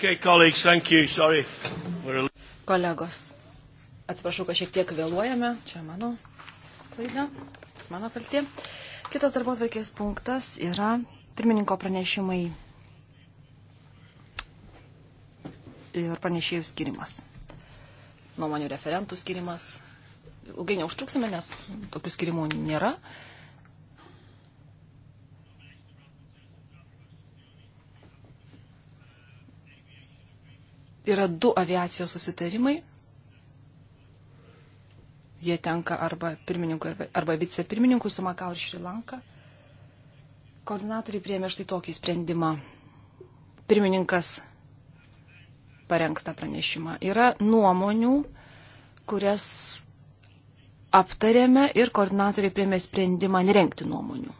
Okay, colleagues, thank you. Sorry. We're a... Kolegos, atsiprašau, kad šiek tiek vėluojame. Čia mano klaida, mano kaltė. Kitas darbos vaikės punktas yra pirmininko pranešimai ir pranešėjų skirimas. Nuomonių referentų skirimas. Ilgai neužtruksime, nes tokių skirimų nėra. Uh, yra du aviacijos susitarimai. Jie tenka arba pirmininkui, arba, arba vicepirmininkui su Makau ir Šrilanka. Koordinatoriai priemė štai tokį sprendimą. Pirmininkas parengs tą pranešimą. Yra nuomonių, kurias aptarėme ir koordinatoriai priemė sprendimą nerenkti nuomonių.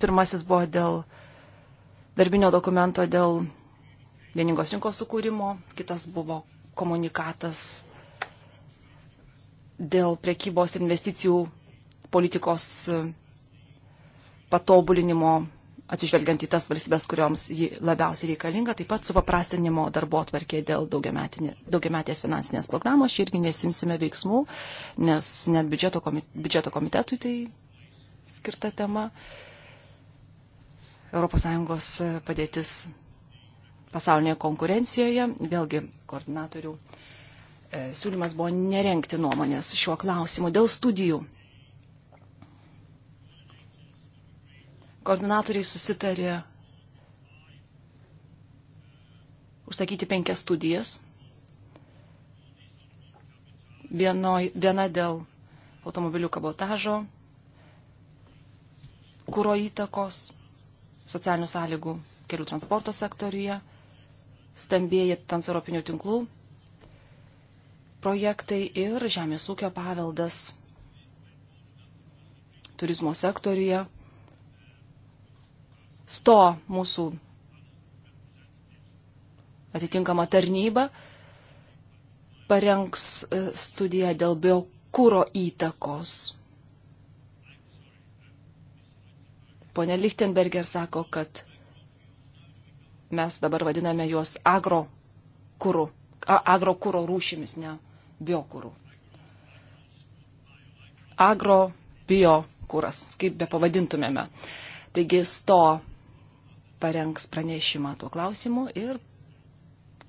Pirmasis buvo dėl darbinio dokumento dėl vieningos rinkos sukūrimo, kitas buvo komunikatas dėl prekybos investicijų politikos e, patobulinimo, atsižvelgiant į tas valstybės, kurioms ji labiausiai reikalinga, taip pat supaprastinimo darbo atvarkė dėl daugiametės finansinės programos. Šį irgi nesimsime veiksmų, nes net biudžeto, komite, biudžeto komitetui tai skirta tema. ES e, padėtis pasaulinėje konkurencijoje. Vėlgi, koordinatorių e, siūlymas buvo nerenkti nuomonės šiuo klausimu dėl studijų. Koordinatoriai susitarė užsakyti penkias studijas. Vienoj, viena dėl automobilių kabotažo, kūro įtakos, socialinių sąlygų kelių transporto sektoriuje, stambėjai transeuropinių tinklų projektai ir žemės ūkio paveldas turizmo sektorija. Sto mūsų atitinkama tarnyba parengs e, studiją dėl biokūro įtakos. Pone Lichtenberger sako, kad Mes dabar vadiname juos agro kūrų, agro kūro rūšimis, ne biokūrų. Agro bio kūras, kaip be pavadintumėme. Taigi sto parengs pranešimą tuo klausimu ir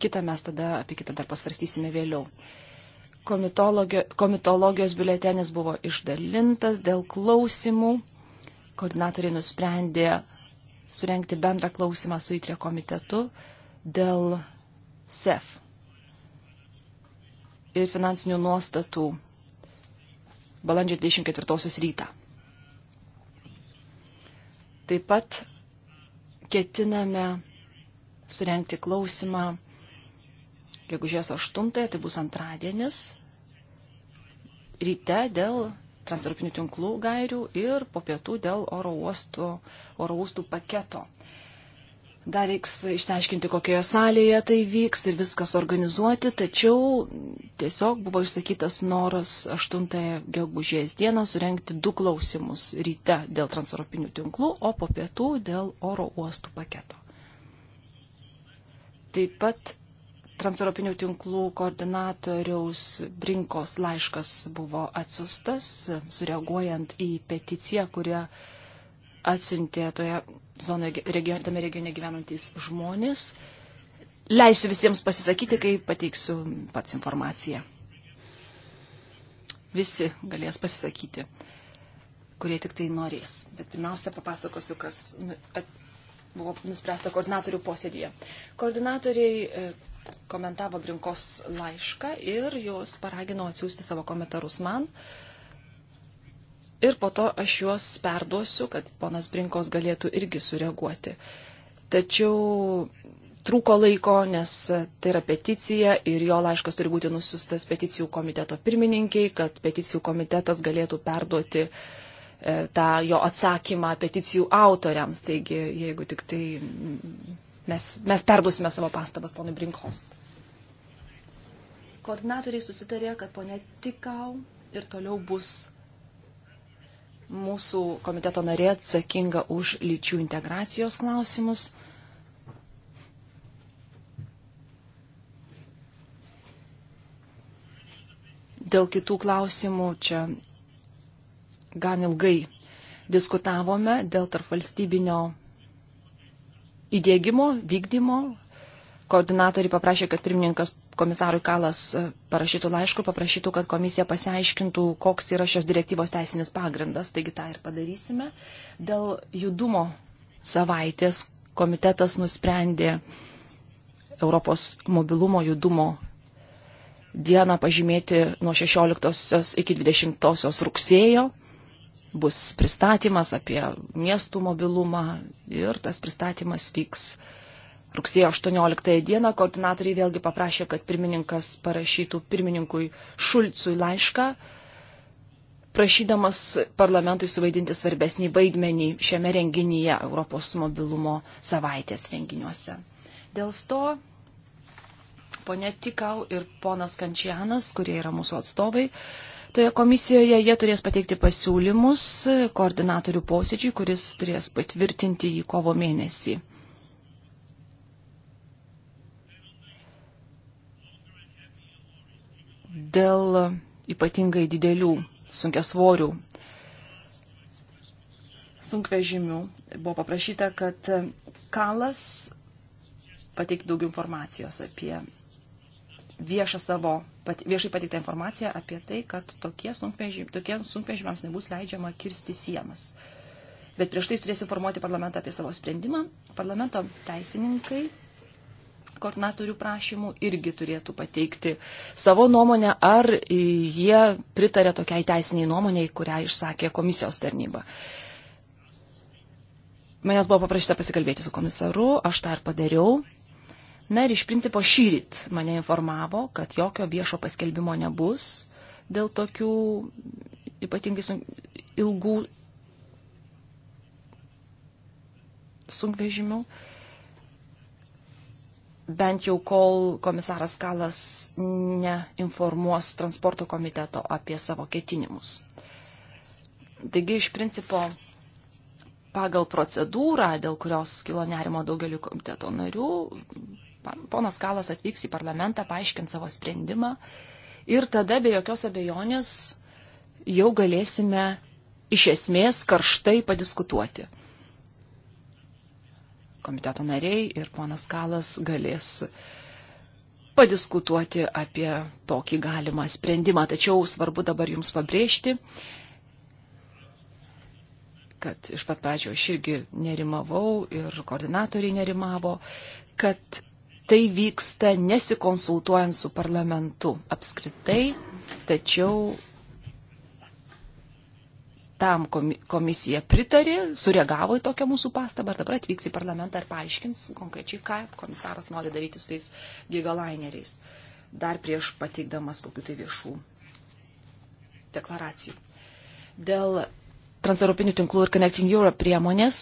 kitą mes tada apie kitą dar pasvarstysime vėliau. Komitologijos biuletenis buvo išdalintas dėl klausimų. Koordinatoriai nusprendė surenkti bendrą klausimą su įtrė komitetu dėl SEF ir finansinių nuostatų balandžio 24 rytą. Taip pat ketiname surenkti klausimą gegužės 8, tai bus antradienis, ryte dėl transeuropinių tinklų gairių ir po pietų dėl oro, uosto, oro uostų paketo. Dar reiks išsiaiškinti, kokioje salėje tai vyks ir viskas organizuoti, tačiau tiesiog buvo išsakytas noras 8 gegužės dieną surenkti du klausimus ryte dėl transeuropinių tinklų, o po pietų dėl oro uostų paketo. Taip pat transeuropinių tinklų koordinatoriaus Brinkos laiškas buvo atsiustas, sureaguojant į peticiją, kurią atsiuntė toje zonoje, region, tame regione gyvenantis žmonės. Leisiu visiems pasisakyti, kai pateiksiu pats informaciją. Visi galės pasisakyti, kurie tik tai norės. Bet pirmiausia, papasakosiu, kas nu, buvo nuspręsta koordinatorių posėdėje. Koordinatoriai e, komentavo Brinkos laišką ir jos paragino atsiųsti savo komentarus man. Ir po to aš juos perduosiu, kad ponas Brinkos galėtų irgi sureaguoti. Tačiau trūko laiko, nes tai yra peticija ir jo laiškas turi būti nusiustas peticijų komiteto pirmininkiai, kad peticijų komitetas galėtų perduoti e, tą jo atsakymą peticijų autoriams. Taigi, jeigu tik tai Mes, mes perduosime savo pastabas ponui Brinkost. Koordinatoriai susitarė, kad ponė Tikau ir toliau bus mūsų komiteto narė atsakinga už lyčių integracijos klausimus. Dėl kitų klausimų čia gan ilgai diskutavome dėl tarpvalstybinio įdėgymo, vykdymo. Koordinatoriai paprašė, kad pirmininkas komisarui Kalas e, parašytų laiškų, paprašytų, kad komisija pasiaiškintų, koks yra šios direktyvos teisinis pagrindas. Taigi tą ir padarysime. Dėl judumo savaitės komitetas nusprendė Europos mobilumo judumo dieną pažymėti nuo 16 iki 20 rugsėjo bus pristatymas apie miestų mobilumą ir tas pristatymas vyks rugsėjo 18 dieną. Koordinatoriai vėlgi paprašė, kad pirmininkas parašytų pirmininkui Šulcui laišką, prašydamas parlamentui suvaidinti svarbesnį vaidmenį šiame renginyje Europos mobilumo savaitės renginiuose. Dėl to ponė Tikau ir ponas Kančianas, kurie yra mūsų atstovai, uh, Toje komisijoje jie turės pateikti pasiūlymus koordinatorių posėdžiui, kuris turės patvirtinti jį kovo mėnesį. Dėl ypatingai didelių sunkiasvorių sunkvežimių buvo paprašyta, kad Kalas pateikti daugiau informacijos apie viešą savo, pat, viešai patiktą informaciją apie tai, kad tokie sunkvežimiams sunkvežim nebus leidžiama kirsti sienas. Bet prieš tai turės informuoti parlamentą apie savo sprendimą. Parlamento teisininkai koordinatorių prašymų irgi turėtų pateikti savo nuomonę, ar jie pritarė tokiai teisiniai nuomonėj, kurią išsakė komisijos tarnyba. Manęs buvo paprašyta pasikalbėti su komisaru, aš tą ir padariau. Na ir iš principo šyrit mane informavo, kad jokio viešo paskelbimo nebus dėl tokių ypatingai ilgų sunkvežimių. Bent jau kol komisaras Kalas neinformuos transporto komiteto apie savo ketinimus. Taigi iš principo pagal procedūrą, dėl kurios kilo nerimo daugeliu komiteto narių, ponas Kalas atvyks į parlamentą, paaiškint savo sprendimą ir tada be jokios abejonės jau galėsime iš esmės karštai padiskutuoti. Komiteto nariai ir ponas Kalas galės padiskutuoti apie tokį galimą sprendimą. Tačiau svarbu dabar jums pabrėžti, kad iš pat pradžio aš irgi nerimavau ir koordinatoriai nerimavo, kad tai vyksta nesikonsultuojant su parlamentu apskritai, tačiau tam komisija pritarė, sureagavo į tokią mūsų pastabą ir dabar atvyks į parlamentą ir paaiškins konkrečiai, ką komisaras nori daryti su tais gigalaineriais, dar prieš pateikdamas kokiu tai viešų deklaracijų. Dėl transeuropinių tinklų ir Connecting Europe priemonės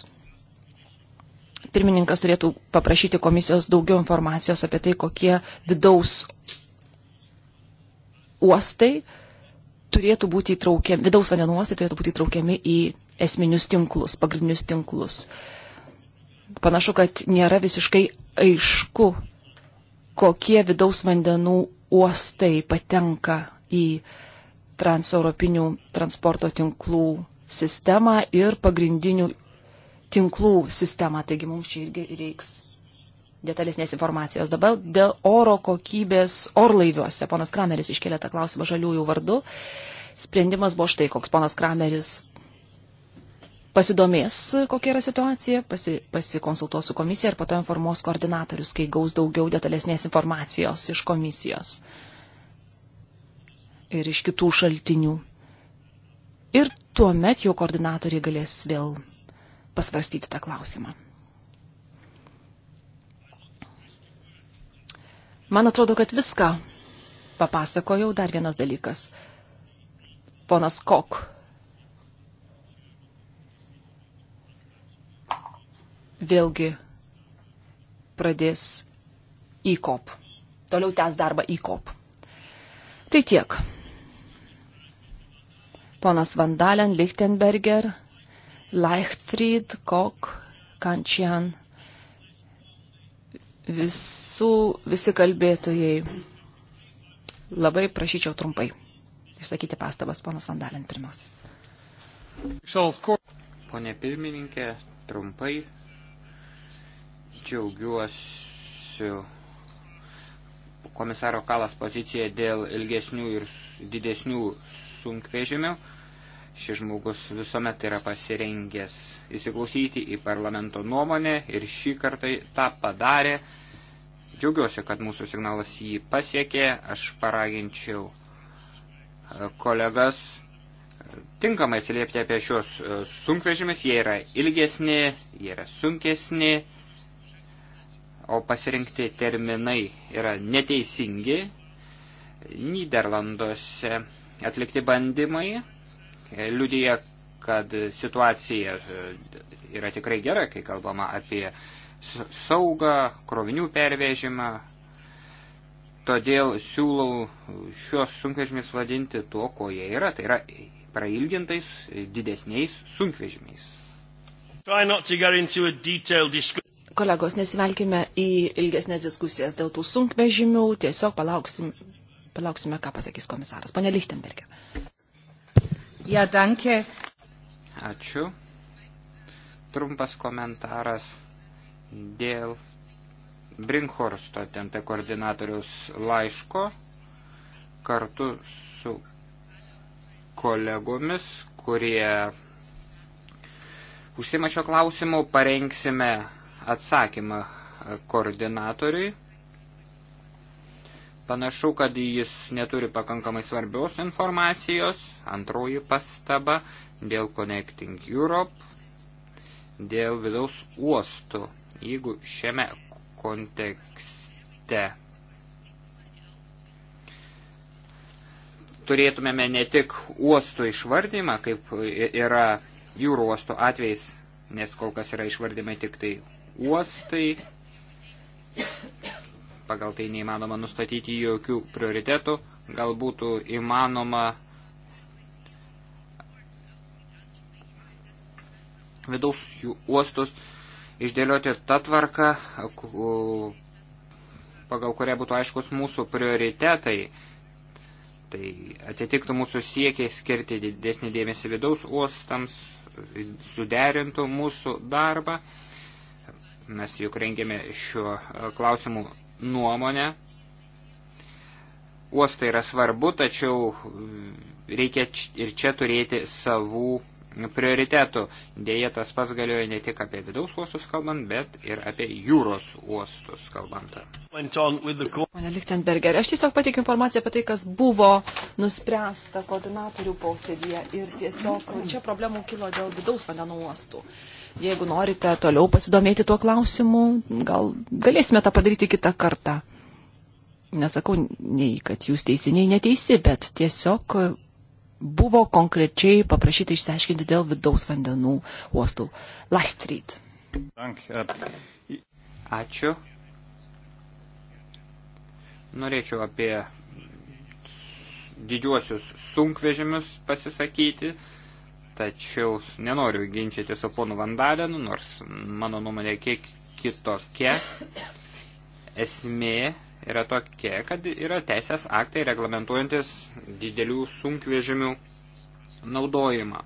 pirmininkas turėtų paprašyti komisijos daugiau informacijos apie tai, kokie vidaus uostai turėtų būti įtraukiami, vidaus vandenų uostai turėtų būti įtraukiami į esminius tinklus, pagrindinius tinklus. Panašu, kad nėra visiškai aišku, kokie vidaus vandenų uostai patenka į transeuropinių transporto tinklų sistemą ir pagrindinių tinklų sistemą, taigi mums čia irgi reiks detalesnės informacijos. Dabar dėl oro kokybės orlaiviuose. Ponas Krameris iškėlė tą klausimą žaliųjų vardu. Sprendimas buvo štai, koks ponas Krameris pasidomės, kokia yra situacija, pasi, pasikonsultuos su komisija ir pato informuos koordinatorius, kai gaus daugiau detalesnės informacijos iš komisijos ir iš kitų šaltinių. Ir tuomet jau koordinatoriai galės vėl pasvarstyti tą klausimą. Man atrodo, kad viską papasakojau. Dar vienas dalykas. Ponas Kok. Vėlgi pradės įkop. Toliau tęs darbą įkop. Tai tiek. Ponas Vandalen, Lichtenberger. Leichtfried, Kok, Kančian, visų, visi kalbėtojai. Labai prašyčiau trumpai išsakyti pastabas, ponas Vandalin pirmasis. Pone pirmininkė, trumpai džiaugiuosi komisaro Kalas poziciją dėl ilgesnių ir didesnių sunkvežimių. Šis žmogus visuomet yra pasirengęs įsiklausyti į parlamento nuomonę ir šį kartą tą padarė. Džiaugiuosi, kad mūsų signalas jį pasiekė. Aš paraginčiau e, kolegas e, tinkamai atsiliepti apie šios e, sunkvežimis. Jie yra ilgesni, jie yra sunkesni, o pasirinkti terminai yra neteisingi. Niderlanduose atlikti bandymai liudija, kad situacija e, yra tikrai gera, kai kalbama apie saugą, krovinių pervežimą. Todėl siūlau šios sunkvežimiais vadinti to, ko jie yra, tai yra prailgintais didesniais sunkvežimiais. Kolegos, nesivelkime į ilgesnės diskusijas dėl tų sunkvežimių, tiesiog palauksim, palauksime, ką pasakys komisaras. Pane Lichtenbergė. Ja, danke. Ačiū. Trumpas komentaras dėl Brinkhorsto TNT koordinatoriaus laiško kartu su kolegomis, kurie užsima šio klausimu, parengsime atsakymą koordinatoriui. Panašu, kad jis neturi pakankamai svarbios informacijos. Antroji pastaba dėl Connecting Europe, dėl vidaus uostų. Jeigu šiame kontekste turėtumėme ne tik uostų išvardymą, kaip yra jūrų uostų atvejais, nes kol kas yra išvardymai tik tai uostai, pagal tai neįmanoma nustatyti jokių prioritetų, gal būtų įmanoma vidaus jų uostus išdėlioti tą tvarką, pagal kurią būtų aiškus mūsų prioritetai. Tai atitiktų mūsų siekiai skirti didesnį dėmesį vidaus uostams, suderintų mūsų darbą. Mes juk rengėme šiuo klausimu nuomonę. Uostai yra svarbu, tačiau reikia ir čia turėti savų prioritetų. Dėja, tas pats galioja ne tik apie vidaus uostus kalbant, bet ir apie jūros uostus kalbant. Pane Lichtenberger, aš tiesiog pateikiu informaciją apie tai, kas buvo nuspręsta koordinatorių posėdėje ir tiesiog čia problemų kilo dėl vidaus vandenų uostų. Uh, Jeigu norite toliau pasidomėti tuo klausimu, gal galėsime tą padaryti kitą kartą. Nesakau nei, kad jūs teisiniai neteisi, bet tiesiog buvo konkrečiai paprašyta išsiaiškinti dėl vidaus vandenų uostų. Life Street. Ačiū. Norėčiau apie didžiuosius sunkvežimius pasisakyti tačiau nenoriu ginčyti su ponu Vandalenu, nors mano nuomonė kiek kitokia. Esmė yra tokia, kad yra teisės aktai reglamentuojantis didelių sunkvežimių naudojimą.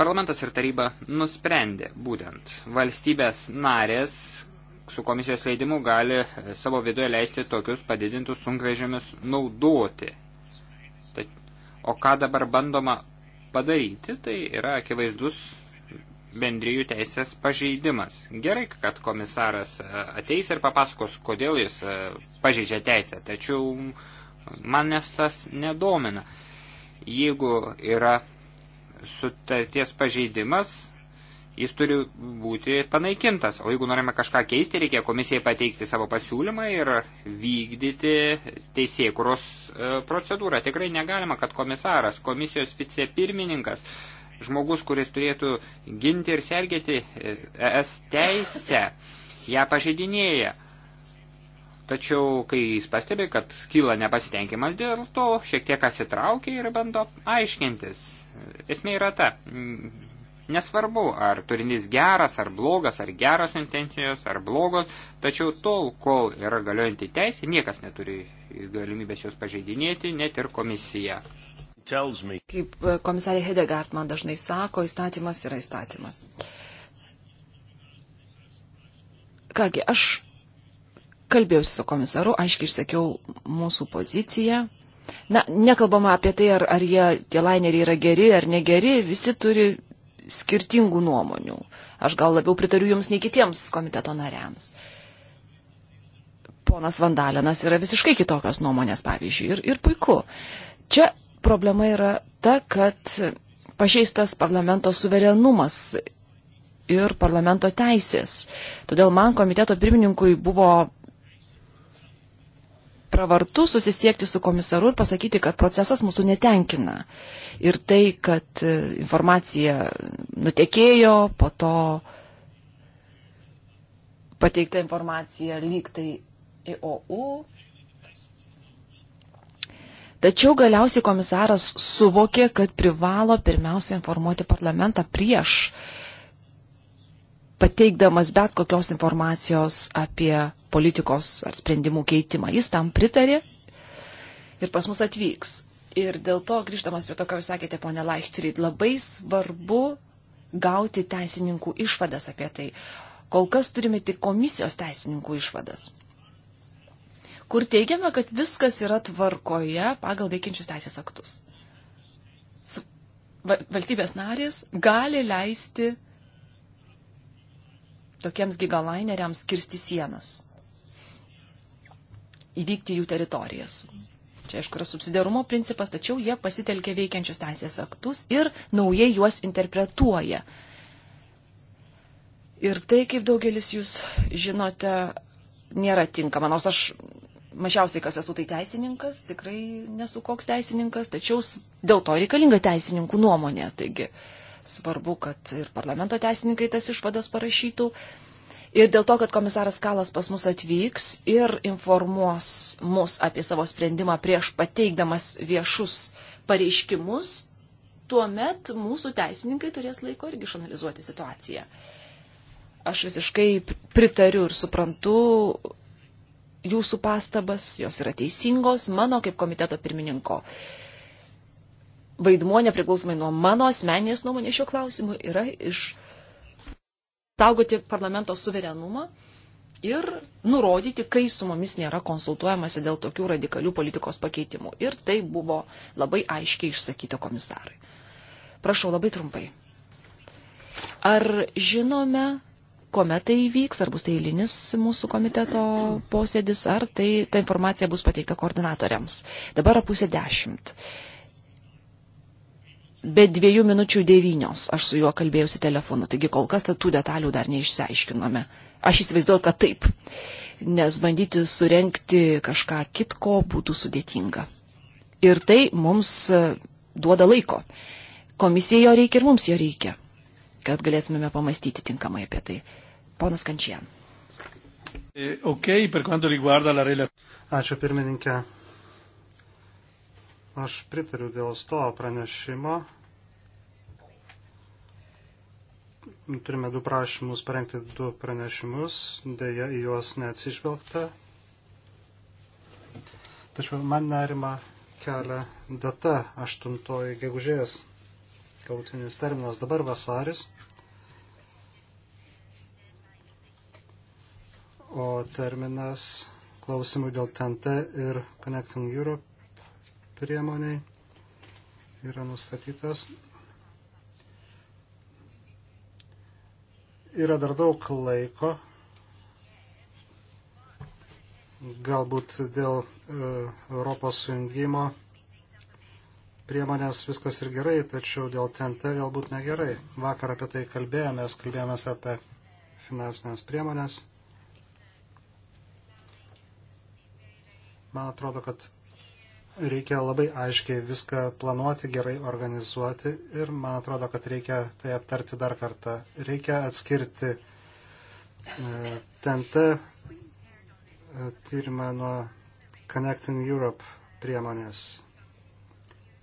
Parlamentas ir taryba nusprendė būtent valstybės narės su komisijos leidimu gali savo viduje leisti tokius padidintus sunkvežimius naudoti. O ką dabar bandoma padaryti, tai yra akivaizdus bendrijų teisės pažeidimas. Gerai, kad komisaras e, ateis ir papasakos, kodėl jis e, pažeidžia teisę, tačiau manęs tas nedomina. Jeigu yra sutarties pažeidimas, jis turi būti panaikintas. O jeigu norime kažką keisti, reikia komisijai pateikti savo pasiūlymą ir vykdyti teisėkuros e, procedūrą. Tikrai negalima, kad komisaras, komisijos vicepirmininkas, žmogus, kuris turėtų ginti ir sergėti ES e teisę, ją pažeidinėja. Tačiau, kai jis pastebi, kad kyla nepasitenkimas dėl to, šiek tiek atsitraukia ir bando aiškintis. Esmė yra ta, Nesvarbu, ar turinys geras, ar blogas, ar geros intencijos, ar blogos, tačiau tol, kol yra galiojanti teisė, niekas neturi galimybės jos pažeidinėti, net ir komisija. Kaip e, komisarė Hedegard man dažnai sako, įstatymas yra įstatymas. Kągi, aš kalbėjausi su komisaru, aiškiai išsakiau mūsų poziciją. Na, nekalbama apie tai, ar, ar jie, tie laineriai yra geri ar negeri, visi turi skirtingų nuomonių. Aš gal labiau pritariu jums nei kitiems komiteto nariams. Ponas Vandalinas yra visiškai kitokios nuomonės, pavyzdžiui, ir, ir puiku. Čia problema yra ta, kad pažeistas parlamento suverenumas ir parlamento teisės. Todėl man komiteto pirmininkui buvo pravartu susisiekti su komisaru ir pasakyti, kad procesas mūsų netenkina. Ir tai, kad e, informacija nutekėjo, po to pateikta informacija lygtai EOU. Tačiau galiausiai komisaras suvokė, kad privalo pirmiausia informuoti parlamentą prieš uh, pateikdamas bet kokios informacijos apie politikos ar sprendimų keitimą. Jis tam pritarė ir pas mus atvyks. Ir dėl to, grįždamas prie to, ką jūs sakėte, ponė Laichtrid, labai svarbu gauti teisininkų išvadas apie tai. Kol kas turime tik komisijos teisininkų išvadas, kur teigiame, kad viskas yra tvarkoje pagal veikiančius teisės aktus. Valstybės narės gali leisti tokiems gigalaineriams kirsti sienas, įvykti jų teritorijas. Čia, aišku, yra subsidiarumo principas, tačiau jie pasitelkia veikiančius teisės aktus ir naujai juos interpretuoja. Ir tai, kaip daugelis jūs žinote, nėra tinkama. Nors aš mažiausiai, kas esu, tai teisininkas, tikrai nesu koks teisininkas, tačiau dėl to reikalinga teisininkų nuomonė. Taigi, uh, Svarbu, kad ir parlamento teisininkai tas išvadas parašytų. Ir dėl to, kad komisaras Kalas pas mus atvyks ir informuos mus apie savo sprendimą prieš pateikdamas viešus pareiškimus, tuomet mūsų teisininkai turės laiko irgi išanalizuoti situaciją. Aš visiškai pritariu ir suprantu jūsų pastabas, jos yra teisingos, mano kaip komiteto pirmininko vaidmuo, nepriklausomai nuo mano asmeninės nuomonės šio klausimu, yra išsaugoti parlamento suverenumą ir nurodyti, kai su mumis nėra konsultuojamasi dėl tokių radikalių politikos pakeitimų. Ir tai buvo labai aiškiai išsakyta komisarai. Prašau labai trumpai. Ar žinome, kuomet tai įvyks, ar bus tai eilinis mūsų komiteto posėdis, ar tai ta informacija bus pateikta koordinatoriams. Dabar yra pusė dešimt be dviejų minučių devynios aš su juo kalbėjausi telefonu, taigi kol kas tų detalių dar neišsiaiškinome. Aš įsivaizduoju, kad taip, nes bandyti surenkti kažką kitko būtų sudėtinga. Ir tai mums e, duoda laiko. Komisijai jo reikia ir mums jo reikia, kad galėtumėme pamastyti tinkamai apie tai. Ponas Kančian. E, Ačiū pirmininkė. Aš pritariu dėl sto pranešimo. Turime du prašymus parengti du pranešimus, dėja į juos neatsižvelgta. Tačiau man nerima kelia data 8 gegužės, galutinis terminas dabar vasaris. O terminas klausimų dėl TNT ir Connecting Europe priemoniai yra nustatytas. Yra dar daug laiko, galbūt dėl e, Europos sujungimo priemonės viskas ir gerai, tačiau dėl TNT galbūt negerai. Vakar apie tai kalbėjomės, kalbėjomės apie finansinės priemonės. Man atrodo, kad reikia labai aiškiai viską planuoti, gerai organizuoti ir man atrodo, kad reikia tai aptarti dar kartą. Reikia atskirti TNT e, e, tyrimą nuo Connecting Europe priemonės,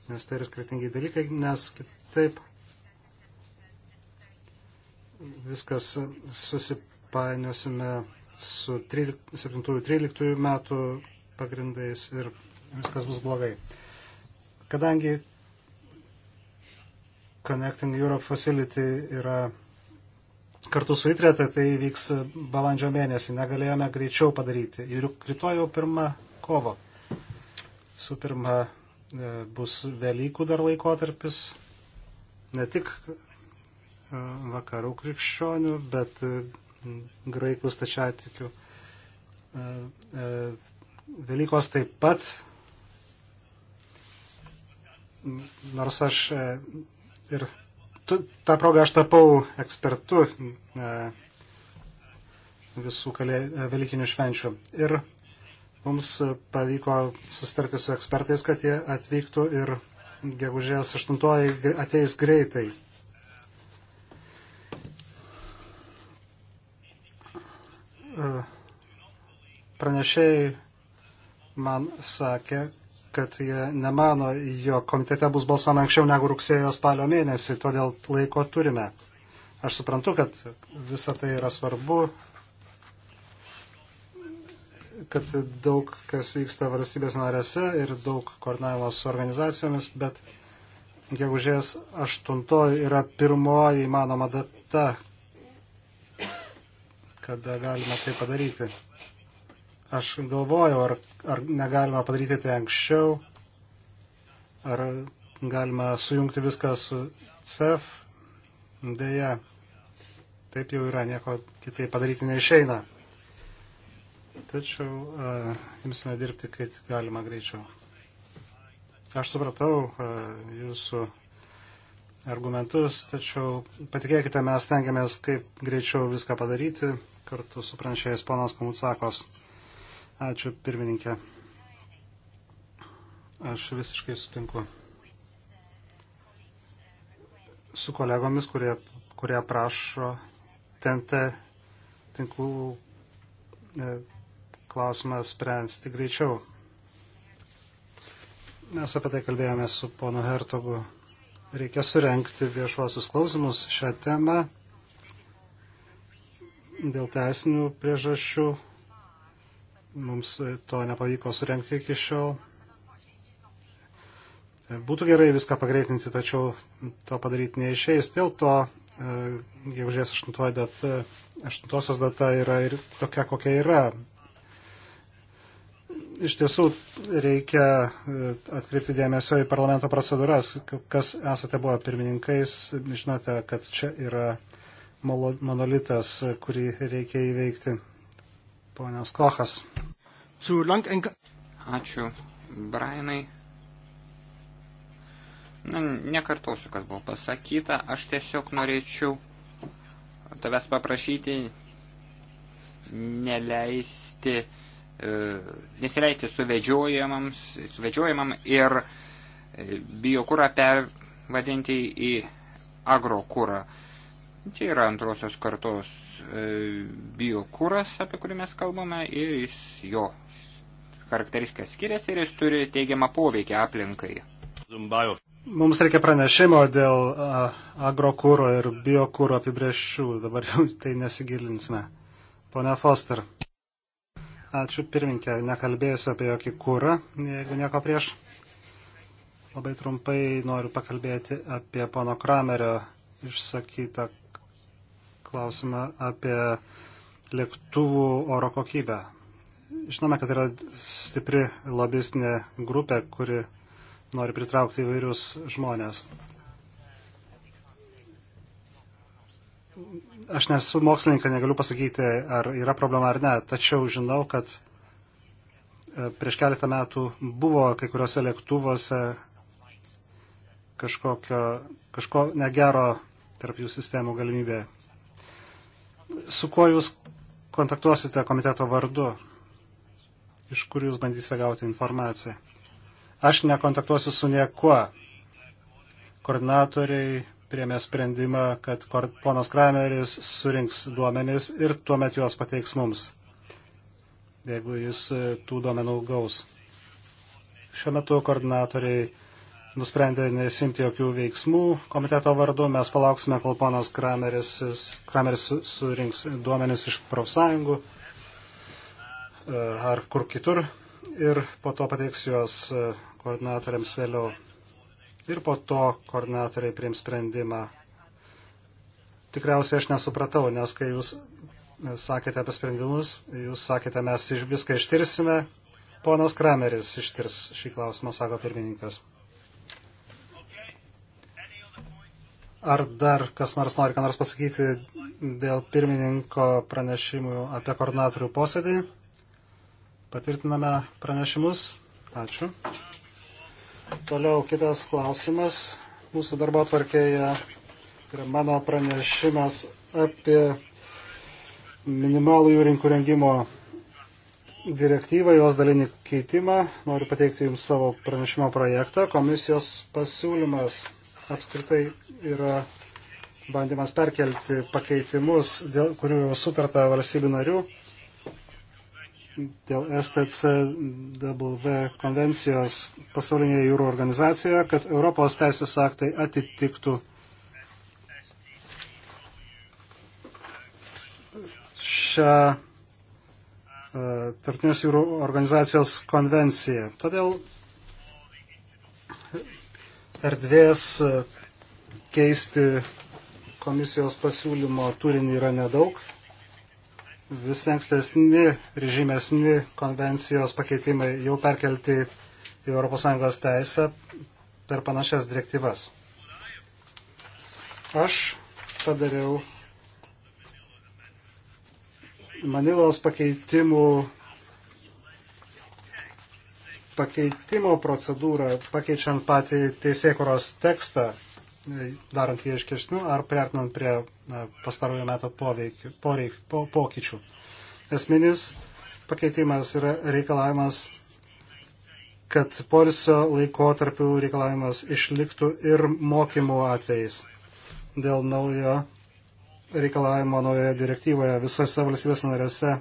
nes tai yra skirtingi dalykai, nes kitaip viskas susipainiosime su 7-13 metų pagrindais ir viskas bus blogai. Kadangi Connecting Europe Facility yra kartu su įtrėta, tai vyks balandžio mėnesį. Negalėjome greičiau padaryti. Ir rytoj jau pirmą kovo. Su pirma e, bus Velykų dar laikotarpis. Ne tik e, vakarų krikščionių, bet e, graikų stačiatikių. Velykos taip pat nors aš e, ir tu, tą progą aš tapau ekspertu e, visų kalė, e, velykinių švenčių. Ir mums pavyko sustarti su ekspertais, kad jie atvyktų ir gegužės 8 ateis greitai. Pranešėjai man sakė, kad jie nemano, jo komitete bus balsuojama anksčiau negu rugsėjo spalio mėnesį, todėl laiko turime. Aš suprantu, kad visa tai yra svarbu, kad daug kas vyksta valstybės narėse ir daug koordinavimas su organizacijomis, bet gegužės 8 yra pirmoji įmanoma data, kada galima tai padaryti. Aš galvojau, ar, ar negalima padaryti tai anksčiau, ar galima sujungti viską su CEF. Deja, taip jau yra, nieko kitai padaryti neišeina. Tačiau uh, imsime dirbti, kaip galima greičiau. Aš supratau uh, jūsų argumentus, tačiau patikėkite, mes tengiamės kaip greičiau viską padaryti kartu su pranešėjais ponas Komutsakos. Ačiū, pirmininkė. Aš visiškai sutinku su kolegomis, kurie, kurie prašo tente tinklų e, klausimą spręsti greičiau. Mes apie tai kalbėjome su ponu Hertogu. Reikia surenkti viešuosius klausimus šią temą dėl teisinių priežasčių Mums to nepavyko surenkti iki šiol. Būtų gerai viską pagreitinti, tačiau to padaryti neišėjus. Dėl to, e, gegužės 8 data, 8 data yra ir tokia, kokia yra. Iš tiesų reikia e, atkreipti dėmesio į parlamento procedūras. Kas esate buvę pirmininkais, žinote, kad čia yra monolitas, kurį reikia įveikti ponas Kochas. Ačiū, Brainai. Na, nekartosiu, kas buvo pasakyta. Aš tiesiog norėčiau tavęs paprašyti neleisti, e, nesileisti suvedžiojimams, suvedžiojimam ir e, biokūrą pervadinti į agrokūrą. Čia yra antrosios kartos E, biokūras, apie kurį mes kalbame, ir jis jo charakteristika skiriasi ir jis turi teigiamą poveikį aplinkai. Mums reikia pranešimo dėl agrokūro ir biokūro apibrėžčių, dabar jau tai nesigilinsime. Pone Foster. Ačiū pirminkė, nekalbėsiu apie jokį kūrą, jeigu nieko prieš. Labai trumpai noriu pakalbėti apie pono Kramerio išsakytą klausimą apie lėktuvų oro kokybę. Žinome, kad yra stipri lobistinė grupė, kuri nori pritraukti įvairius žmonės. Aš nesu mokslininkai, negaliu pasakyti, ar yra problema ar ne, tačiau žinau, kad e, prieš keletą metų buvo kai kuriuose lėktuvuose kažkokio, kažko negero tarp jų sistemų galimybė su kuo jūs kontaktuosite komiteto vardu, iš kur jūs bandysite gauti informaciją. Aš nekontaktuosiu su niekuo. Koordinatoriai priemė sprendimą, kad ponas Krameris surinks duomenis ir tuomet juos pateiks mums, jeigu jis e, tų duomenų gaus. Šiuo metu koordinatoriai nusprendė nesimti jokių veiksmų komiteto vardu. Mes palauksime, kol ponas Krameris, Krameris surinks duomenis iš profsąjungų e, ar kur kitur ir po to pateiks juos e, koordinatoriams vėliau. Ir po to koordinatoriai priims sprendimą. Tikriausiai aš nesupratau, nes kai jūs sakėte apie sprendimus, jūs sakėte, mes viską ištirsime. Ponas Krameris ištirs šį klausimą, sako pirmininkas. Ar dar kas nors nori ką nors pasakyti dėl pirmininko pranešimų apie koordinatorių posėdį? Patvirtiname pranešimus. Ačiū. Toliau kitas klausimas mūsų darbo tvarkėje yra mano pranešimas apie minimalų jų rinkų rengimo direktyvą, jos dalinį keitimą. Noriu pateikti Jums savo pranešimo projektą. Komisijos pasiūlymas apskritai yra bandymas perkelti pakeitimus, dėl kurių jau sutarta valstybių narių, dėl STCW konvencijos pasaulinėje jūrų organizacijoje, kad Europos teisės aktai atitiktų šią e, Tarptautinės jūrų organizacijos konvenciją. Todėl erdvės e, keisti komisijos pasiūlymo turinį yra nedaug. Vis ankstesni, režimesni konvencijos pakeitimai jau perkelti į ES teisę per panašias direktyvas. Aš padariau Manilos pakeitimų pakeitimo procedūrą, pakeičiant patį teisėkuros tekstą, e, darant jį iškešniu ar priartinant prie e, pastarojo meto poveikių, poreik, po, pokyčių. Esminis pakeitimas yra reikalavimas, kad polisio laikotarpių reikalavimas išliktų ir mokymų atvejais. Dėl naujo reikalavimo naujoje direktyvoje visose valstybės narėse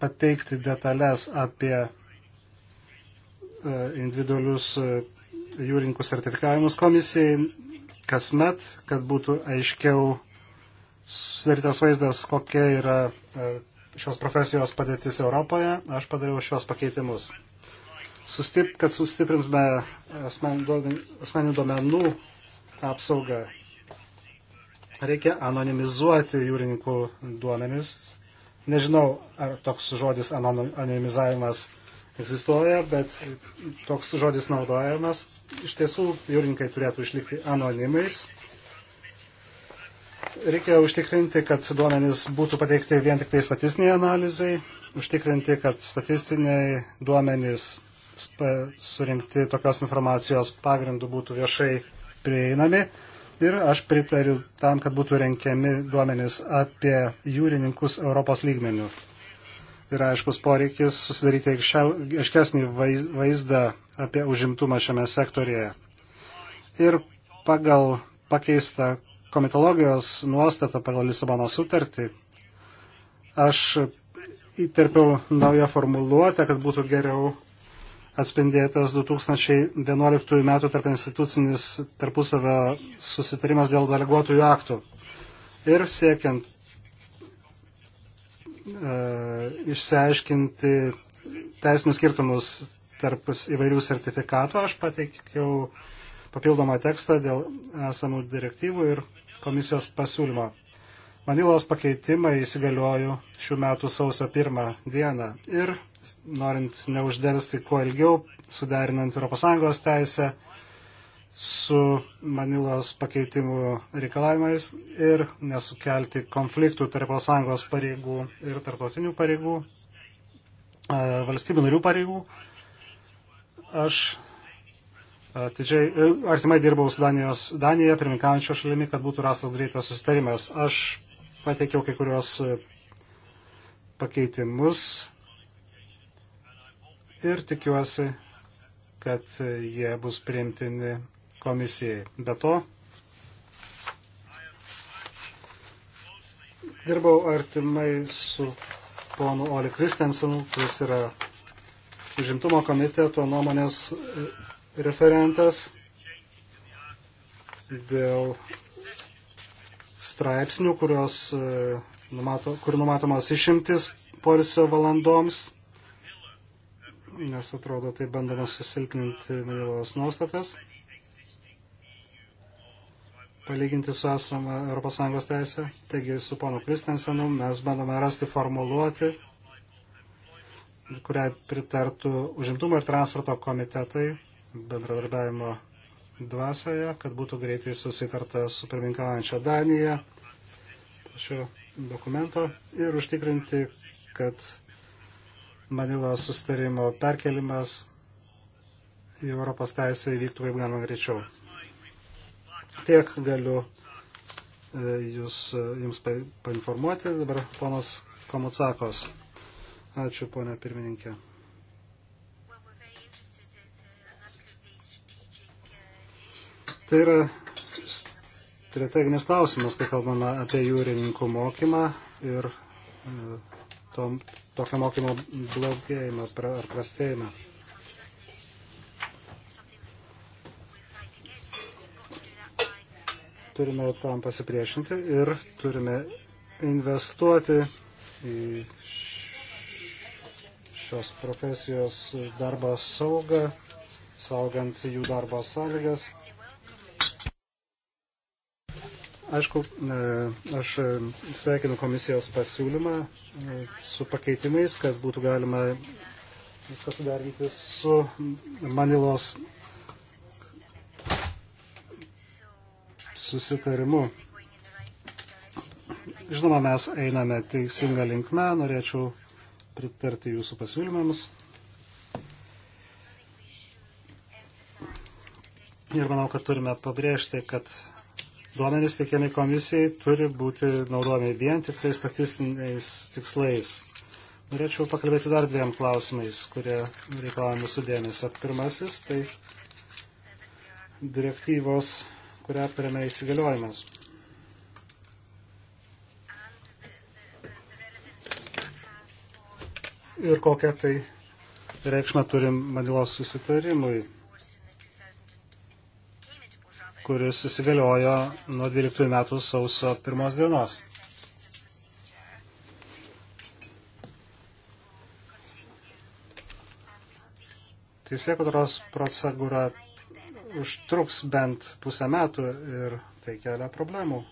pateikti detalės apie e, individualius e, jūrininkų sertifikavimus komisijai kasmet, kad būtų aiškiau susidarytas vaizdas, kokia yra e, šios profesijos padėtis Europoje. Aš padariau šios pakeitimus. Sustip, kad sustiprintume asmen, asmeninių duomenų apsaugą, reikia anonimizuoti jūrininkų duomenis, Nežinau, ar toks žodis anonimizavimas egzistuoja, bet toks žodis naudojamas. Iš tiesų, jūrininkai turėtų išlikti anonimais. Reikia užtikrinti, kad duomenys būtų pateikti vien tik tai statistiniai analizai, užtikrinti, kad statistiniai duomenys surinkti tokios informacijos pagrindų būtų viešai prieinami Ir aš pritariu tam, kad būtų renkiami duomenys apie jūrininkus Europos lygmenių. Yra aiškus poreikis susidaryti aiškesnį vaizdą apie užimtumą šiame sektorėje. Ir pagal pakeistą komitologijos nuostatą pagal Lisabono sutartį, aš įterpiau naują formuluotę, kad būtų geriau atspindėtas 2011 m. tarp institucinis tarpusavio susitarimas dėl deleguotųjų aktų. Ir siekiant e, išsiaiškinti teisinius skirtumus tarp įvairių sertifikatų, aš pateikiau papildomą tekstą dėl esamų direktyvų ir komisijos pasiūlymo. Manilos pakeitimai įsigaliojo šių metų sausio pirmą dieną ir norint neuždelsti kuo ilgiau, suderinant ES teisę su Manilos pakeitimų reikalavimais ir nesukelti konfliktų tarp ES pareigų ir tarptautinių pareigų, e, valstybių narių pareigų. Aš atidžiai, e, artimai dirbau su Danijos, Danija, pirmininkaujančio šalimi, kad būtų rastas greitas susitarimas. Aš pateikiau kai kurios e, pakeitimus ir tikiuosi, kad jie bus priimtini komisijai. Be to, dirbau artimai su ponu Oli Kristensenu, kuris yra užimtumo komiteto nuomonės e, referentas dėl straipsnių, kurios e, numato, kur numatomas išimtis polisio valandoms nes atrodo, tai bandoma susilpninti Manilavos nuostatas, palyginti su esama ES teisė. Taigi su ponu Kristensenu mes bandome rasti formuluoti, kuriai pritartų užimtumo ir transporto komitetai bendradarbiavimo dvasioje, kad būtų greitai susitarta su pirmininkaujančia Danija šio dokumento ir užtikrinti, kad Manilos sustarimo perkelimas į Europos teisę įvyktų kaip galima greičiau. Tiek galiu e, jūs, e, jums painformuoti. Dabar ponas Komutsakos. Ačiū, ponia pirmininkė. Tai yra strateginis klausimas, kai kalbame apie jūrininkų mokymą ir e, tom, tokio mokymo blogėjimą ar prastėjimą. Turime tam pasipriešinti ir turime investuoti į šios profesijos darbo saugą, saugant jų darbo sąlygas. Aišku, e, aš sveikinu komisijos pasiūlymą e, su pakeitimais, kad būtų galima viską sudarinti su Manilos susitarimu. Žinoma, mes einame teisingą linkmę, norėčiau pritarti jūsų pasiūlymams. Ir manau, kad turime pabrėžti, kad duomenys teikiami komisijai turi būti naudojami vien tik tai statistiniais tikslais. Norėčiau pakalbėti dar dviem klausimais, kurie reikalauja mūsų dėmesio. Pirmasis - tai direktyvos, kurią aptarėme įsigaliojimas. Ir kokią tai reikšmę turim Manilos susitarimui kuris įsigaliojo nuo 12 metų sausio pirmos dienos. Teisėkutros procedūra užtruks bent pusę metų ir tai kelia problemų.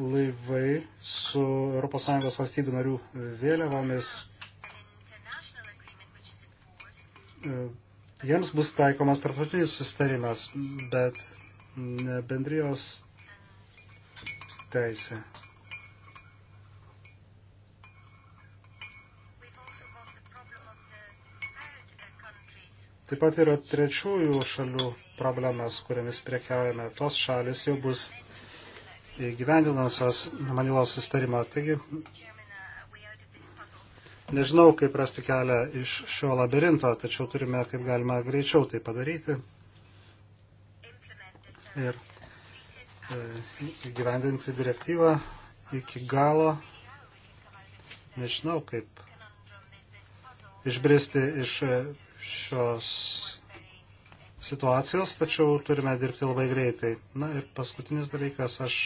Laivai su ES valstybių narių vėliavomis E, jiems bus taikomas tarptautinis sustarimas, bet ne bendrijos teisė. Taip pat yra trečiųjų šalių problemas, kuriamis priekiaujame. Tos šalis jau bus įgyvendinusios Manilos sustarimą. Taigi Nežinau, kaip rasti kelią iš šio labirinto, tačiau turime kaip galima greičiau tai padaryti ir e, įgyvendinti direktyvą iki galo. Nežinau, kaip išbristi iš šios situacijos, tačiau turime dirbti labai greitai. Na ir paskutinis dalykas, aš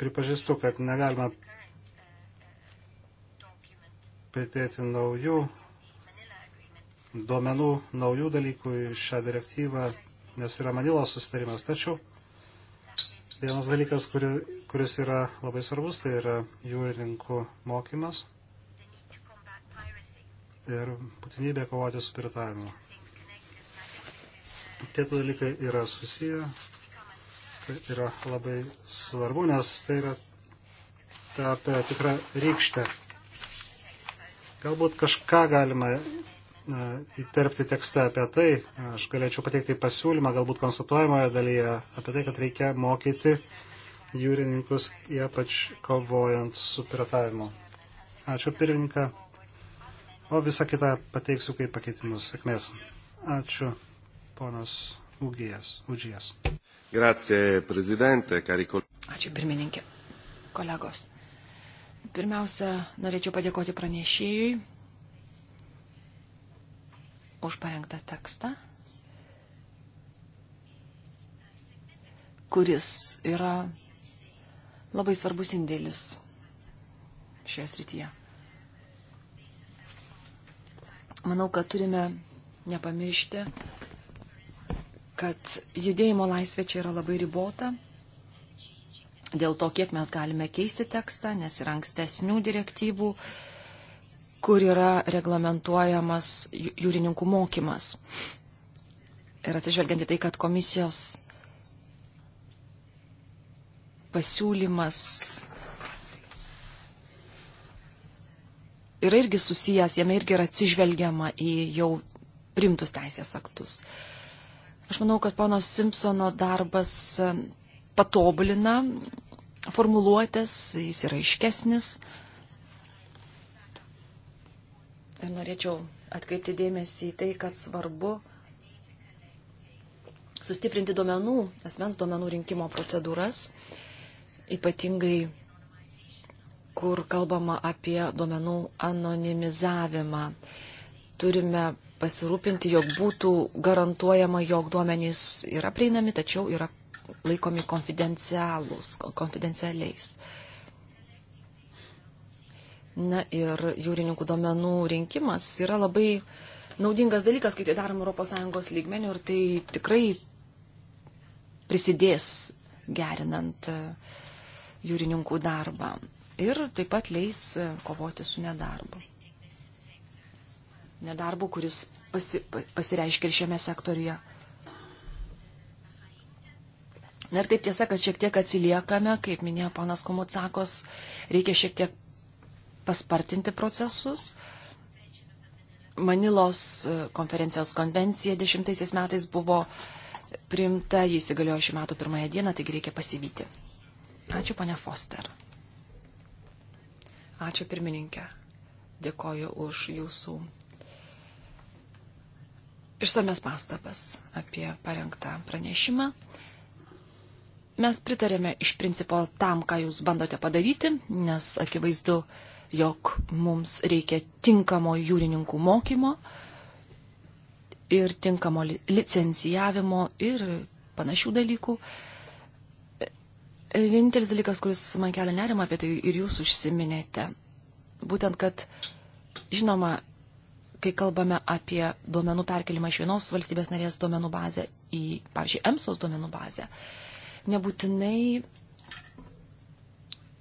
pripažįstu, kad negalima pridėti naujų duomenų, naujų dalykų į šią direktyvą, nes yra Manilos sustarimas. Tačiau vienas dalykas, kuri, kuris yra labai svarbus, tai yra jūrininkų mokymas ir būtinybė kovoti su piratavimu. Tie dalykai yra susiję, tai yra labai svarbu, nes tai yra tapę tikrą rykštę Galbūt kažką galima įterpti tekste apie tai. Aš galėčiau pateikti pasiūlymą, galbūt konstatuojamoje dalyje, apie tai, kad reikia mokyti jūrininkus, ypač kovojant su piratavimu. Ačiū pirmininką. O visą kitą pateiksiu kaip pakeitimus. Sėkmės. Ačiū, ponas Ugijas. Ugijas. Grazie, prezidente, kariko. Ačiū, pirmininkė. Kolegos. Pirmiausia, norėčiau padėkoti pranešėjui už parengtą tekstą, kuris yra labai svarbus indėlis šioje srityje. Manau, kad turime nepamiršti, kad judėjimo laisvė čia yra labai ribota dėl to, kiek mes galime keisti tekstą, nes yra ankstesnių direktyvų, kur yra reglamentuojamas jūrininkų mokymas. Ir atsižvelgiant į tai, kad komisijos pasiūlymas yra irgi susijęs, jame irgi yra atsižvelgiama į jau primtus teisės aktus. Aš manau, kad pono Simpsono darbas patobulina formuluotės, jis yra iškesnis. Ir norėčiau atkreipti dėmesį į tai, kad svarbu sustiprinti duomenų, asmens duomenų rinkimo procedūras, ypatingai kur kalbama apie duomenų anonimizavimą. Turime pasirūpinti, jog būtų garantuojama, jog duomenys yra prieinami, tačiau yra laikomi konfidencialiais. Na ir jūrininkų domenų rinkimas yra labai naudingas dalykas, kai tai darom ES lygmenių ir tai tikrai prisidės gerinant e, jūrininkų darbą ir taip pat leis e, kovoti su nedarbu. Nedarbu, kuris pasi, pasireiškia ir šiame sektoriuje. Na ir taip tiesa, kad šiek tiek atsiliekame, kaip minėjo ponas Komutsakos, reikia šiek tiek paspartinti procesus. Manilos e, konferencijos konvencija dešimtaisiais metais buvo priimta, jis įgaliojo šių metų pirmąją dieną, taigi reikia pasivyti. Ačiū, ponia Foster. Ačiū, pirmininkė. Dėkoju už jūsų išsames pastabas apie parengtą pranešimą. Mes pritarėme iš principo tam, ką jūs bandote padaryti, nes akivaizdu, jog mums reikia tinkamo jūrininkų mokymo ir tinkamo licencijavimo ir panašių dalykų. Vienintelis dalykas, kuris man kelia nerimą apie tai ir jūs užsiminėte, būtent, kad, žinoma, kai kalbame apie duomenų perkelimą iš vienos valstybės narės duomenų bazę į, pavyzdžiui, EMSOS duomenų bazę, uh, nebūtinai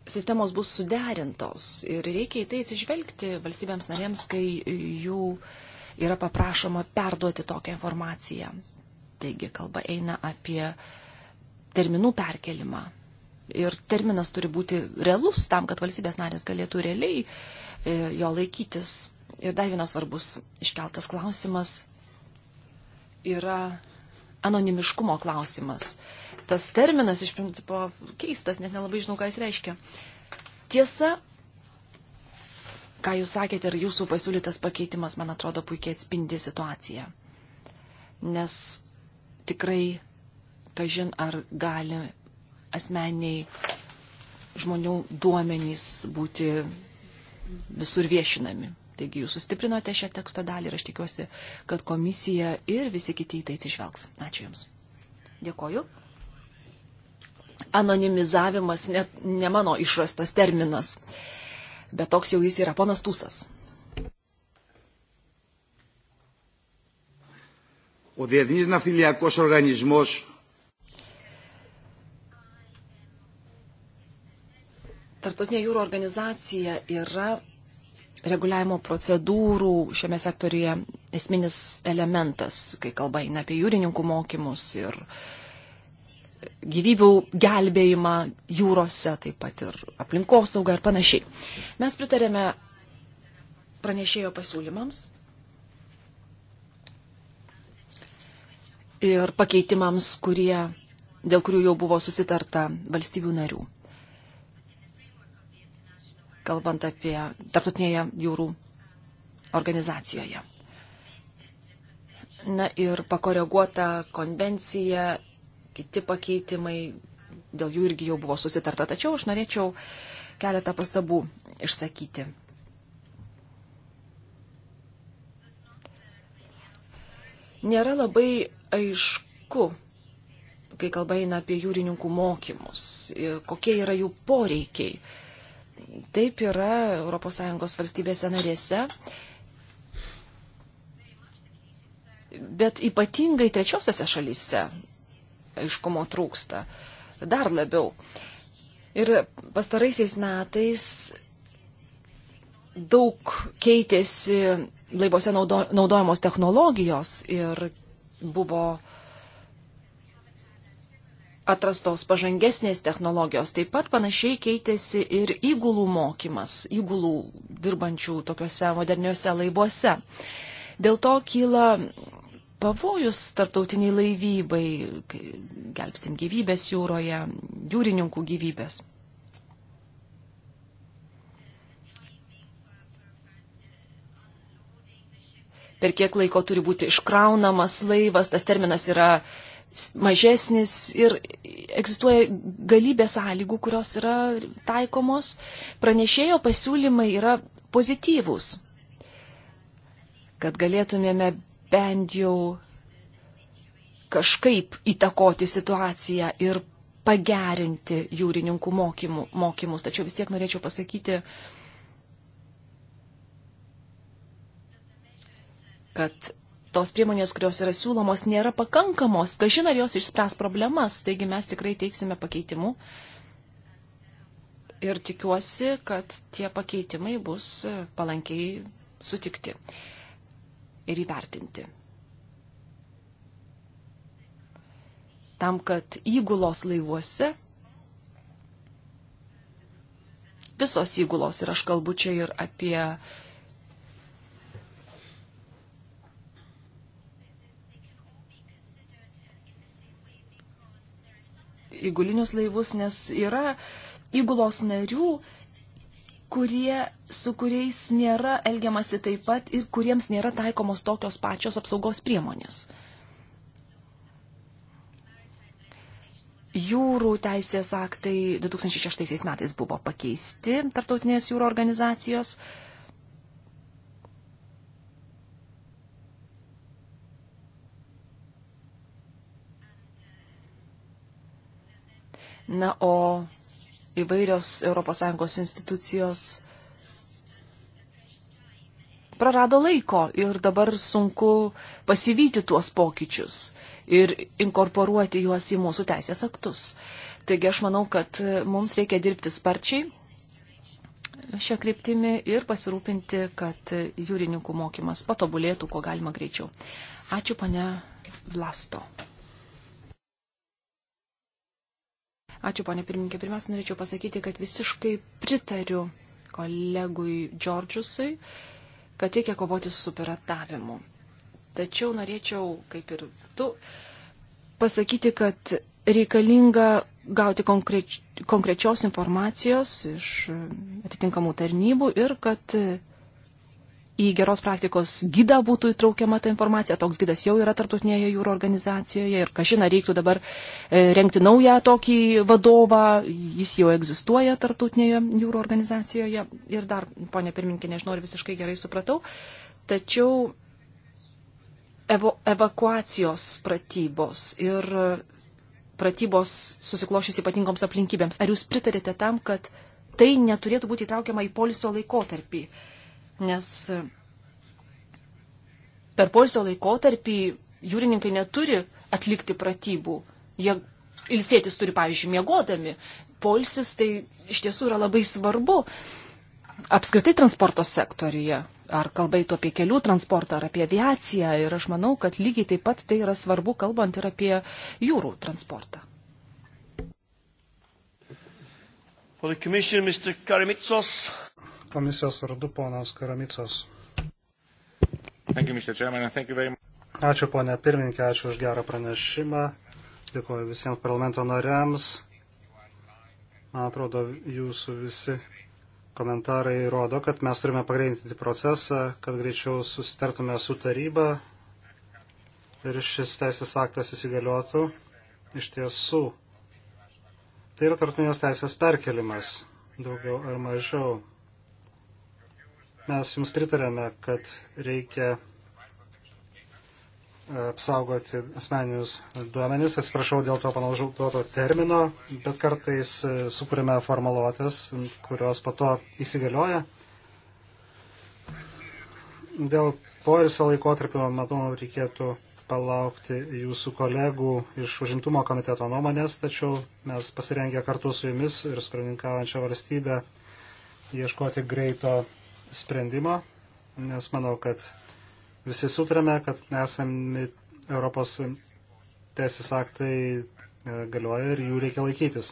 sistemos bus suderintos ir reikia į tai atsižvelgti valstybėms narėms, kai jų yra paprašoma perduoti tokią informaciją. Taigi kalba eina apie terminų perkelimą. Ir terminas turi būti realus tam, kad valstybės narės galėtų realiai e, jo laikytis. Ir dar vienas svarbus iškeltas klausimas yra anonimiškumo klausimas tas terminas iš principo keistas, net nelabai žinau, ką jis reiškia. Tiesa, ką jūs sakėte ir jūsų pasiūlytas pakeitimas, man atrodo, puikiai atspindi situaciją. Nes tikrai, kažin, ar gali asmeniai žmonių duomenys būti visur viešinami. Taigi jūs sustiprinote šią teksto dalį ir aš tikiuosi, kad komisija ir visi kiti į tai atsižvelgs. Ačiū Jums. Dėkoju anonimizavimas net ne mano išrastas terminas, bet toks jau jis yra ponas Tūsas. Ο Διεθνής Ναυτιλιακός Οργανισμός Tartotinė jūro organizacija yra reguliavimo procedūrų šiame sektorija esminis elementas, kai kalba eina apie jūrininkų mokymus ir uh, gyvybių gelbėjimą jūrose, taip pat ir aplinkosaugą ir panašiai. Mes pritarėme pranešėjo pasiūlymams ir pakeitimams, kurie, dėl kurių jau buvo susitarta valstybių narių. Kalbant apie tarptautinėje jūrų organizacijoje. Na ir pakoreguota konvencija kiti pakeitimai, dėl jų irgi jau buvo susitarta. Tačiau aš norėčiau keletą pastabų išsakyti. Nėra labai aišku, kai kalba eina apie jūrininkų mokymus, kokie yra jų poreikiai. Taip yra ES valstybėse narėse, bet ypatingai trečiosiose šalyse aiškumo trūksta. Dar labiau. Ir pastaraisiais metais daug keitėsi laivose naudo, naudojamos technologijos ir buvo atrastos pažangesnės technologijos. Taip pat panašiai keitėsi ir įgulų mokymas, įgulų dirbančių tokiuose moderniuose laivuose. Dėl to kyla pavojus tarptautiniai laivybai, gelbsim gyvybės jūroje, jūrininkų gyvybės. Per kiek laiko turi būti iškraunamas laivas, tas terminas yra mažesnis ir egzistuoja galybė sąlygų, kurios yra taikomos. Pranešėjo pasiūlymai yra pozityvūs, kad galėtumėme bent jau kažkaip įtakoti situaciją ir pagerinti jūrininkų mokymų, mokymus. Tačiau vis tiek norėčiau pasakyti, kad tos priemonės, kurios yra siūlomos, nėra pakankamos. Kažin ar jos išspręs problemas, taigi mes tikrai teiksime pakeitimų. Ir tikiuosi, kad tie pakeitimai bus palankiai sutikti. Uh, ir įvertinti. Tam, kad įgulos laivuose, visos įgulos, ir aš kalbu čia ir apie įgulinius laivus, nes yra įgulos narių, kurie, su kuriais nėra elgiamasi taip pat ir kuriems nėra taikomos tokios pačios apsaugos priemonės. Jūrų teisės aktai 2006 metais buvo pakeisti tarptautinės jūro organizacijos. Na, o įvairios ES institucijos prarado laiko ir dabar sunku pasivyti tuos pokyčius ir inkorporuoti juos į mūsų teisės aktus. Taigi aš manau, kad mums reikia dirbti sparčiai šią kryptimį ir pasirūpinti, kad jūrininkų mokymas patobulėtų, kuo galima greičiau. Ačiū, pane Vlasto. Ačiū, ponė pirmininkė. Pirmiausia, norėčiau pasakyti, kad visiškai pritariu kolegui Džordžiusui, kad reikia kovoti su piratavimu. Tačiau norėčiau, kaip ir tu, pasakyti, kad reikalinga gauti konkreč, konkrečios informacijos iš atitinkamų tarnybų ir kad į geros praktikos gydą būtų įtraukiama ta informacija. Toks gydas jau yra tartutinėje jūro organizacijoje ir kažina reiktų dabar e, renkti naują tokį vadovą, jis jau egzistuoja tartutinėje jūro organizacijoje. Ir dar, ponė pirminkė, nežinau, ar visiškai gerai supratau, tačiau evo, evakuacijos pratybos ir pratybos susiklošys ypatingoms aplinkybėms. Ar jūs pritarite tam, kad tai neturėtų būti įtraukiama į poliso laikotarpį? nes per polsio laikotarpį jūrininkai neturi atlikti pratybų. Jie ilsėtis turi, pavyzdžiui, miegodami. Polsis tai iš tiesų yra labai svarbu apskritai transporto sektoriuje. Ar kalbai tu apie kelių transportą, ar apie aviaciją. Ir aš manau, kad lygiai taip pat tai yra svarbu, kalbant ir apie jūrų transportą. For the commission, Mr. Karimitsos komisijos vardu ponas Karamicos. Ačiū ponė pirmininkė, ačiū už gerą pranešimą. Dėkuoju visiems parlamento nariams. Man atrodo, jūsų visi komentarai rodo, kad mes turime pagreitinti procesą, kad greičiau susitartume su taryba ir šis teisės aktas įsigaliotų iš tiesų. Tai yra tarptautinės teisės perkelimas, daugiau ar mažiau. Mes jums pritarėme, kad reikia e, apsaugoti asmeninius duomenys. Atsiprašau dėl to panaudoto termino, bet kartais e, sukūrėme formuluotės, kurios po to įsigalioja. Dėl poilsio laikotarpio, matau, reikėtų palaukti jūsų kolegų iš užimtumo komiteto nuomonės, tačiau mes pasirengę kartu su jumis ir sprininkaujančią valstybę ieškoti greito sprendimo, nes manau, kad visi sutrame, kad esame Europos teisės aktai e, galioja ir jų reikia laikytis.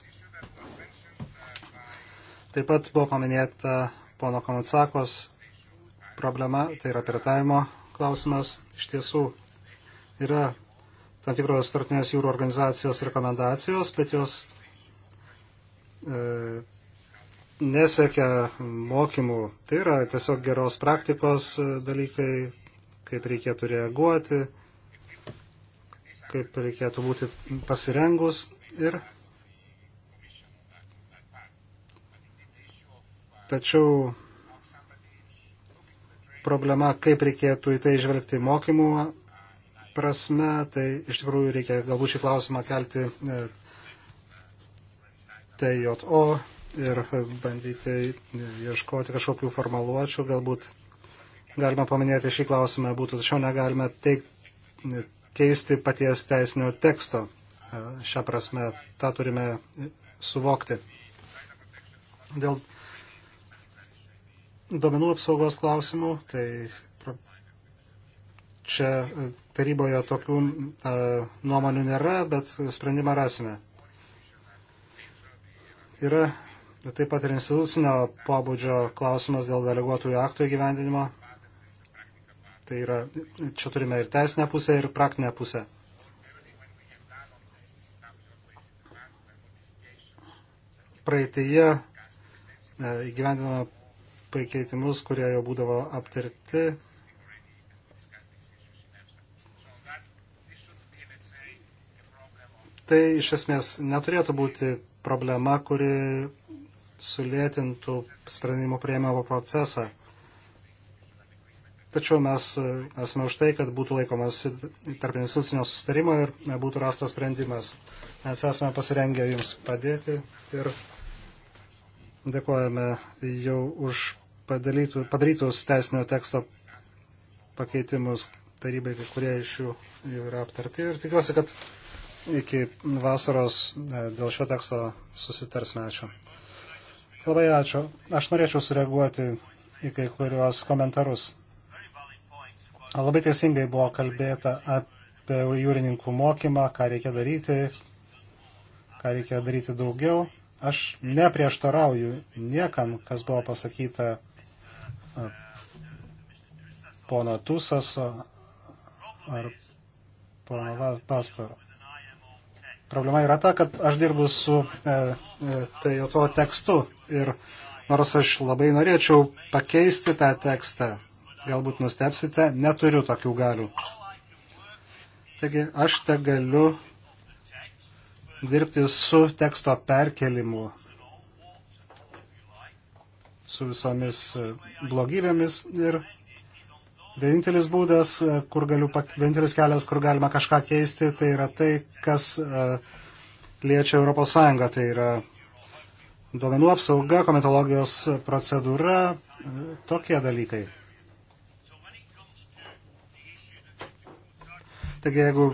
Taip pat buvo paminėta pono Komatsakos problema, tai yra piratavimo klausimas. Iš tiesų yra tam tikros tarptinės jūrų organizacijos rekomendacijos, bet jos e, nesiekia mokymų. Tai yra tiesiog geros praktikos e, dalykai, kaip reikėtų reaguoti, kaip reikėtų būti pasirengus ir. Tačiau problema, kaip reikėtų į tai žvelgti mokymų prasme, tai iš tikrųjų reikia galbūt šį klausimą kelti e, TJO ir bandyti ieškoti kažkokių formaluočių. Galbūt galima paminėti šį klausimą būtų, tačiau negalime teik, keisti paties teisinio teksto. Šią prasme tą turime suvokti. Dėl duomenų apsaugos klausimų, tai čia taryboje tokių a, nuomonių nėra, bet sprendimą rasime. Yra Taip pat ir institucinio pobūdžio klausimas dėl deleguotųjų aktų įgyvendinimo. Tai yra, čia turime ir teisinę pusę, ir praktinę pusę. Praeitėje e, įgyvendinome pakeitimus, kurie jau būdavo aptarti. Tai iš esmės neturėtų būti problema, kuri sulėtintų sprendimų prieimimo procesą. Tačiau mes e, esame už tai, kad būtų laikomas tarp institucinio sustarimo ir būtų rastas sprendimas. Mes esame pasirengę Jums padėti ir dėkojame jau už padalytų, padarytus teisinio teksto pakeitimus tarybai, kai kurie iš jų jau yra aptarti. Ir tikiuosi, kad iki vasaros e, dėl šio teksto susitarsime. Ačiū. Labai ačiū. Aš norėčiau sureaguoti į kai kuriuos komentarus. Labai teisingai buvo kalbėta apie jūrininkų mokymą, ką reikia daryti, ką reikia daryti daugiau. Aš neprieštarauju niekam, kas buvo pasakyta pono Tusaso ar pono Pastoro. Problema yra ta, kad aš dirbu su e, e, tai jau tuo tekstu ir nors aš labai norėčiau pakeisti tą tekstą, galbūt nustepsite, neturiu tokių galių. Taigi aš te galiu dirbti su teksto perkelimu, su visomis e, blogybėmis ir Vienintelis būdas, e, kur galiu, vienintelis kelias, kur galima kažką keisti, tai yra tai, kas e, liečia Europos Sąjungą. Tai yra duomenų apsauga, kometologijos procedūra, e, tokie dalykai. Taigi, jeigu,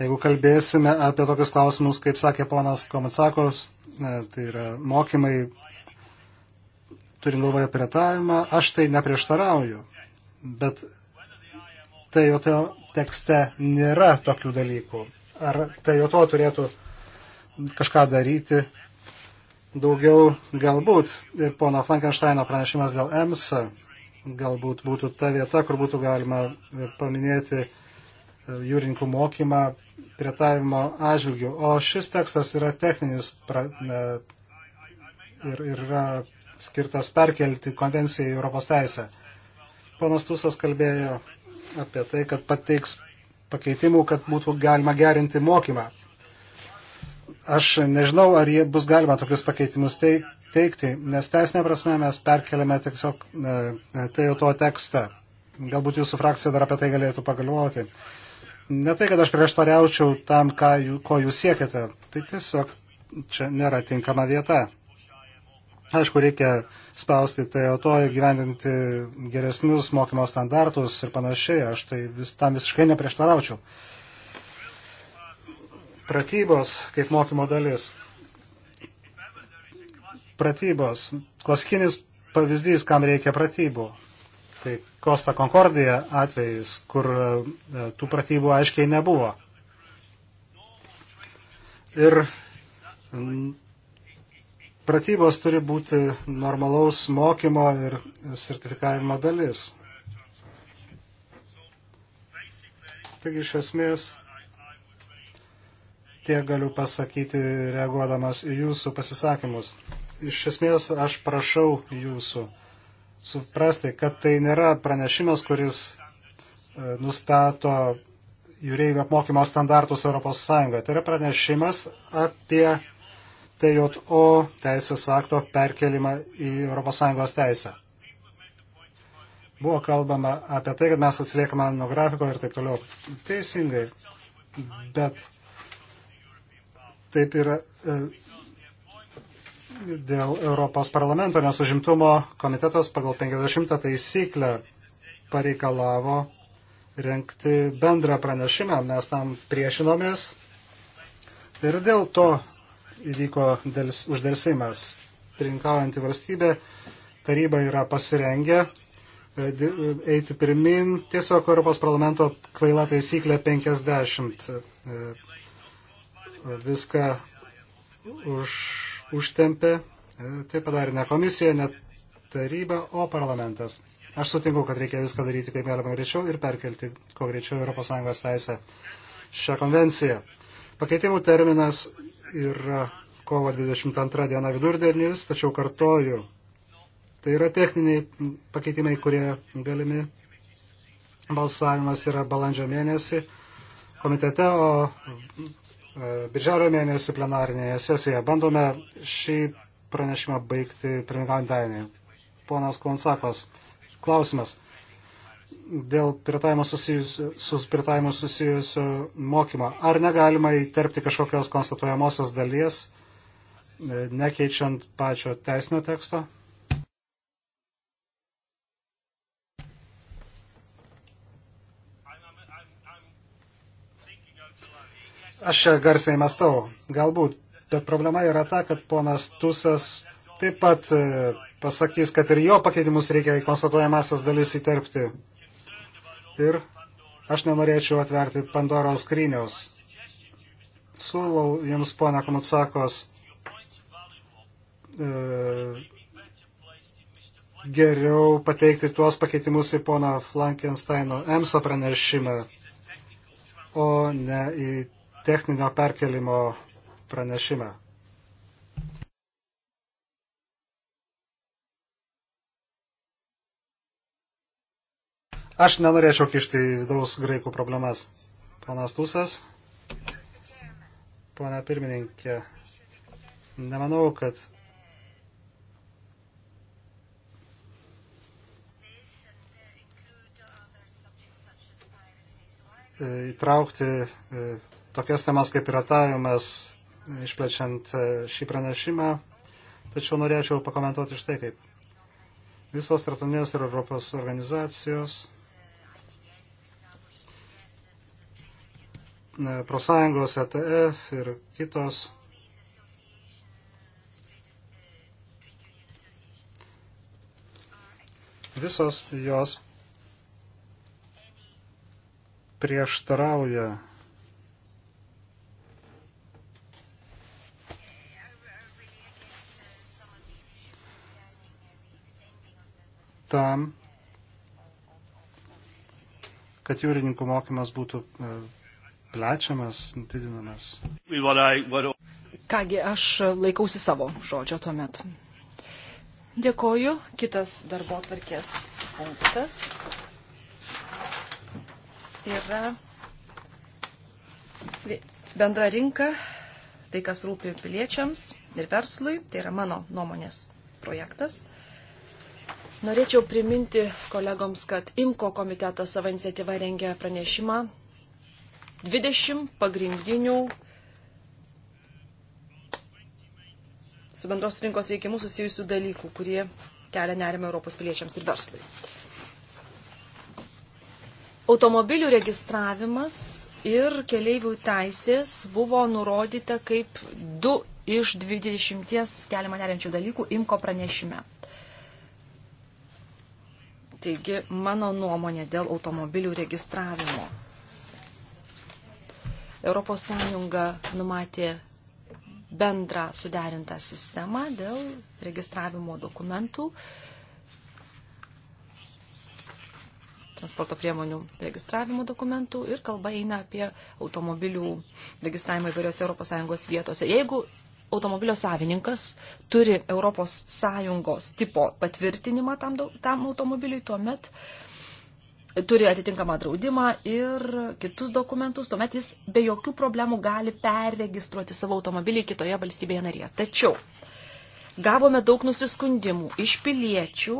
jeigu kalbėsime apie tokius klausimus, kaip sakė ponas Komitsakos, tai yra mokymai, turint galvoje piratavimą, aš tai neprieštarauju bet tai jo to tekste nėra tokių dalykų. Ar tai jo to turėtų kažką daryti daugiau galbūt ir pono Frankensteino pranešimas dėl EMSA galbūt būtų ta vieta, kur būtų galima paminėti e, jūrininkų mokymą piratavimo atžvilgių. O šis tekstas yra techninis pra, ne, ir, ir yra skirtas perkelti konvenciją į Europos teisę. Ponas Tusas kalbėjo apie tai, kad pateiks pakeitimų, kad būtų galima gerinti mokymą. Aš nežinau, ar jie bus galima tokius pakeitimus teikti, nes teisinė prasme mes perkeliame tiesiog e, e, tai jau to tekstą. Galbūt jūsų frakcija dar apie tai galėtų pagalvoti. Ne tai, kad aš prieštariaučiau tam, ką, ko jūs siekite. Tai tiesiog čia nėra tinkama vieta. Aišku, reikia spausti TOTO tai įgyvendinti geresnius mokymo standartus ir panašiai. Aš tai vis, tam visiškai neprieštaraučiau. Pratybos kaip mokymo dalis. Pratybos. Klasikinis pavyzdys, kam reikia pratybų. Tai Kosta Concordija atvejais, kur e, tų pratybų aiškiai nebuvo. Ir Pratybos turi būti normalaus mokymo ir sertifikavimo dalis. Taigi iš esmės tiek galiu pasakyti reaguodamas į jūsų pasisakymus. Iš esmės aš prašau jūsų suprasti, kad tai nėra pranešimas, kuris e, nustato jūreivių apmokymo standartus ES. Tai yra pranešimas apie TJO teisės akto perkelimą į ES teisę. Buvo kalbama apie tai, kad mes atsiliekame nuo grafiko ir taip toliau. Teisingai, bet taip yra e, dėl Europos parlamento, nes užimtumo komitetas pagal 50 taisyklę pareikalavo renkti bendrą pranešimą, mes tam priešinomės. Ir dėl to įvyko dėls, uždelsimas. Pirinkaujanti valstybė, taryba yra pasirengę e, e, eiti pirmin, tiesiog Europos parlamento kvaila taisyklė 50. E, viską už, užtempė, tai padarė ne komisija, ne taryba, o parlamentas. Aš sutinku, kad reikia viską daryti kaip galima greičiau ir perkelti kuo greičiau ES teisę šią konvenciją. Pakeitimų terminas yra kovo 22 diena vidurdienis, tačiau kartoju, tai yra techniniai pakeitimai, kurie galimi. Balsavimas yra balandžio mėnesį komitete, o e, birželio mėnesį plenarinėje sesijoje. Bandome šį pranešimą baigti pirmininkavimą Dainį. Ponas Klonsakos, klausimas dėl piratavimo susijusio, su piratavimu susijusio mokymo. Ar negalima įterpti kažkokios konstatuojamosios dalies, e, nekeičiant pačio teisinio teksto? Aš čia garsiai mastau, galbūt, bet problema yra ta, kad ponas Tusas taip pat e, pasakys, kad ir jo pakeitimus reikia į konstatuojamasias dalis įterpti ir aš nenorėčiau atverti Pandoros skryniaus. Sūlau jums, pona Komutsakos, e, geriau pateikti tuos pakeitimus į pono Flankensteino EMSO pranešimą, o ne į techninio perkelimo pranešimą. Aš nenorėčiau kišti vidaus graikų problemas. Panas Tusas, pana pirmininkė, nemanau, kad įtraukti e, tokias temas kaip piratavimas, išplečiant e, šį pranešimą. Tačiau norėčiau pakomentuoti štai kaip. Visos tarptautinės ir Europos organizacijos E, prosąjungos ETF ir kitos. Visos jos prieštarauja tam, kad jūrininkų mokymas būtų e, plečiamas, didinamas. Kągi, aš laikausi savo žodžio tuomet. Dėkoju. Kitas darbo atvarkės punktas yra bendra rinka, tai kas rūpi piliečiams ir verslui, tai yra mano nuomonės projektas. Norėčiau priminti kolegoms, kad IMKO komitetas savo iniciatyvą rengia pranešimą 20 pagrindinių su bendros rinkos veikimu susijusių dalykų, kurie kelia nerimą Europos piliečiams ir verslui. Automobilių registravimas ir keleivių teisės buvo nurodyta kaip du iš 20 keliamą neriančių dalykų imko pranešime. Taigi, mano nuomonė dėl automobilių registravimo. ES numatė bendrą suderintą sistemą dėl registravimo dokumentų, transporto priemonių registravimo dokumentų ir kalba eina apie automobilių registravimą įvairiose ES vietose. Jeigu automobilio savininkas turi ES tipo patvirtinimą tam, tam automobiliui, tuomet uh, turi atitinkamą draudimą ir kitus dokumentus, tuomet jis be jokių problemų gali perregistruoti savo automobilį kitoje valstybėje narėje. Tačiau gavome daug nusiskundimų iš piliečių,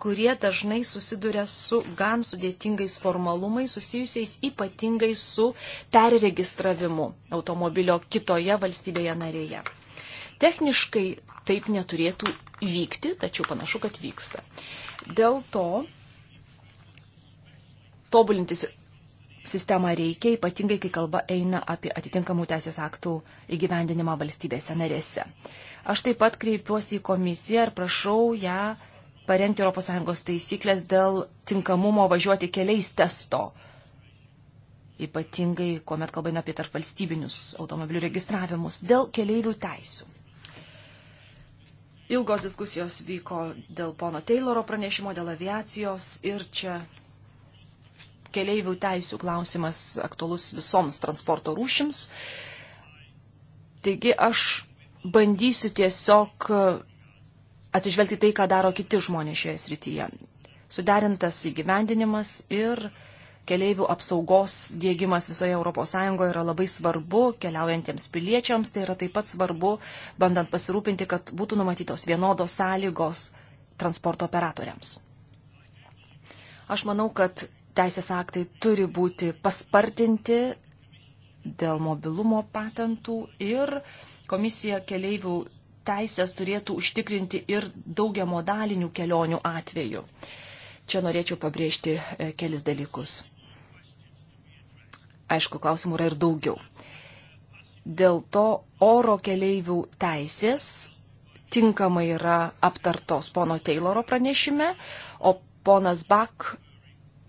kurie dažnai susiduria su gan sudėtingais formalumais susijusiais ypatingai su perregistravimu automobilio kitoje valstybėje narėje. Techniškai taip neturėtų vykti, tačiau panašu, kad vyksta. Dėl to tobulinti sistemą reikia, ypatingai kai kalba eina apie atitinkamų teisės aktų įgyvendinimą valstybėse narėse. Aš taip pat kreipiuosi į komisiją ir prašau ją parengti ES taisyklės dėl tinkamumo važiuoti keliais testo. Ypatingai, kuomet kalbame apie tarp valstybinius automobilių registravimus, dėl keleivių teisų. Ilgos diskusijos vyko dėl pono Tayloro pranešimo, dėl aviacijos ir čia keleivių teisų klausimas aktualus visoms transporto rūšims. Taigi aš bandysiu tiesiog atsižvelgti tai, ką daro kiti žmonės šioje srityje. Suderintas įgyvendinimas ir keleivių apsaugos dėgymas visoje ES yra labai svarbu keliaujantiems piliečiams, tai yra taip pat svarbu, bandant pasirūpinti, kad būtų numatytos vienodos sąlygos transporto operatoriams. Aš manau, kad teisės aktai turi būti paspartinti dėl mobilumo patentų ir komisija keleivių teisės turėtų užtikrinti ir daugia modalinių kelionių atveju. Čia norėčiau pabrėžti e, kelis dalykus. Aišku, klausimų yra ir daugiau. Dėl to oro keleivių teisės tinkamai yra aptartos pono Tayloro pranešime, o ponas Bak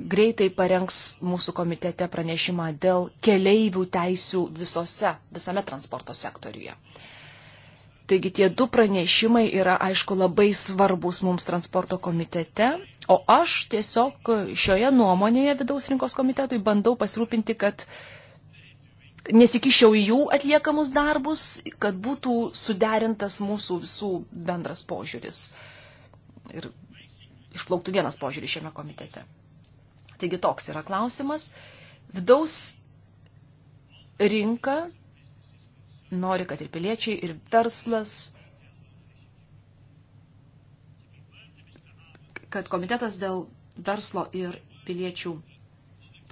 greitai parengs mūsų komitete pranešimą dėl keleivių teisių visose, visame transporto sektoriuje. Taigi tie du pranešimai yra, aišku, labai svarbus mums transporto komitete, o aš tiesiog šioje nuomonėje vidaus rinkos komitetui bandau pasirūpinti, kad nesikišiau į jų atliekamus darbus, kad būtų suderintas mūsų visų bendras požiūris ir išplauktų vienas požiūris šiame komitete. Taigi toks yra klausimas. Vidaus rinka nori, kad ir piliečiai, ir verslas, kad komitetas dėl verslo ir piliečių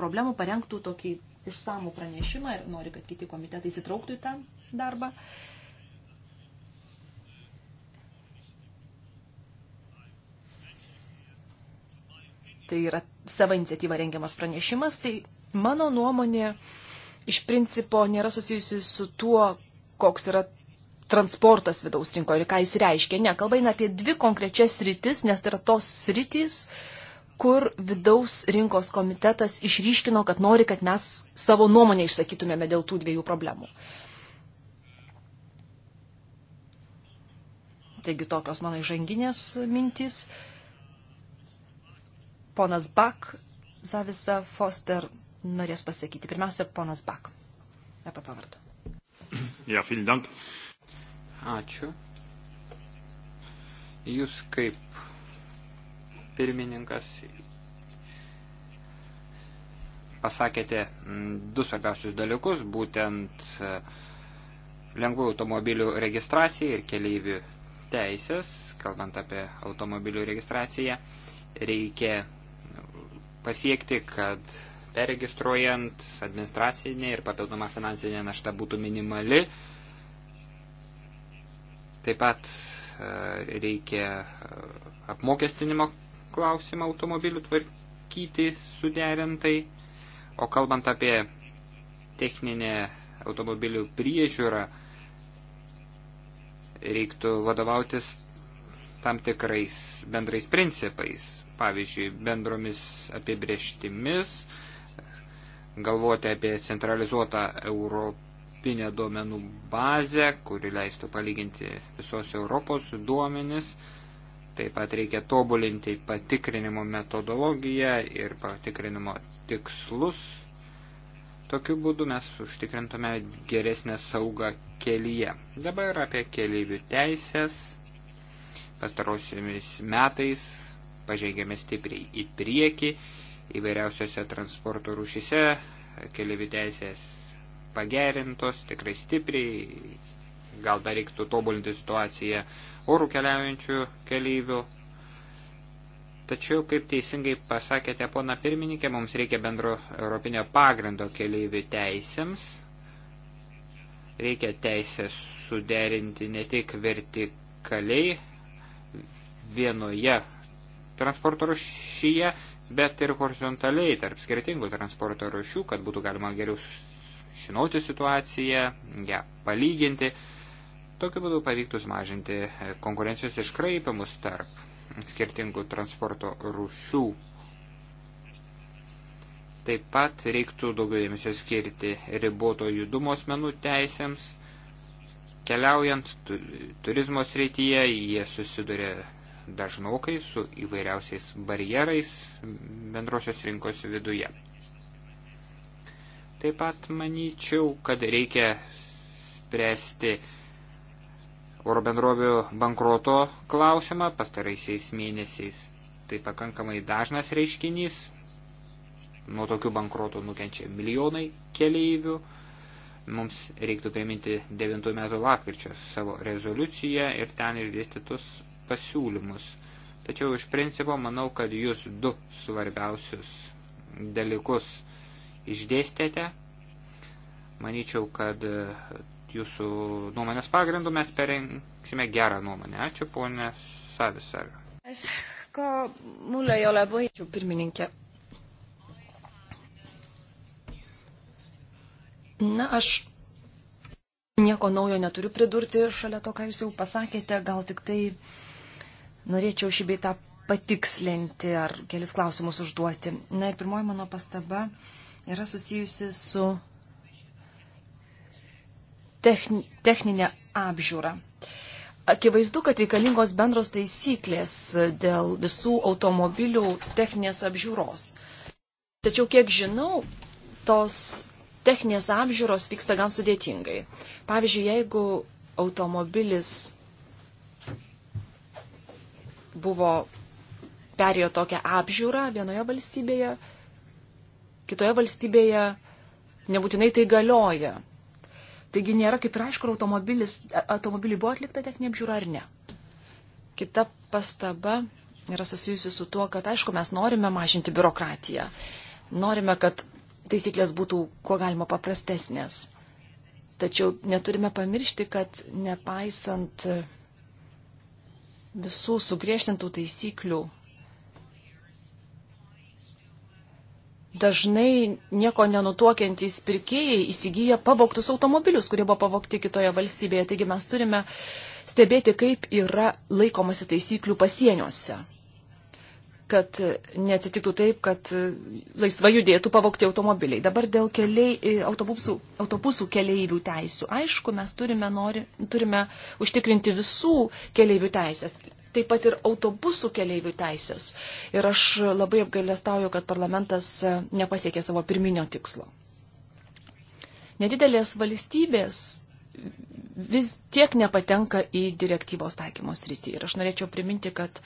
problemų parengtų tokį išsamų pranešimą ir nori, kad kiti komitetai įsitrauktų į tą darbą. tai yra savo iniciatyva rengiamas pranešimas, tai mano nuomonė iš principo nėra susijusi su tuo, koks yra transportas vidaus rinkoje ir ką jis reiškia. Ne, kalba eina apie dvi konkrečias rytis, nes tai yra tos rytis, kur vidaus rinkos komitetas išryškino, kad nori, kad mes savo nuomonę išsakytumėme dėl tų dviejų problemų. Taigi tokios mano įžanginės mintys. Uh, ponas Bak, Zavisa Foster norės pasakyti. Pirmiausia, ponas Bak. Apie pavardą. Ja, vielen Dank. Ačiū. Jūs kaip pirmininkas pasakėte du svarbiausius dalykus, būtent e, lengvų automobilių registracija ir keleivių teisės, kalbant apie automobilių registraciją, reikia pasiekti, kad peregistruojant administracinė ir papildoma finansinė našta būtų minimali. Taip pat e, reikia e, apmokestinimo klausimą automobilių tvarkyti suderintai. O kalbant apie techninę automobilių priežiūrą, reiktų vadovautis tam tikrais bendrais principais pavyzdžiui, bendromis apibrieštimis, galvoti apie centralizuotą europinę duomenų bazę, kuri leistų palyginti visos Europos duomenis. Taip pat reikia tobulinti patikrinimo metodologiją ir patikrinimo tikslus. Tokiu būdu mes užtikrintume geresnę saugą kelyje. Dabar apie keleivių teisės pastarosiomis metais pažengėme stipriai į priekį įvairiausiose transporto rūšise, keliavių teisės pagerintos tikrai stipriai, gal dar reiktų tobulinti situaciją orų keliaujančių keleivių. Tačiau, kaip teisingai pasakėte, pona pirmininkė, mums reikia bendro europinio pagrindo keleivių teisėms. Reikia teisės suderinti ne tik vertikaliai vienoje transporto rušyje, bet ir horizontaliai tarp skirtingų transporto rušių, kad būtų galima geriau žinoti situaciją, ją palyginti. Tokiu būdu pavyktų sumažinti e, konkurencijos iškraipimus tarp skirtingų transporto rušių. Taip pat reiktų daugiau dėmesio skirti riboto judumo asmenų teisėms. Keliaujant turizmo srityje, jie susiduria dažnokai su įvairiausiais barjerais bendrosios rinkos viduje. Taip pat manyčiau, kad reikia spręsti oro bendrovių bankroto klausimą pastaraisiais mėnesiais. Tai pakankamai dažnas reiškinys. Nuo tokių bankrotų nukenčia milijonai keleivių. Mums reiktų priminti 9 metų lapkričio savo rezoliuciją ir ten išdėstytus pasiūlymus. Tačiau iš principo manau, kad jūs du svarbiausius dalykus išdėstėte. Manyčiau, kad e, jūsų nuomonės pagrindų mes perinksime gerą nuomonę. Ačiū, ponė Savisar. Aš ko mulė jau labai ačiū, pirmininkė. Na, aš nieko naujo neturiu pridurti šalia to, ką jūs jau pasakėte, gal tik tai uh, Norėčiau šį beitą patikslinti ar kelis klausimus užduoti. Na ir pirmoji mano pastaba yra susijusi su techni, techninė apžiūra. Akivaizdu, kad reikalingos bendros taisyklės dėl visų automobilių techninės apžiūros. Tačiau, kiek žinau, tos techninės apžiūros vyksta gan sudėtingai. Pavyzdžiui, jeigu automobilis buvo perėjo tokią apžiūrą vienoje valstybėje, kitoje valstybėje nebūtinai tai galioja. Taigi nėra kaip ir aišku, automobilį buvo atlikta techninė apžiūra ar ne. Kita pastaba yra susijusi su tuo, kad aišku, mes norime mažinti biurokratiją. Norime, kad taisyklės būtų kuo galima paprastesnės. Tačiau neturime pamiršti, kad nepaisant visų sugriežtintų taisyklių dažnai nieko nenutuokiantys pirkėjai įsigyja pavogtus automobilius, kurie buvo pavogti kitoje valstybėje. Taigi mes turime stebėti, kaip yra laikomasi taisyklių pasieniuose kad neatsitiktų taip, kad laisvai judėtų pavokti automobiliai. Dabar dėl keliai, e, autobusų, autobusų keleivių teisų. Aišku, mes turime, nori, turime užtikrinti visų keleivių teisės. Taip pat ir autobusų keleivių teisės. Ir aš labai apgailestauju, kad parlamentas e, nepasiekė savo pirminio tikslo. Nedidelės valstybės vis tiek nepatenka į direktyvos taikymo sritį. Ir aš norėčiau priminti, kad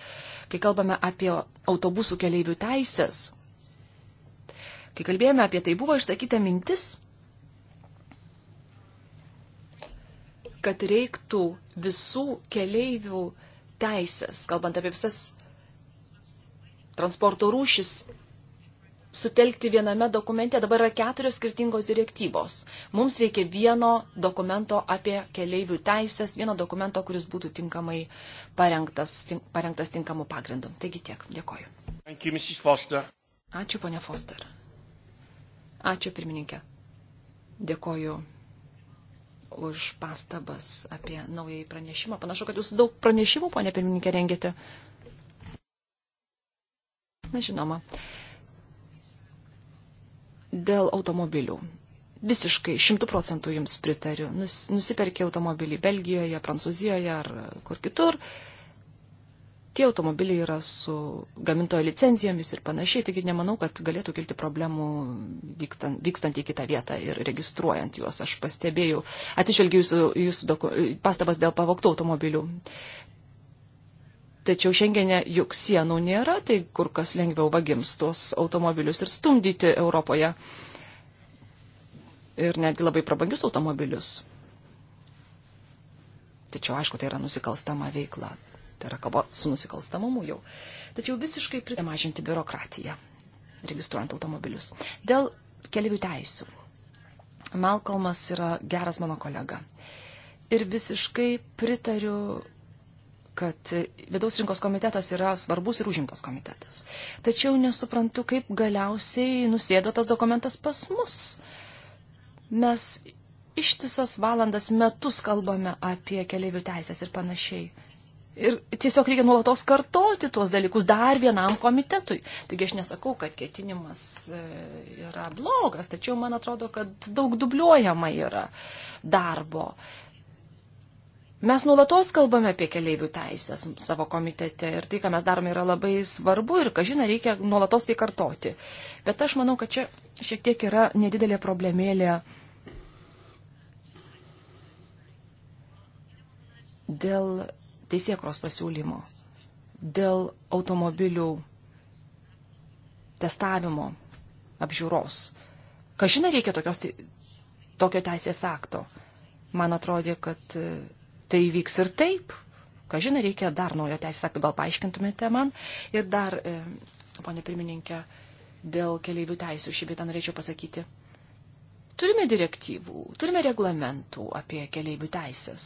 kai kalbame apie autobusų keleivių teisės, kai kalbėjome apie tai, buvo išsakyta mintis, kad reiktų visų keleivių teisės, kalbant apie visas transporto rūšis, sutelkti viename dokumente. Dabar yra keturios skirtingos direktyvos. Mums reikia vieno dokumento apie keleivių teisės, vieno dokumento, kuris būtų tinkamai parengtas, tink, parengtas tinkamų pagrindų. Taigi tiek. Dėkoju. You, Ačiū, ponia Foster. Ačiū, pirmininkė. Dėkoju už pastabas apie naująjį pranešimą. Panašu, kad jūs daug pranešimų, ponia pirmininkė, rengėte. Na, žinoma dėl automobilių. Visiškai, šimtų procentų jums pritariu. Nus, nusiperkė automobilį Belgijoje, Prancūzijoje ar kur kitur. Tie automobiliai yra su gamintojo licencijomis ir panašiai, taigi nemanau, kad galėtų kilti problemų vykstant, vykstant į kitą vietą ir registruojant juos. Aš pastebėjau, atsižvelgiu jūsų, jūsų doku, pastabas dėl pavoktų automobilių. Tačiau šiandienė juk sienų nėra, tai kur kas lengviau vagims tuos automobilius ir stumdyti Europoje. Ir netgi labai prabangius automobilius. Tačiau, aišku, tai yra nusikalstama veikla. Tai yra kabo su nusikalstamumu jau. Tačiau visiškai primažinti biurokratiją, registruojant automobilius. Dėl keliavių teisių. Malcolmas yra geras mano kolega. Ir visiškai pritariu kad vidaus rinkos komitetas yra svarbus ir užimtas komitetas. Tačiau nesuprantu, kaip galiausiai nusėdo tas dokumentas pas mus. Mes ištisas valandas metus kalbame apie keliaivių teisės ir panašiai. Ir tiesiog reikia nuolatos kartoti tuos dalykus dar vienam komitetui. Taigi aš nesakau, kad ketinimas e, yra blogas, tačiau man atrodo, kad daug dubliuojama yra darbo. Mes nuolatos kalbame apie keliaivių teisės savo komitete ir tai, ką mes darome, yra labai svarbu ir, kažina, reikia nuolatos tai kartoti. Bet aš manau, kad čia šiek tiek yra nedidelė problemėlė dėl teisėkros pasiūlymo, dėl automobilių testavimo apžiūros. Kažina reikia tokios, tokio teisės akto. Man atrodė, kad tai vyks ir taip. Ką žinai, reikia dar naujo teisės akto, gal paaiškintumėte man. Ir dar, e, ponė pirmininkė, dėl keliaivių teisų šį bitą norėčiau pasakyti. Turime direktyvų, turime reglamentų apie keliaivių teisės.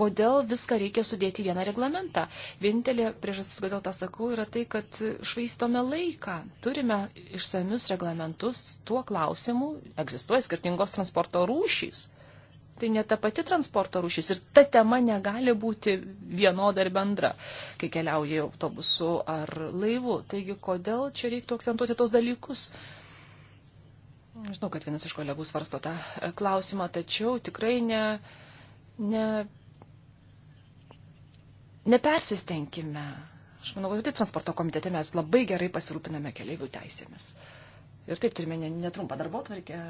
Kodėl viską reikia sudėti vieną reglamentą? Vienintelė priežastis, kodėl tą sakau, yra tai, kad švaistome laiką. Turime išsamius reglamentus tuo klausimu, egzistuoja skirtingos transporto rūšys tai ne ta pati transporto rūšis ir ta tema negali būti vienoda ir bendra, kai keliauji autobusu ar laivu. Taigi, kodėl čia reiktų akcentuoti tos dalykus? Žinau, kad vienas iš kolegų svarsto tą e, klausimą, tačiau tikrai ne, ne, nepersistenkime. Aš manau, kad taip transporto komitete mes labai gerai pasirūpiname keliaivių teisėmis. Ir taip turime netrumpą darbo tvarkę,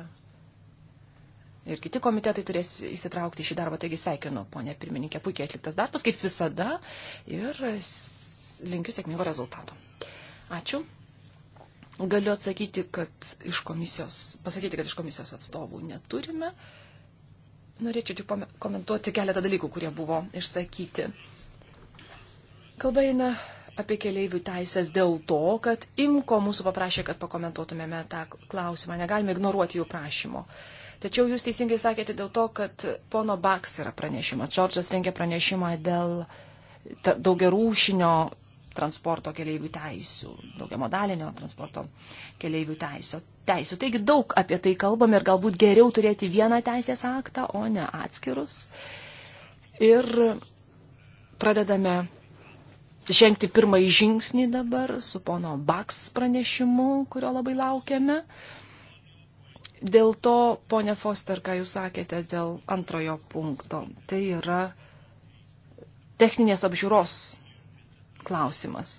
ir kiti komitetai turės įsitraukti į šį darbą. Taigi sveikinu, ponė pirmininkė, puikiai atliktas darbas, kaip visada, ir linkiu sėkmingo rezultato. Ačiū. Galiu atsakyti, kad iš komisijos, pasakyti, kad iš komisijos atstovų neturime. Norėčiau tik komentuoti keletą dalykų, kurie buvo išsakyti. Kalba eina apie keliaivių teisės dėl to, kad IMKO mūsų paprašė, kad pakomentuotumėme tą klausimą. Negalime ignoruoti jų prašymo. Uh, Tačiau jūs teisingai sakėte dėl to, kad pono Baks yra pranešimas. Džordžas rengia pranešimą dėl daugiarūšinio transporto keliaivių teisų, daugiamodalinio transporto keliaivių teisų. teisų. Taigi daug apie tai kalbam ir galbūt geriau turėti vieną teisės aktą, o ne atskirus. Ir pradedame žengti pirmąjį žingsnį dabar su pono Baks pranešimu, kurio labai laukiame. Uh, Dėl to, ponė Foster, ką jūs sakėte dėl antrojo punkto, tai yra techninės apžiūros klausimas.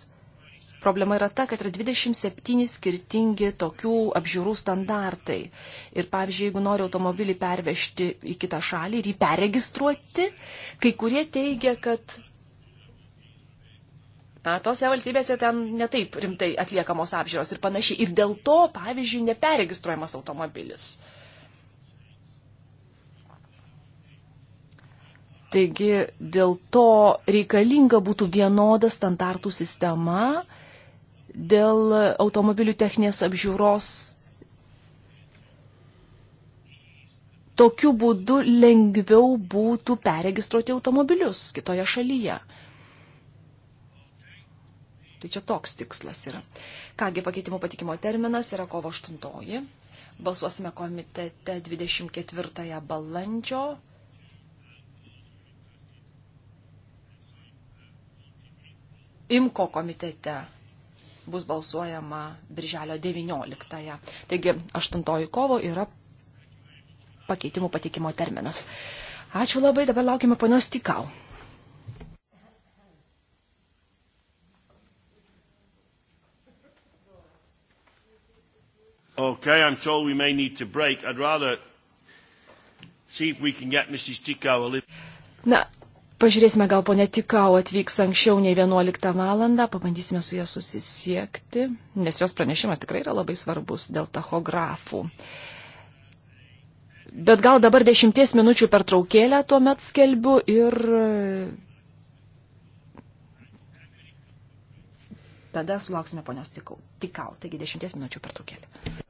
Problema yra ta, kad yra 27 skirtingi tokių apžiūrų standartai. Ir pavyzdžiui, jeigu nori automobilį pervežti į kitą šalį ir jį peregistruoti, kai kurie teigia, kad A, tose valstybėse ten netaip rimtai atliekamos apžiūros ir panašiai. Ir dėl to, pavyzdžiui, neperegistruojamas automobilis. Taigi dėl to reikalinga būtų vienoda standartų sistema dėl automobilių techninės apžiūros. Tokiu būdu lengviau būtų peregistruoti automobilius kitoje šalyje. Tai čia toks tikslas yra. Kągi pakeitimo patikimo terminas yra kovo 8. Balsuosime komitete 24 balandžio. Imko komitete bus balsuojama birželio 19. -ąją. Taigi 8 kovo yra pakeitimų patikimo terminas. Ačiū labai, dabar laukime ponios Tikau. Okay, I'm told we may need to break. I'd rather see if we can get Mrs. Tikau a little... Na, pažiūrėsime, gal ponė Tikau atvyks anksčiau nei 11 valandą, pabandysime su ja susisiekti, nes jos pranešimas tikrai yra labai svarbus dėl tachografų. Bet gal dabar dešimties minučių per traukėlę tuomet skelbiu ir e, tada sulauksime ponios tikau. Tikau, taigi dešimties minučių per traukėlę.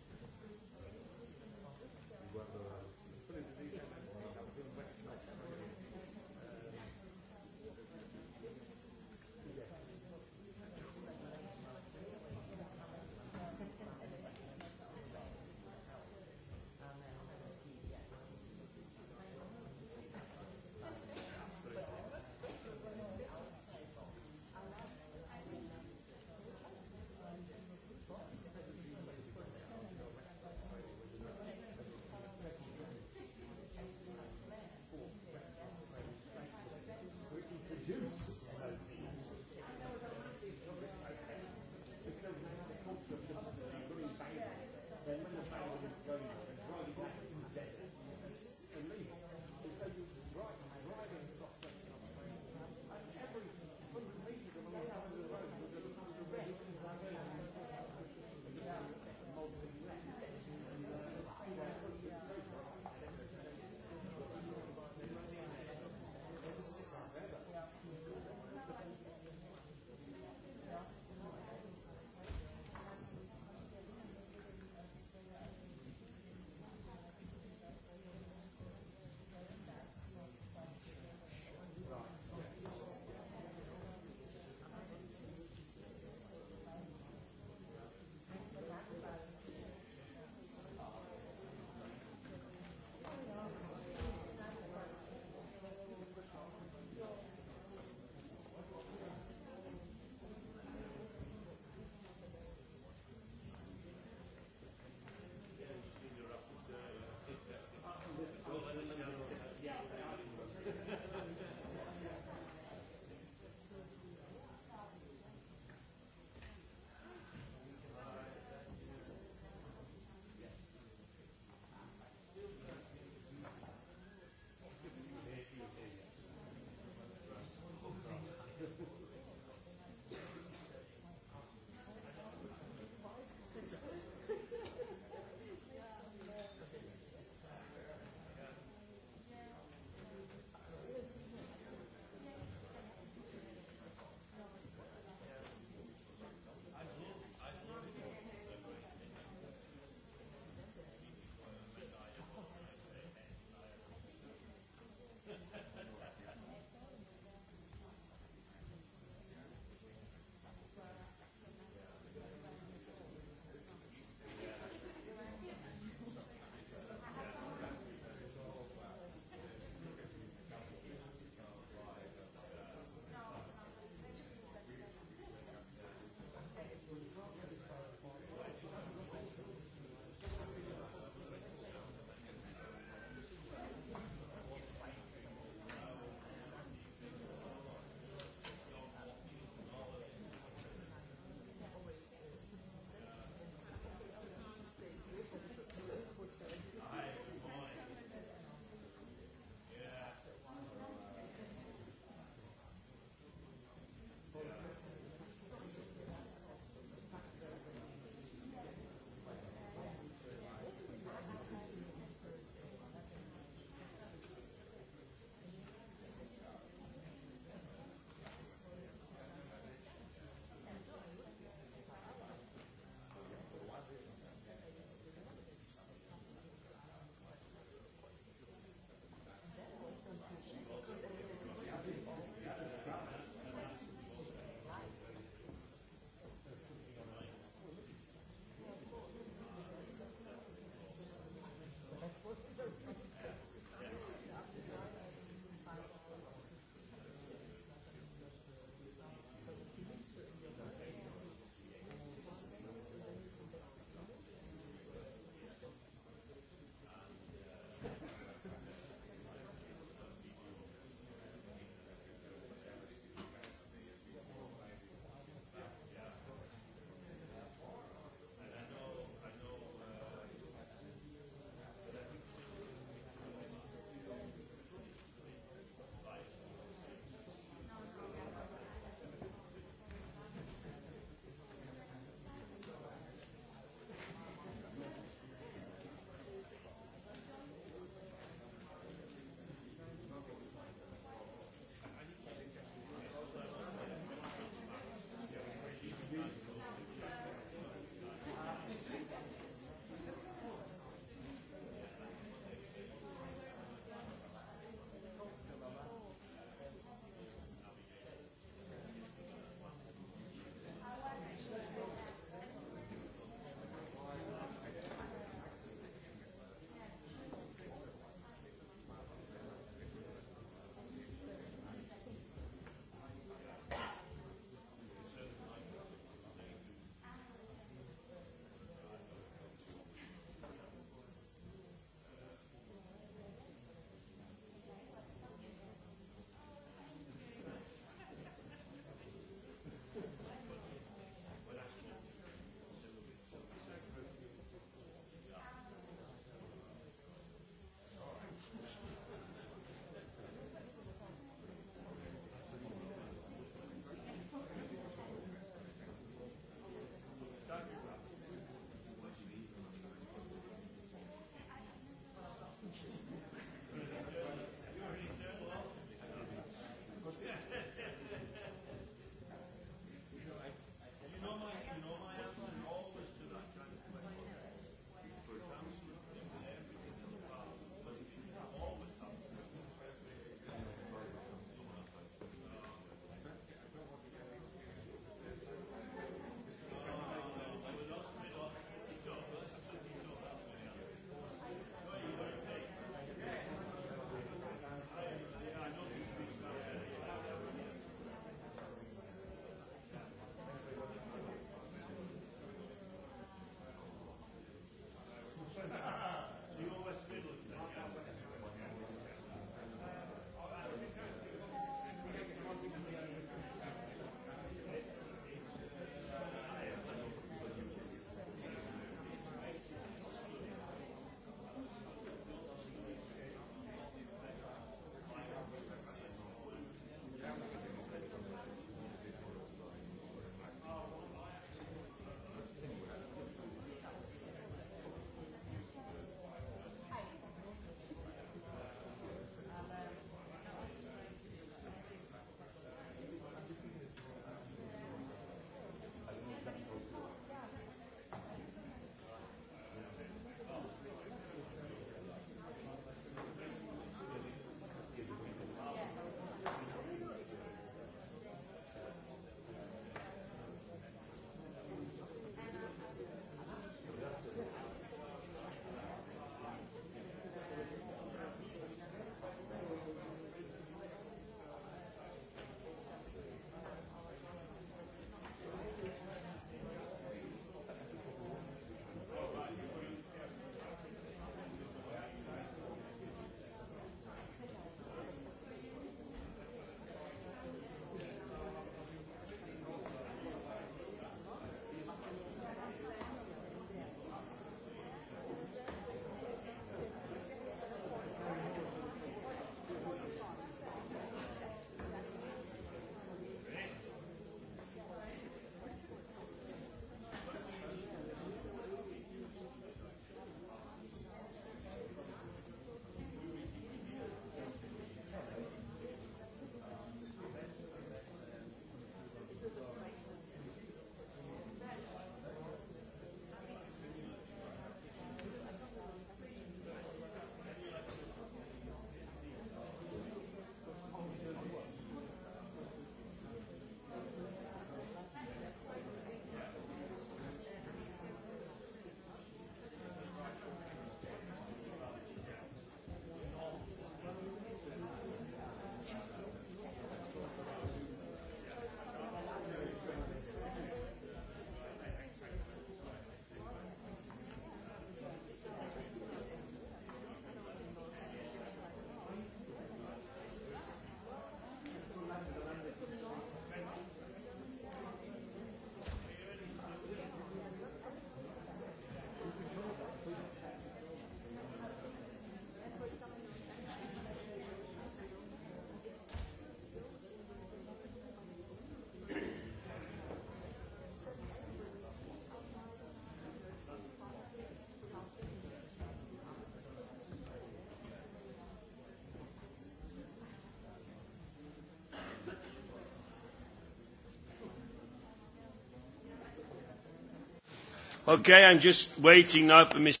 Okay, I'm just waiting now for Miss.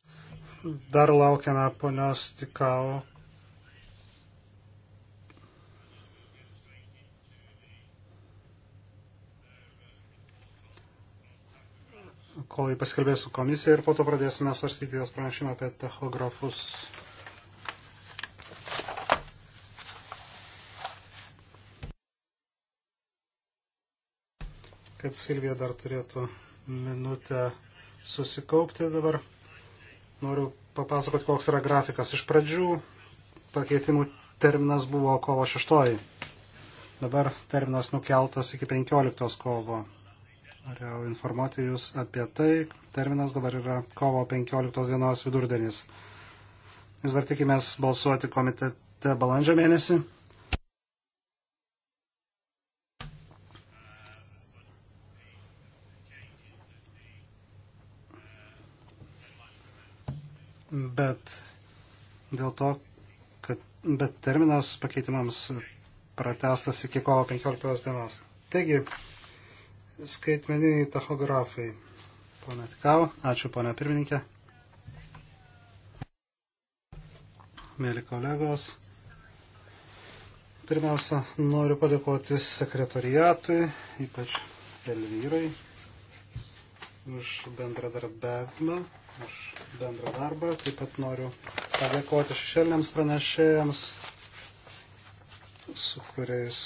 Dar laukiame ponios Tikau. Kol jį paskelbės su komisija ir po to pradėsime svarstyti jos pranešimą apie tachografus. Kad Silvija dar turėtų minutę susikaupti dabar. Noriu papasakoti, koks yra grafikas. Iš pradžių pakeitimų terminas buvo kovo 6. Dabar terminas nukeltas iki 15 kovo. Norėjau informuoti Jūs apie tai. Terminas dabar yra kovo 15 dienos vidurdienis. Vis dar tikimės balsuoti komitete balandžio mėnesį. dėl to, kad bet terminas pakeitimams pratestas iki kovo 15 dienos. Taigi, skaitmeniniai tachografai. Pone Tikau, ačiū pone pirmininkė. Mėly kolegos, pirmiausia, noriu padėkoti sekretoriatui, ypač Elvyrai, už bendradarbiavimą už bendrą darbą. Taip pat noriu padėkoti šešėliams pranešėjams, su kuriais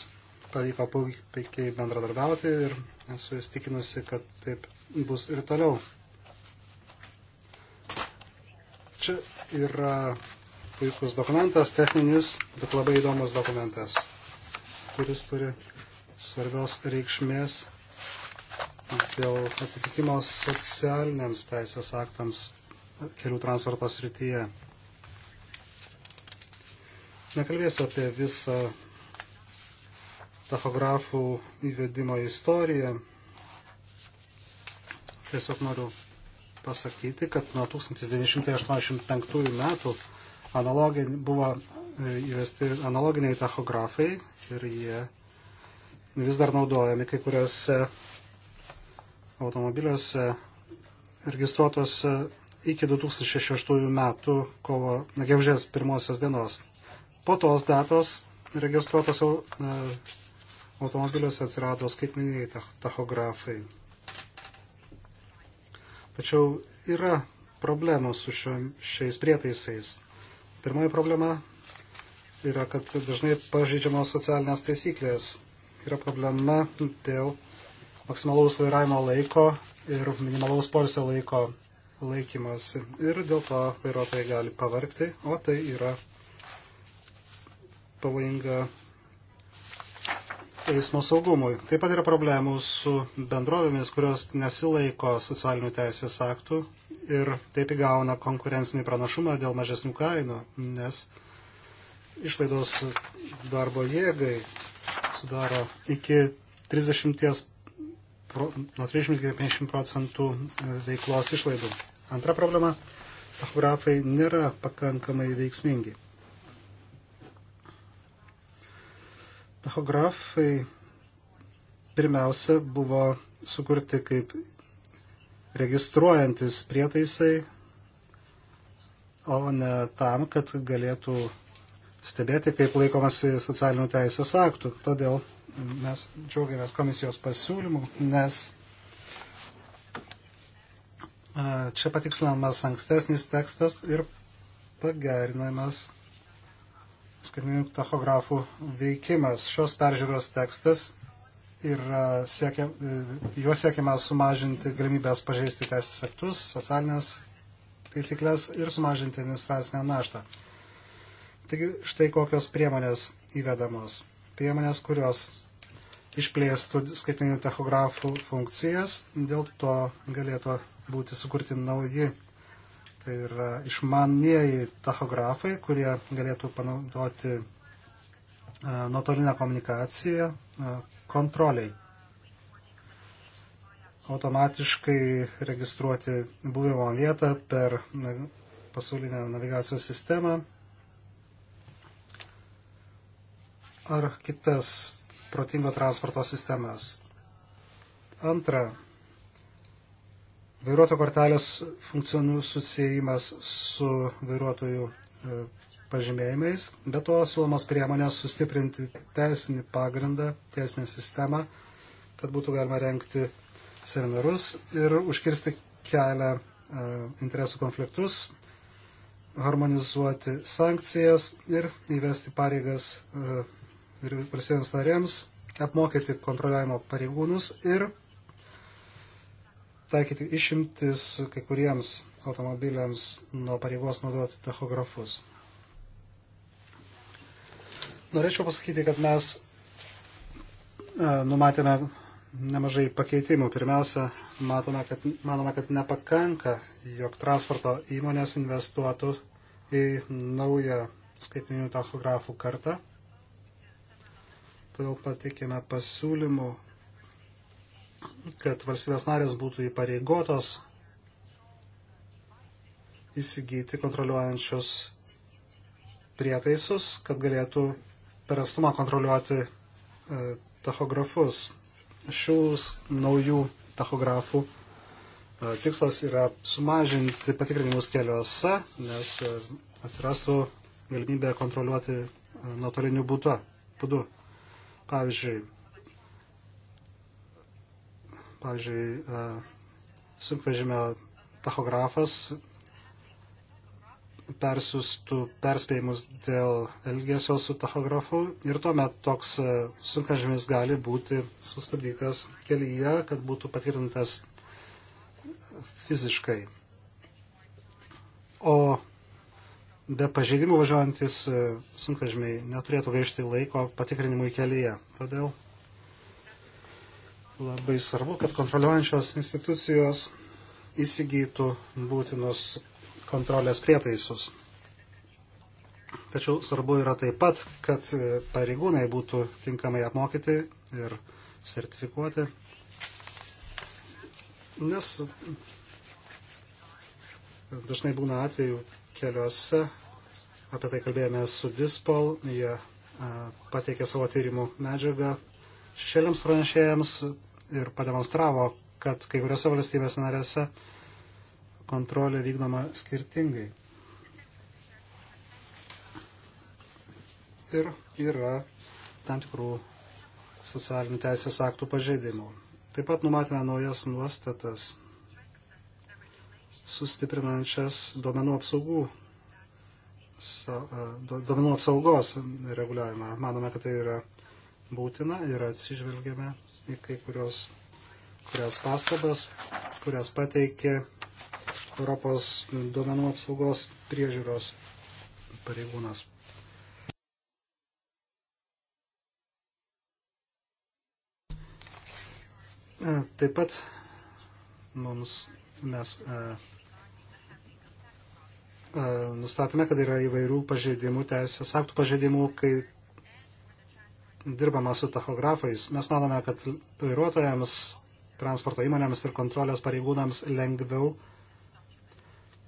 pavyko puikiai bendradarbiauti ir esu įstikinusi, kad taip bus ir toliau. Čia yra puikus dokumentas, techninis, bet labai įdomus dokumentas, kuris turi svarbios reikšmės dėl atitikimo socialiniams teisės aktams kelių transporto srityje. Nekalbėsiu apie visą tachografų įvedimo istoriją. Tiesiog noriu pasakyti, kad nuo 1985 metų analogin, buvo e, įvesti analoginiai tachografai ir jie vis dar naudojami kai kuriuose automobiliuose registruotuose iki 2006 metų kovo e, gegužės pirmosios dienos. Po tos datos registruotos e, automobiliuose atsirado skaitminiai tachografai. Tačiau yra problemų su šio, šiais prietaisais. Pirmoji problema yra, kad dažnai pažeidžiamos socialinės taisyklės. Yra problema dėl maksimalaus vairavimo laiko ir minimalaus polisio laiko laikymosi. Ir dėl to vairuotojai gali pavarkti, o tai yra pavojinga eismo saugumui. Taip pat yra problemų su bendrovėmis, kurios nesilaiko socialinių teisės aktų ir taip įgauna konkurencinį pranašumą dėl mažesnių kainų, nes išlaidos darbo jėgai sudaro iki 30 nuo 30 iki 50 procentų e, veiklos išlaidų. Antra problema - tachografai nėra pakankamai veiksmingi. Tachografai pirmiausia buvo sukurti kaip registruojantis prietaisai, o ne tam, kad galėtų stebėti, kaip laikomasi socialinių teisės aktų. Todėl mes džiaugiamės komisijos pasiūlymų, nes čia patikslinamas ankstesnis tekstas ir pagerinamas skaitmeninių tachografų veikimas. Šios peržiūros tekstas ir siekia, juo siekiama sumažinti galimybės pažeisti teisės aktus, socialinės taisyklės ir sumažinti administracinę naštą. Taigi štai kokios priemonės įvedamos. Priemonės, kurios išplėstų skaitmeninių tachografų funkcijas, dėl to galėtų būti sukurti nauji, tai yra išmanieji tachografai, kurie galėtų panaudoti nuotolinę komunikaciją kontroliai. Automatiškai registruoti buvimo vietą per pasaulinę navigacijos sistemą ar kitas protingo transporto sistemas. Antra, vairuoto kortelės funkcionų susijimas su vairuotojų e, pažymėjimais, bet to siūlomas priemonės sustiprinti teisinį pagrindą, teisinę sistemą, kad būtų galima renkti seminarus ir užkirsti kelią e, interesų konfliktus, harmonizuoti sankcijas ir įvesti pareigas e, valstybėms narėms, apmokyti kontroliavimo pareigūnus ir taikyti išimtis kai kuriems automobiliams nuo pareigos naudoti tachografus. Norėčiau pasakyti, kad mes e, numatėme nemažai pakeitimų. Pirmiausia, matome, kad, manome, kad nepakanka, jog transporto įmonės investuotų į naują skaitmeninių tachografų kartą todėl patikėme pasiūlymų, kad valstybės narės būtų įpareigotos įsigyti kontroliuojančius prietaisus, kad galėtų per atstumą kontroliuoti e, tachografus. Šių naujų tachografų e, tikslas yra sumažinti patikrinimus keliuose, nes e, atsirastų galimybė kontroliuoti e, nuotoliniu būdu. Pavyzdžiui, pavyzdžiui, e, sunkvežimio tachografas persiųstų perspėjimus dėl elgesio su tachografu ir tuomet toks e, sunkvežimis gali būti sustabdytas kelyje, kad būtų patvirtintas fiziškai. O be pažeidimų važiuojantis e, sunkvežimiai neturėtų gaišti laiko patikrinimui kelyje. Todėl labai svarbu, kad kontroliuojančios institucijos įsigytų būtinus kontrolės prietaisus. Tačiau svarbu yra taip pat, kad e, pareigūnai būtų tinkamai apmokyti ir sertifikuoti, nes dažnai būna atveju, keliuose. Apie tai kalbėjome su Dispol, jie pateikė savo tyrimų medžiagą šešėliams pranešėjams ir pademonstravo, kad kai kuriuose valstybės narėse kontrolė vykdoma skirtingai. Ir yra tam tikrų socialinių teisės aktų pažeidimų. Taip pat numatėme naujas nuostatas sustiprinančias duomenų apsaugų duomenų apsaugos reguliavimą. Manome, kad tai yra būtina ir atsižvelgiame į kai kurios, kurias pastabas, kurias pateikė Europos duomenų apsaugos priežiūros pareigūnas. Taip pat mums mes nustatome, kad yra įvairių pažeidimų, teisės aktų pažeidimų, kai dirbama su tachografais. Mes manome, kad vairuotojams, transporto įmonėms ir kontrolės pareigūnams lengviau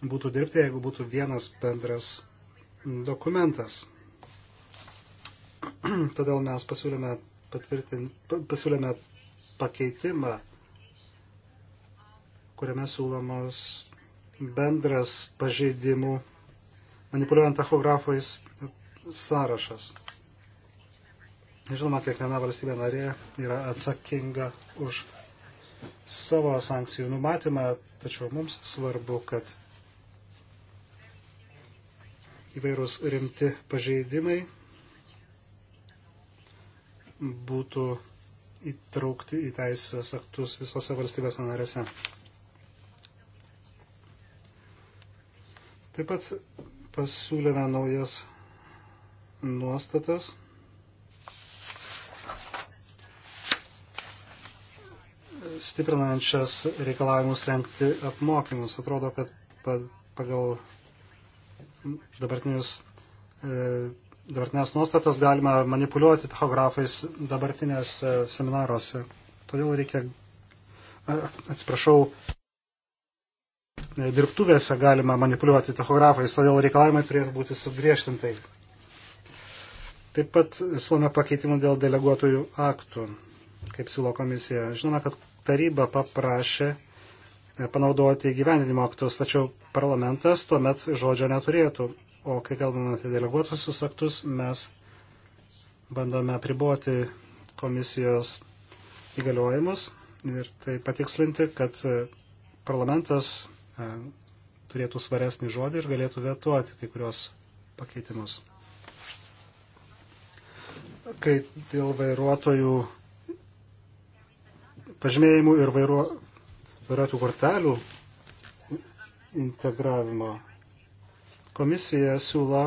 būtų dirbti, jeigu būtų vienas bendras dokumentas. Todėl mes pasiūlėme, pasiūlėme pakeitimą, kuriame siūlomos bendras pažeidimų manipuliuojant tachografais sąrašas. Žinoma, kiekviena valstybė narė yra atsakinga už savo sankcijų numatymą, tačiau mums svarbu, kad įvairūs rimti pažeidimai būtų įtraukti į teisės aktus visose valstybės narėse. Taip pat pasiūlėme naujas nuostatas. stiprinančias reikalavimus renkti apmokymus. Atrodo, kad pagal dabartinius, e, dabartinės nuostatas galima manipuliuoti tachografais dabartinės seminaruose. Todėl reikia, atsiprašau, E, dirbtuvėse galima manipuliuoti tachografais, todėl reikalavimai turėtų būti sugriežtintai. Taip pat siūlome pakeitimų dėl deleguotojų aktų, kaip siūlo komisija. Žinome, kad taryba paprašė e, panaudoti gyvendinimo aktus, tačiau parlamentas tuomet žodžio neturėtų. O kai kalbame apie deleguotusius aktus, mes bandome priboti komisijos įgaliojimus ir tai patikslinti, kad e, parlamentas E, turėtų svaresnį žodį ir galėtų vetuoti kai kurios pakeitimus. Kai dėl vairuotojų pažymėjimų ir vairuo, vairuotojų kortelių integravimo, komisija siūlo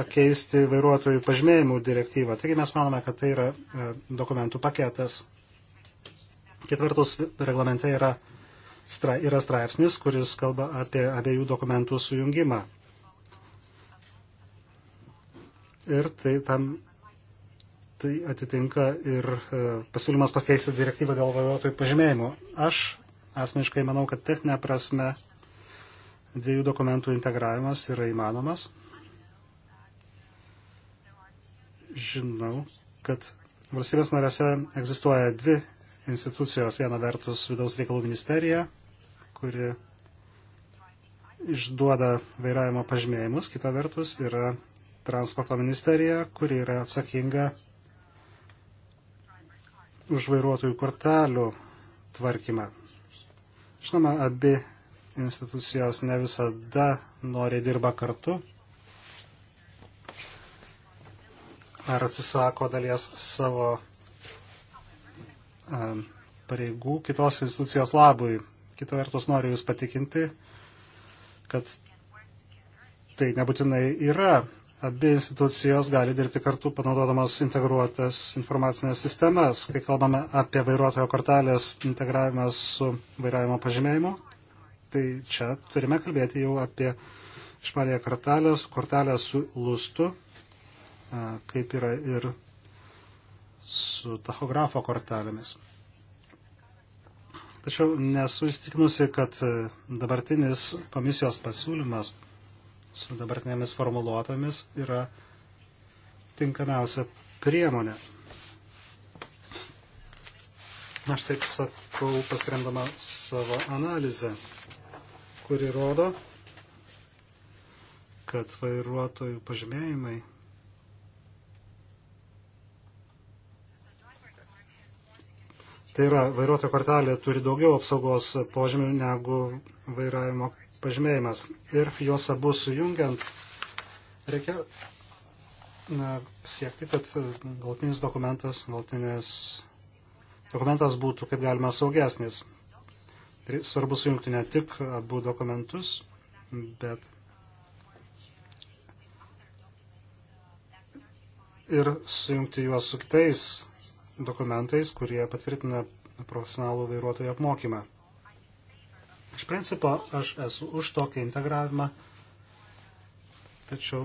pakeisti vairuotojų pažymėjimų direktyvą. Taigi mes manome, kad tai yra e, dokumentų paketas. Ketvirtus reglamente yra yra straipsnis, kuris kalba apie abiejų dokumentų sujungimą. Ir tai tam tai atitinka ir e, pasiūlymas pakeisti direktyvą dėl vairuotojų pažymėjimų. Aš asmeniškai manau, kad techninė prasme dviejų dokumentų integravimas yra įmanomas. Žinau, kad valstybės narėse egzistuoja dvi institucijos. Viena vertus vidaus reikalų ministerija, kuri išduoda vairavimo pažymėjimus, kita vertus yra transporto ministerija, kuri yra atsakinga už vairuotojų kortelių tvarkymą. Žinoma, abi institucijos ne visada nori dirba kartu ar atsisako dalies savo pareigų kitos institucijos labui. Kita vertus noriu Jūs patikinti, kad tai nebūtinai yra. Abi institucijos gali dirbti kartu panaudodamas integruotas informacinės sistemas. Kai kalbame apie vairuotojo kortelės integravimą su vairavimo pažymėjimu, tai čia turime kalbėti jau apie išmanėje kortelės, kortelę su lustu, kaip yra ir su tachografo kortelėmis. Tačiau nesu įstikinusi, kad e, dabartinis komisijos pasiūlymas su dabartinėmis formuluotomis yra tinkamiausia priemonė. Aš taip sakau pasiremdama savo analizę, kuri rodo, kad vairuotojų pažymėjimai Tai yra, vairuotojo kortelė turi daugiau apsaugos požymių negu vairavimo pažymėjimas. Ir juos abu sujungiant reikia na, siekti, kad galtinis dokumentas, galtinis dokumentas būtų kaip galima saugesnis. Ir svarbu sujungti ne tik abu dokumentus, bet ir sujungti juos su kitais dokumentais, kurie patvirtina profesionalų vairuotojų apmokymą. Iš principo aš esu už tokį integravimą, tačiau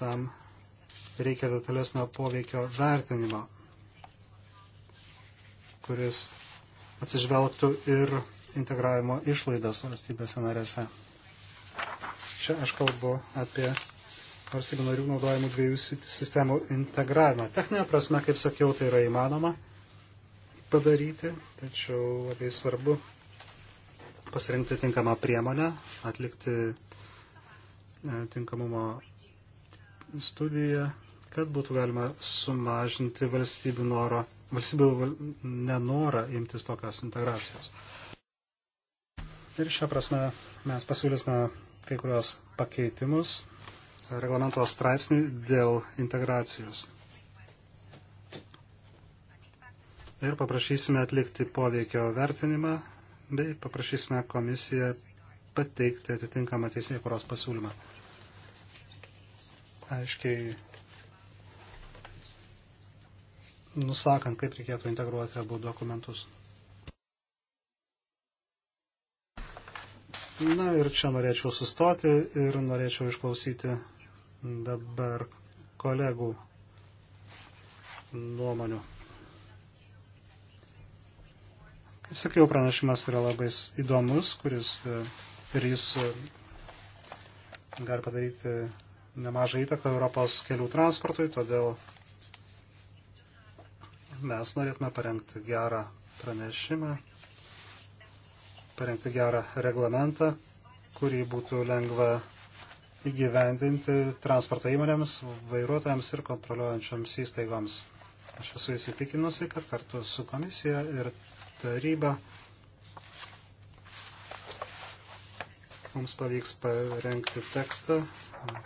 tam reikia detalesnio poveikio vertinimo, kuris atsižvelgtų ir integravimo išlaidas valstybėse narėse. Čia aš kalbu apie valstybių narių naudojimų dviejų sistemų integravimą. Techninė prasme, kaip sakiau, tai yra įmanoma padaryti, tačiau labai svarbu pasirinkti tinkamą priemonę, atlikti e, tinkamumo studiją, kad būtų galima sumažinti valstybių, noro, valstybių nenorą imtis tokios integracijos. Ir šią prasme mes pasiūlysime kai kurios pakeitimus, reglamento straipsniui dėl integracijos. Ir paprašysime atlikti poveikio vertinimą bei paprašysime komisiją pateikti atitinkamą teisinį kuros pasiūlymą. Aiškiai nusakant, kaip reikėtų integruoti abu dokumentus. Na ir čia norėčiau sustoti ir norėčiau išklausyti dabar kolegų nuomonių. Kaip sakiau, pranašimas yra labai įdomus, kuris e, ir jis e, gali padaryti nemažą įtaką Europos kelių transportui, todėl mes norėtume parengti gerą pranešimą, parengti gerą reglamentą, kurį būtų lengva įgyvendinti transporto įmonėms, vairuotojams ir kontroliuojančioms įstaigoms. Aš esu įsitikinusi, kad kartu su komisija ir taryba mums pavyks parengti tekstą,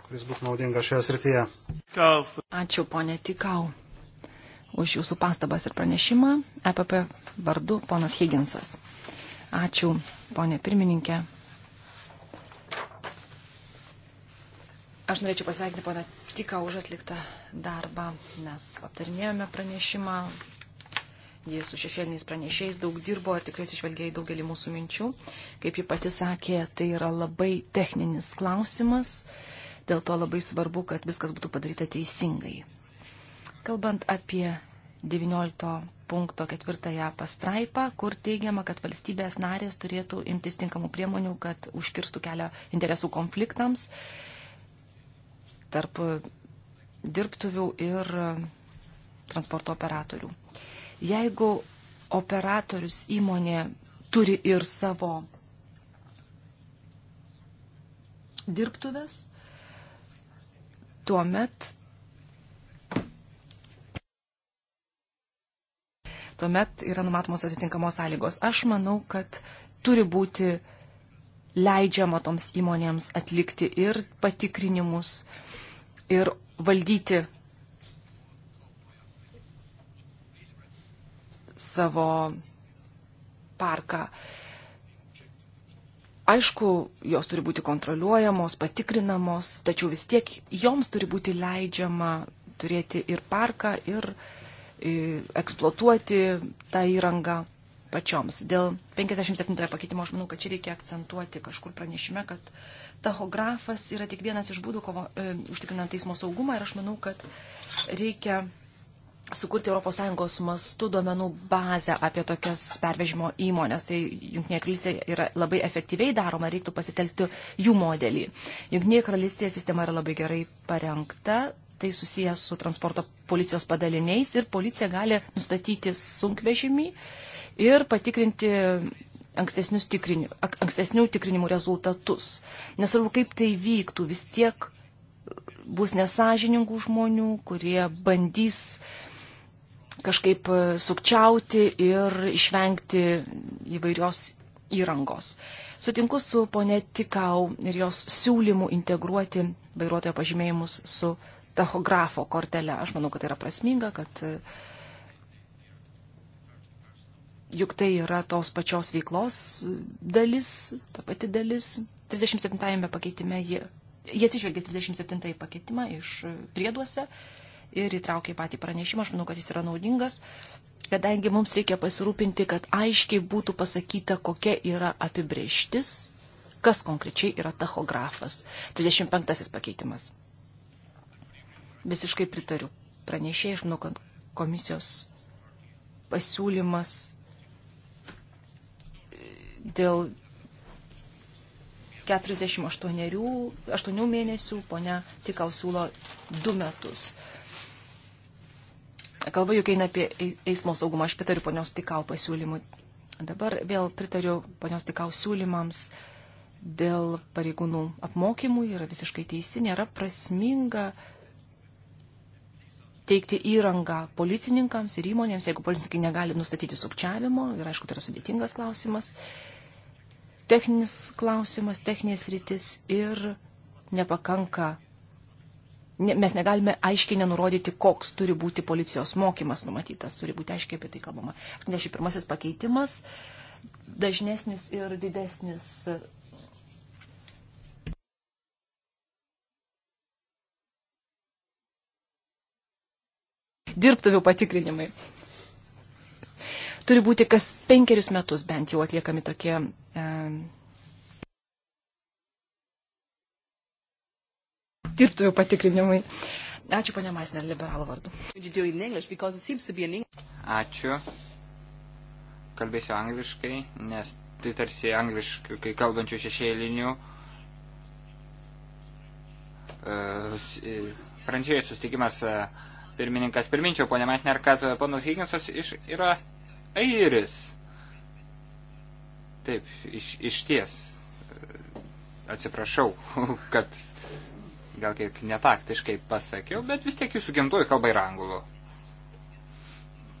kuris būtų naudingas šioje srityje. Ačiū, ponė Tikau, už jūsų pastabas ir pranešimą. EPP vardu ponas Higginsas. Ačiū, ponė pirmininkė. Aš norėčiau pasveikinti poną Tiką už atliktą darbą. Mes aptarinėjome pranešimą. Jis su šešėliniais pranešėjais daug dirbo ir tikrai išvelgė į daugelį mūsų minčių. Kaip ji pati sakė, tai yra labai techninis klausimas. Dėl to labai svarbu, kad viskas būtų padaryta teisingai. Kalbant apie 19 punkto ketvirtąją pastraipą, kur teigiama, kad valstybės narės turėtų imtis tinkamų priemonių, kad užkirstų kelią interesų konfliktams. Uh, tarp dirbtuvių ir transporto operatorių. Jeigu operatorius įmonė turi ir savo dirbtuvės, tuomet, tuomet yra numatomos atitinkamos sąlygos. Aš manau, kad turi būti uh, leidžiama toms įmonėms atlikti ir patikrinimus, ir valdyti savo parką. Aišku, jos turi būti kontroliuojamos, patikrinamos, tačiau vis tiek joms turi būti leidžiama turėti ir parką, ir e, eksploatuoti tą įrangą pačioms. Dėl 57 pakeitimo aš manau, kad čia reikia akcentuoti kažkur pranešime, kad tachografas yra tik vienas iš būdų kovo, e, užtikrinant teismo saugumą ir aš manau, kad reikia sukurti ES mastų duomenų bazę apie tokias pervežimo įmonės. Tai Junktinėje karalystėje yra labai efektyviai daroma, reiktų pasitelkti jų modelį. Junktinėje karalystėje sistema yra labai gerai parengta, tai susijęs su transporto policijos padaliniais ir policija gali nustatyti sunkvežimį ir patikrinti tikrini, ankstesnių tikrinimų rezultatus. Nesvarbu, kaip tai vyktų, vis tiek bus nesažiningų žmonių, kurie bandys kažkaip e, sukčiauti ir išvengti įvairios įrangos. Sutinku su ponė Tikau ir jos siūlymu integruoti vairuotojo pažymėjimus su tachografo kortelė. Aš manau, kad tai yra prasminga, kad uh, juk tai yra tos pačios veiklos dalis, ta pati dalis. 37 pakeitime jie, jie atsižvelgia 37 pakeitimą iš prieduose ir įtraukia į patį pranešimą, aš manau, kad jis yra naudingas, kadangi mums reikia pasirūpinti, kad aiškiai būtų pasakyta, kokia yra apibrieštis, kas konkrečiai yra tachografas. 35 pakeitimas. Visiškai pritariu pranešėjai, aš manau, kad komisijos pasiūlymas dėl 48 mėnesių, ponia Tikau siūlo 2 metus. Kalba juk eina apie eismo saugumą, aš pritariu ponios Tikau pasiūlymui. Dabar vėl pritariu ponios Tikau siūlymams dėl pareigūnų apmokymų, yra visiškai teisi, nėra prasminga teikti įrangą policininkams ir įmonėms, jeigu policininkai negali nustatyti sukčiavimo, ir aišku, tai yra sudėtingas klausimas. Uh, techninis klausimas, techninės rytis ir nepakanka. Ne, mes negalime aiškiai nenurodyti, koks turi būti policijos mokymas numatytas, turi būti aiškiai apie tai kalbama. 81 pakeitimas dažnesnis ir didesnis dirbtuvių patikrinimai turi būti kas penkerius metus bent jau atliekami tokie. E, Tirtuvių patikrinimai. Ačiū, ponia Maisner, liberalų vardu. Ačiū. Kalbėsiu angliškai, nes tai tarsi angliškai kalbančių šešėlinių e, e, pranešėjų susitikimas e, pirmininkas. Pirminčiau, ponė Matner, kad ponas Higginsas iš, yra airis. Taip, iš, iš ties. Atsiprašau, kad gal kiek netaktiškai pasakiau, bet vis tiek jūsų gimtoji kalba yra anglų.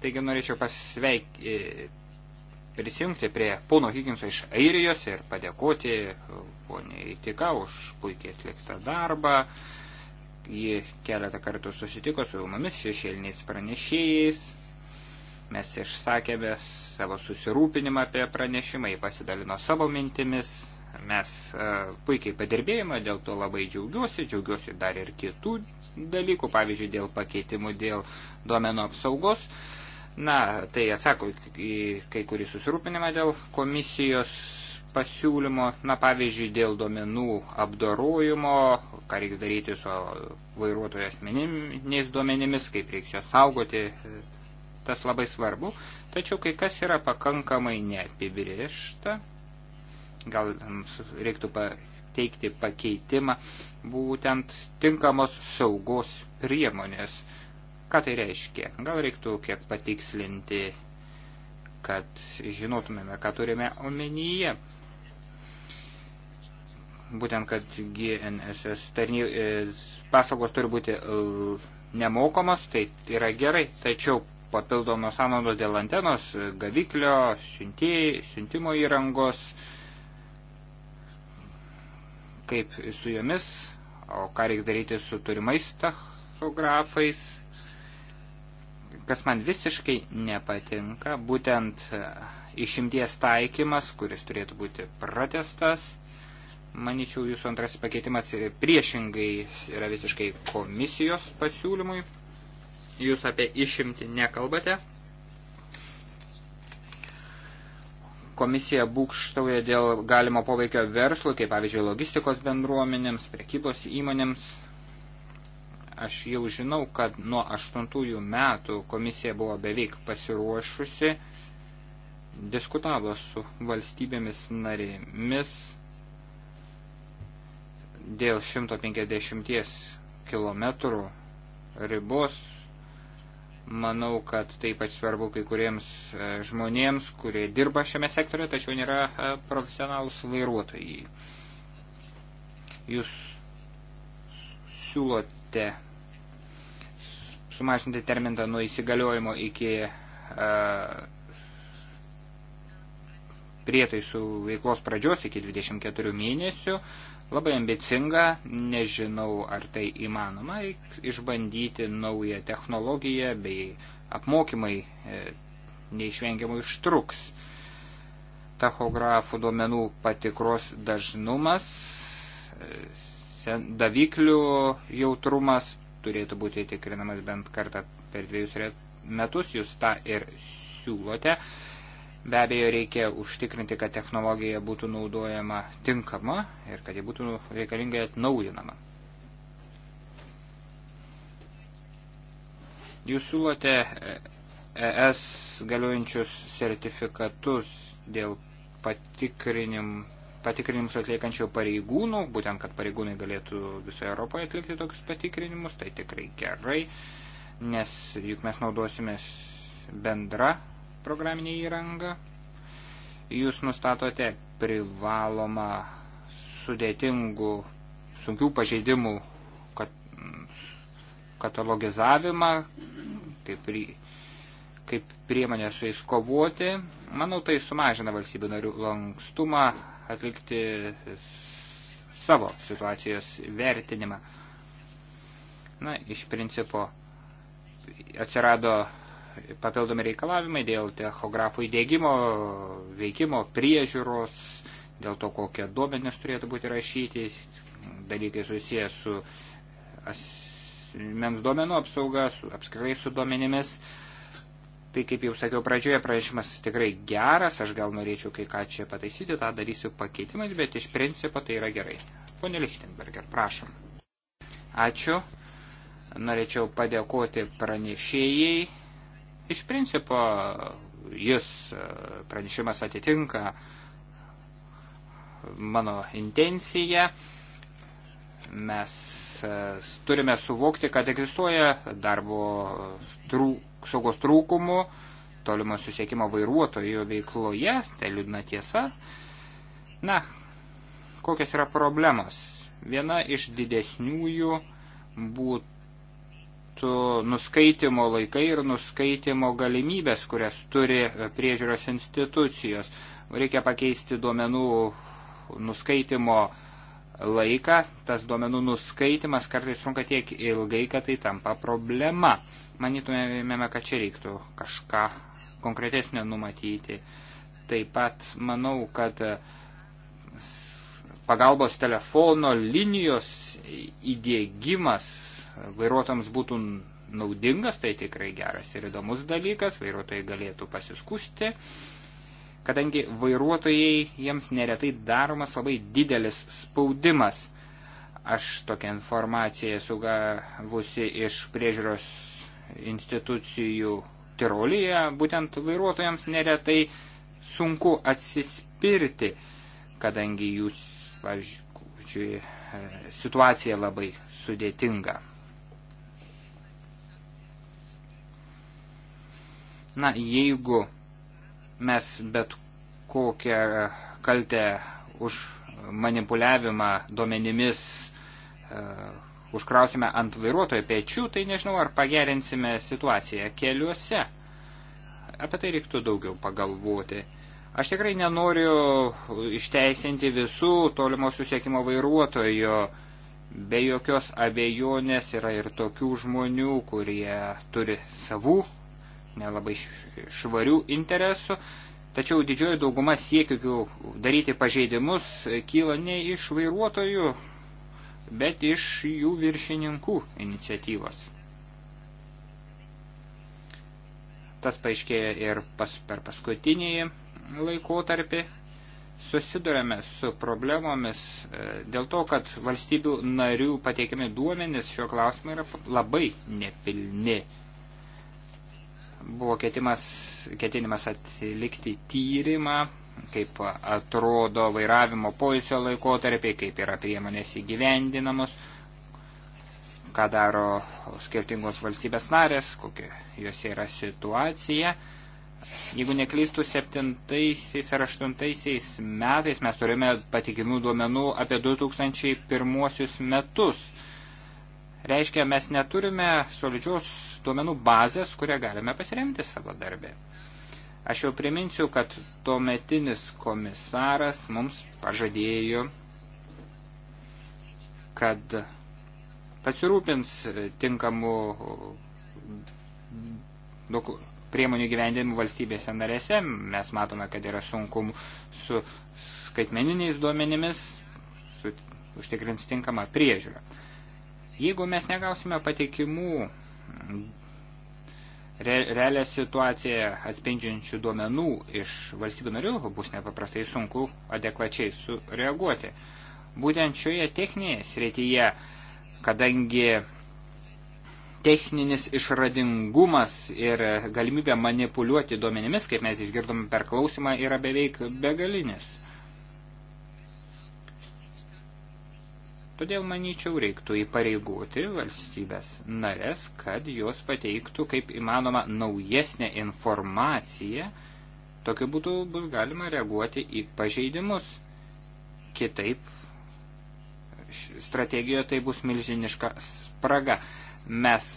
Taigi norėčiau pasveik, e, prisijungti prie pono Higginso iš Airijos ir padėkoti poniai Tika už puikiai atliktą darbą. Ji keletą kartų susitiko su mumis šešėliniais pranešėjais. Mes išsakėme savo susirūpinimą apie pranešimą, jį pasidalino savo mintimis. Mes e, puikiai padirbėjome, dėl to labai džiaugiuosi, džiaugiuosi dar ir kitų dalykų, pavyzdžiui, dėl pakeitimų, dėl duomenų apsaugos. Na, tai atsako į kai kurį susirūpinimą dėl komisijos pasiūlymo, na pavyzdžiui, dėl duomenų apdorojimo, ką reiks daryti su vairuotojo asmeniniais duomenimis, kaip reiks juos saugoti, tas labai svarbu, tačiau kai kas yra pakankamai neapibriešta, gal reiktų pateikti pakeitimą, būtent tinkamos saugos priemonės. Ką tai reiškia? Gal reiktų kiek patikslinti, kad žinotumėme, ką turime omenyje būtent, kad GNSS tarny, e, paslaugos turi būti nemokamos, tai yra gerai, tačiau papildomų sąnaudų dėl antenos, gaviklio, siuntėjai, siuntimo įrangos, kaip su jomis, o ką reikia daryti su turimais tachografais. Kas man visiškai nepatinka, būtent išimties taikymas, kuris turėtų būti pratestas, manyčiau, jūsų antrasis pakeitimas priešingai yra visiškai komisijos pasiūlymui jūs apie išimti nekalbate. Komisija būkštauja dėl galimo poveikio verslui, kaip pavyzdžiui logistikos bendruomenėms, prekybos įmonėms. Aš jau žinau, kad nuo 8 metų komisija buvo beveik pasiruošusi, diskutavo su valstybėmis narėmis dėl 150 km ribos Manau, kad tai ypač svarbu kai kuriems e, žmonėms, kurie dirba šiame sektoriu, tačiau nėra e, profesionalus vairuotojai. Jūs siūlote sumažinti terminą nuo įsigaliojimo iki e, prietaisų veiklos pradžios iki 24 mėnesių. Labai ambicinga, nežinau ar tai įmanoma, išbandyti naują technologiją bei apmokymai e, neišvengiamai užtruks. Tachografų duomenų patikros dažnumas, e, daviklių jautrumas turėtų būti tikrinamas bent kartą per dviejus metus, jūs tą ir siūlote. Be abejo, reikia užtikrinti, kad technologija būtų naudojama tinkama ir kad ji būtų reikalingai atnaujinama. Jūs siūlote ES e galiojančius sertifikatus dėl patikrinim, patikrinimus atliekančių pareigūnų, būtent, kad pareigūnai galėtų visoje Europoje atlikti tokius patikrinimus, tai tikrai gerai, nes juk mes naudosimės bendra programinė įranga. Jūs nustatote privalomą sudėtingų, sunkių pažeidimų kat, katalogizavimą, kaip, kaip priemonė su jais kovoti. Manau, tai sumažina valstybių narių lankstumą atlikti savo situacijos vertinimą. Na, iš principo atsirado papildomi reikalavimai dėl techografų įdėgymo, veikimo, priežiūros, dėl to, kokie duomenės turėtų būti rašyti, dalykai susijęs su asmens duomenų apsauga, su, apskritai su duomenėmis. Tai kaip jau sakiau pradžioje, pranešimas tikrai geras, aš gal norėčiau kai ką čia pataisyti, tą darysiu pakeitimais, bet iš principo tai yra gerai. Pone Lichtenberger, prašom. Ačiū. Norėčiau padėkoti pranešėjai Iš principo jis e, pranešimas atitinka mano intenciją. Mes e, turime suvokti, kad egzistuoja darbo trūk, saugos trūkumų, tolimo susiekimo vairuotojo veikloje, tai liūdna tiesa. Na, kokios yra problemos? Viena iš didesniųjų būtų metų nuskaitimo laikai ir nuskaitimo galimybės, kurias turi priežiūros institucijos. Reikia pakeisti duomenų nuskaitimo laiką, tas duomenų nuskaitimas kartais trunka tiek ilgai, kad tai tampa problema. Manytumėme, kad čia reiktų kažką konkretesnio numatyti. Taip pat manau, kad pagalbos telefono linijos įdėgymas vairuotams būtų naudingas, tai tikrai geras ir įdomus dalykas, vairuotojai galėtų pasiskusti, kadangi vairuotojai jiems neretai daromas labai didelis spaudimas. Aš tokią informaciją sugavusi iš priežiūros institucijų Tirolyje, būtent vairuotojams neretai sunku atsispirti, kadangi jūs, pavyzdžiui, situacija labai sudėtinga. Na, jeigu mes bet kokią kaltę už manipuliavimą duomenimis uh, užkrausime ant vairuotojo pečių, tai nežinau, ar pagerinsime situaciją keliuose. Apie tai reiktų daugiau pagalvoti. Aš tikrai nenoriu išteisinti visų tolimo susiekimo vairuotojo. Be jokios abejonės yra ir tokių žmonių, kurie turi savų nelabai švarių interesų, tačiau didžioji dauguma siekių daryti pažeidimus kyla ne iš vairuotojų, bet iš jų viršininkų iniciatyvos. Tas paaiškėjo ir pas, per paskutinį laikotarpį. Susidurėme su problemomis e, dėl to, kad valstybių narių pateikiami duomenys šio klausimo yra labai nepilni buvo ketimas, ketinimas atlikti tyrimą, kaip atrodo vairavimo poilsio laikotarpiai, kaip yra priemonės įgyvendinamos, ką daro skirtingos valstybės narės, kokia jos yra situacija. Jeigu neklystų septintaisiais ar aštuntaisiais metais, mes turime patikimų duomenų apie 2001 metus. Reiškia, mes neturime solidžios duomenų bazės, kurią galime pasiremti savo darbę. Aš jau priminsiu, kad tuometinis komisaras mums pažadėjo, kad pasirūpins tinkamų priemonių gyvendinimų valstybėse narėse. Mes matome, kad yra sunkumų su skaitmeniniais duomenimis, su, užtikrins tinkamą priežiūrą. Jeigu mes negausime patikimų re, realią situaciją atspindžiančių duomenų iš valstybių narių bus nepaprastai sunku adekvačiai sureaguoti. Būtent šioje techninėje srityje, kadangi techninis išradingumas ir galimybė manipuliuoti duomenimis, kaip mes išgirdome per klausimą, yra beveik begalinis. Todėl, manyčiau, reiktų įpareigoti valstybės narės, kad jos pateiktų kaip įmanoma naujesnę informaciją. Tokiu būdu bus galima reaguoti į pažeidimus. Kitaip strategijoje tai bus milžiniška spraga. Mes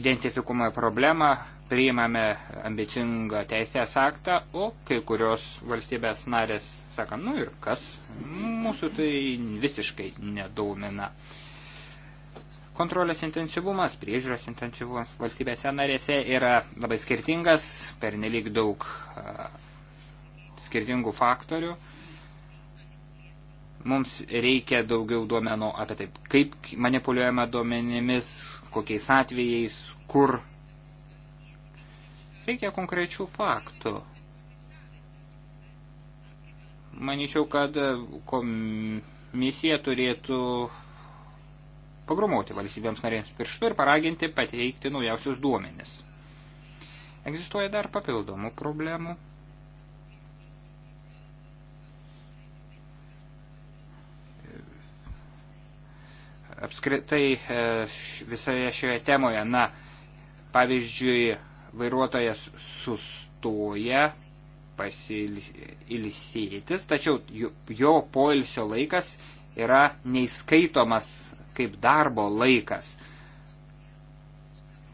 identifikuojame problemą, priimame ambicingą teisės aktą, o kai kurios valstybės narės sako, nu ir kas, mūsų tai visiškai nedaumina. Kontrolės intensyvumas, priežiūros intensyvumas valstybėse narėse yra labai skirtingas, per nelik daug a, e, skirtingų faktorių. Mums reikia daugiau duomenų apie taip, kaip manipuliuojama duomenimis, kokiais atvejais, kur Reikia konkrečių faktų. Maničiau, kad e, komisija turėtų pagrumauti valstybėms narėms pirštų ir paraginti pateikti naujausius duomenis. Egzistuoja dar papildomų problemų. Apskritai e, visoje šioje temoje, na, pavyzdžiui, vairuotojas sustoja pasilsėtis, tačiau jo poilsio laikas yra neįskaitomas kaip darbo laikas.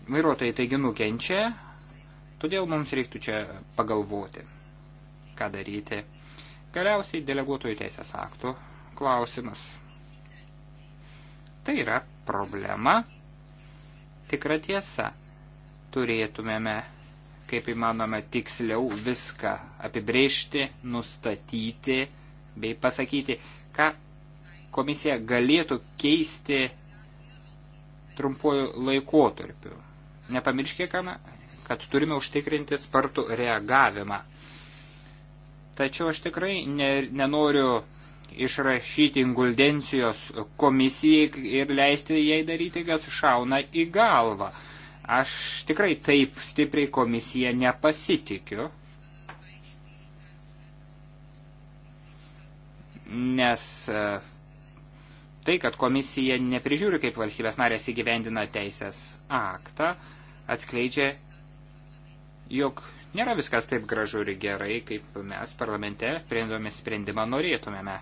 Vairuotojai taigi nukenčia, todėl mums reiktų čia pagalvoti, ką daryti. Galiausiai deleguotojų teisės aktų klausimas. Tai yra problema, tikra tiesa turėtumėme kaip įmanoma tiksliau viską apibrėžti, nustatyti bei pasakyti, ką komisija galėtų keisti trumpuoju laikotarpiu. Nepamirškime, kad turime užtikrinti spartų reagavimą. Tačiau aš tikrai ne, nenoriu išrašyti inguldencijos komisijai ir leisti jai daryti, kas šauna į galvą. Aš tikrai taip stipriai komisiją nepasitikiu, nes e, tai, kad komisija neprižiūri, kaip valstybės narės įgyvendina teisės aktą, atskleidžia, jog nėra viskas taip gražu ir gerai, kaip mes parlamente priimdami sprendimą norėtumėme.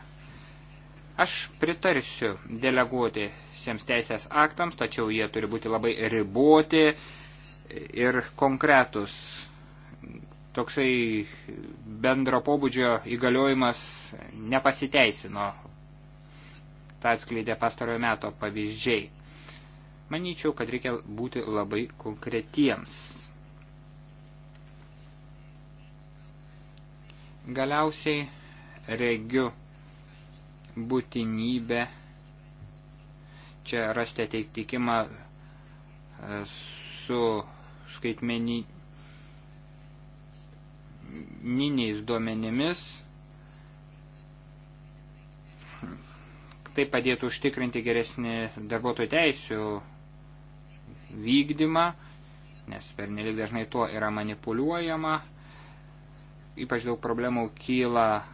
Aš pritarsiu deleguoti šiems teisės aktams, tačiau jie turi būti labai riboti ir konkretus. Toksai bendro pobūdžio įgaliojimas nepasiteisino. Ta atskleidė pastarojo meto pavyzdžiai. Manyčiau, kad reikia būti labai konkretiems. Galiausiai regiu būtinybę čia rasti ateitikimą e, su skaitmeniniais duomenimis. Tai padėtų užtikrinti geresnį darbuotojų teisių vykdymą, nes per nelik dažnai tuo yra manipuliuojama. Ypač daug problemų kyla e,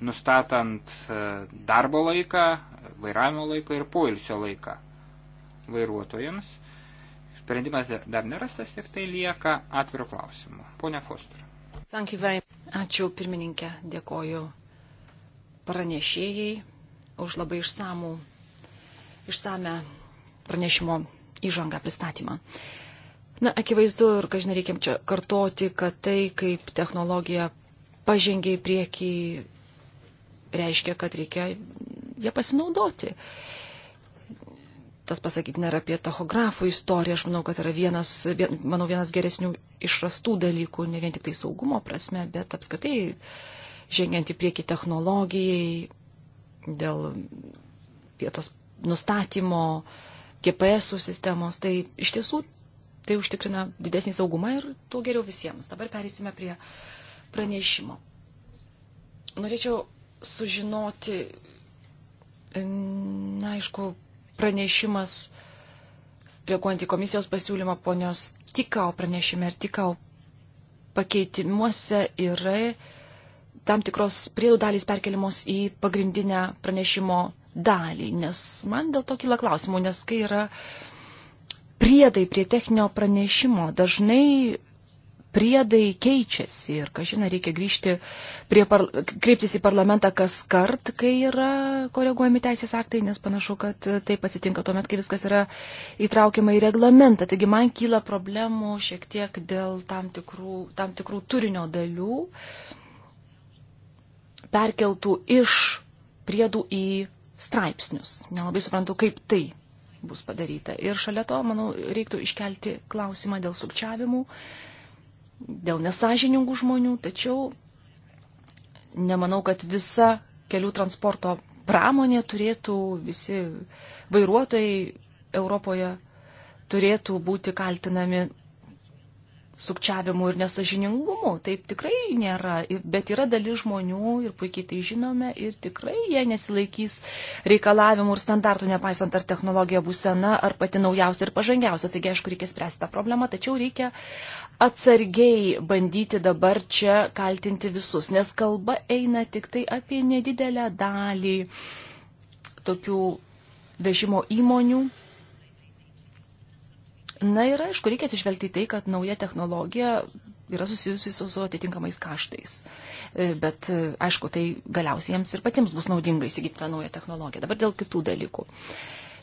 nustatant e, darbo laiką, vairavimo laiką ir poilsio laiką vairuotojams. Sprendimas dar nerastas ir tai lieka atvirų klausimų. Pone Foster. Ačiū pirmininkė, dėkoju pranešėjai už labai išsamų, išsame pranešimo įžangą pristatymą. Na, akivaizdu ir kažin reikiam čia kartoti, kad tai, kaip technologija pažengė į priekį, reiškia, kad reikia ją pasinaudoti. Tas pasakyti nėra apie tachografų istoriją, aš manau, kad yra vienas, vien, manau, vienas geresnių išrastų dalykų, ne vien tik tai saugumo prasme, bet apskritai žengiant į priekį technologijai, dėl vietos nustatymo, GPS sistemos, tai iš tiesų tai užtikrina didesnį saugumą ir tuo geriau visiems. Dabar perėsime prie uh, pranešimo. Norėčiau sužinoti, na, aišku, pranešimas, reaguojant į komisijos pasiūlymą ponios tikau pranešime ir tikau pakeitimuose yra tam tikros priedų dalys perkeliamos į pagrindinę pranešimo dalį, nes man dėl to kyla klausimų, nes kai yra priedai prie techninio pranešimo, dažnai priedai keičiasi ir, kažina, reikia grįžti, par, kreiptis į parlamentą kas kart, kai yra koreguojami teisės aktai, nes panašu, kad taip atsitinka tuomet, kai viskas yra įtraukiama į reglamentą. Taigi man kyla problemų šiek tiek dėl tam tikrų, tam tikrų turinio dalių perkeltų iš priedų į straipsnius. Nelabai suprantu, kaip tai bus padaryta. Ir šalia to, manau, reiktų iškelti klausimą dėl sukčiavimų dėl nesažiningų žmonių, tačiau nemanau, kad visa kelių transporto pramonė turėtų, visi vairuotojai Europoje turėtų būti kaltinami sukčiavimu ir nesažiningumu. Taip tikrai nėra, bet yra dalis žmonių ir puikiai tai žinome ir tikrai jie nesilaikys reikalavimų ir standartų, nepaisant ar technologija bus sena, ar pati naujausia ir pažangiausia. Taigi, aišku, reikia spręsti tą problemą, tačiau reikia atsargiai bandyti dabar čia kaltinti visus, nes kalba eina tik tai apie nedidelę dalį tokių vežimo įmonių Na ir aišku, reikia atsižvelgti į tai, kad nauja technologija yra susijusi su, su atitinkamais kaštais. E, bet e, aišku, tai galiausiai jiems ir patiems bus naudinga įsigyti tą naują technologiją. Dabar dėl kitų dalykų.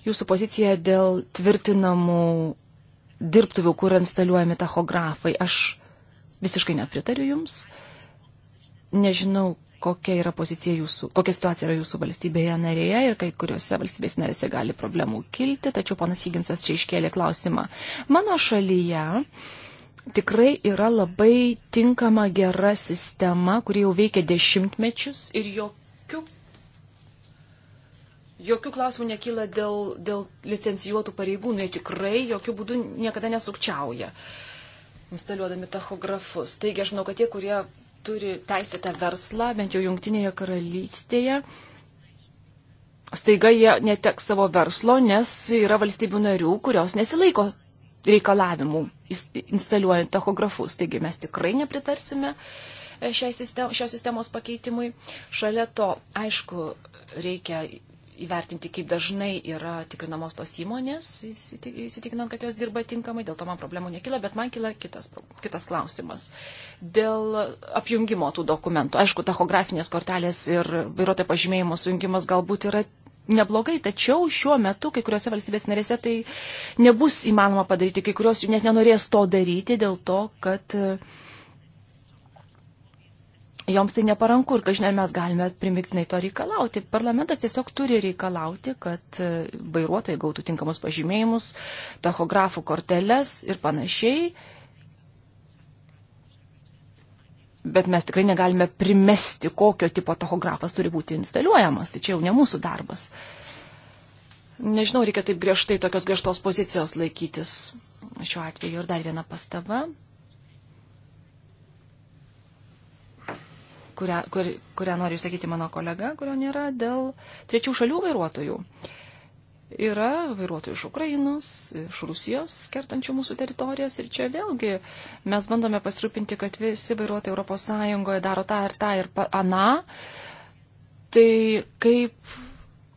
Jūsų pozicija dėl tvirtinamų dirbtuvių, kur instaliuojami tachografai. Aš visiškai nepritariu jums. Nežinau, kokia yra pozicija jūsų, kokia situacija yra jūsų valstybėje narėje ir kai kuriuose valstybės narėse gali problemų kilti, tačiau ponas Higinsas čia iškėlė klausimą. Mano šalyje tikrai yra labai tinkama gera sistema, kuri jau veikia dešimtmečius ir jokių, jokių klausimų nekyla dėl, dėl licencijuotų pareigūnų, jie tikrai jokių būdų niekada nesukčiauja instaliuodami tachografus. Taigi aš manau, kad tie, kurie turi teisėtą verslą, bent jau Junktinėje karalystėje, staiga jie neteks savo verslo, nes yra valstybių narių, kurios nesilaiko reikalavimų instaliuojant tachografus. Taigi mes tikrai nepritarsime e, sistem, šios sistemos pakeitimui. Šalia to, aišku, reikia įvertinti, kaip dažnai yra tikrinamos tos įmonės, įsitikinant, kad jos dirba tinkamai, dėl to man problemų nekyla, bet man kyla kitas, kitas klausimas. Dėl apjungimo tų dokumentų, aišku, tachografinės kortelės ir vairuotojo pažymėjimo sujungimas galbūt yra neblogai, tačiau šiuo metu kai kuriuose valstybės narėse tai nebus įmanoma padaryti, kai kurios jų net nenorės to daryti dėl to, kad joms tai neparanku ir, kažinai, mes galime primiktinai to reikalauti. Parlamentas tiesiog turi reikalauti, kad e, vairuotojai gautų tinkamus pažymėjimus, tachografų korteles ir panašiai. Bet mes tikrai negalime primesti, kokio tipo tachografas turi būti instaliuojamas. Tai čia jau ne mūsų darbas. Nežinau, reikia taip griežtai tokios griežtos pozicijos laikytis šiuo atveju. Ir dar viena pastaba kurią, kur, kurią nori išsakyti mano kolega, kurio nėra, dėl trečių šalių vairuotojų. Yra vairuotojų iš Ukrainos, iš Rusijos, kertančių mūsų teritorijas ir čia vėlgi mes bandome pasirūpinti, kad visi vairuotojai ES daro tą ir tą ir aną. Tai kaip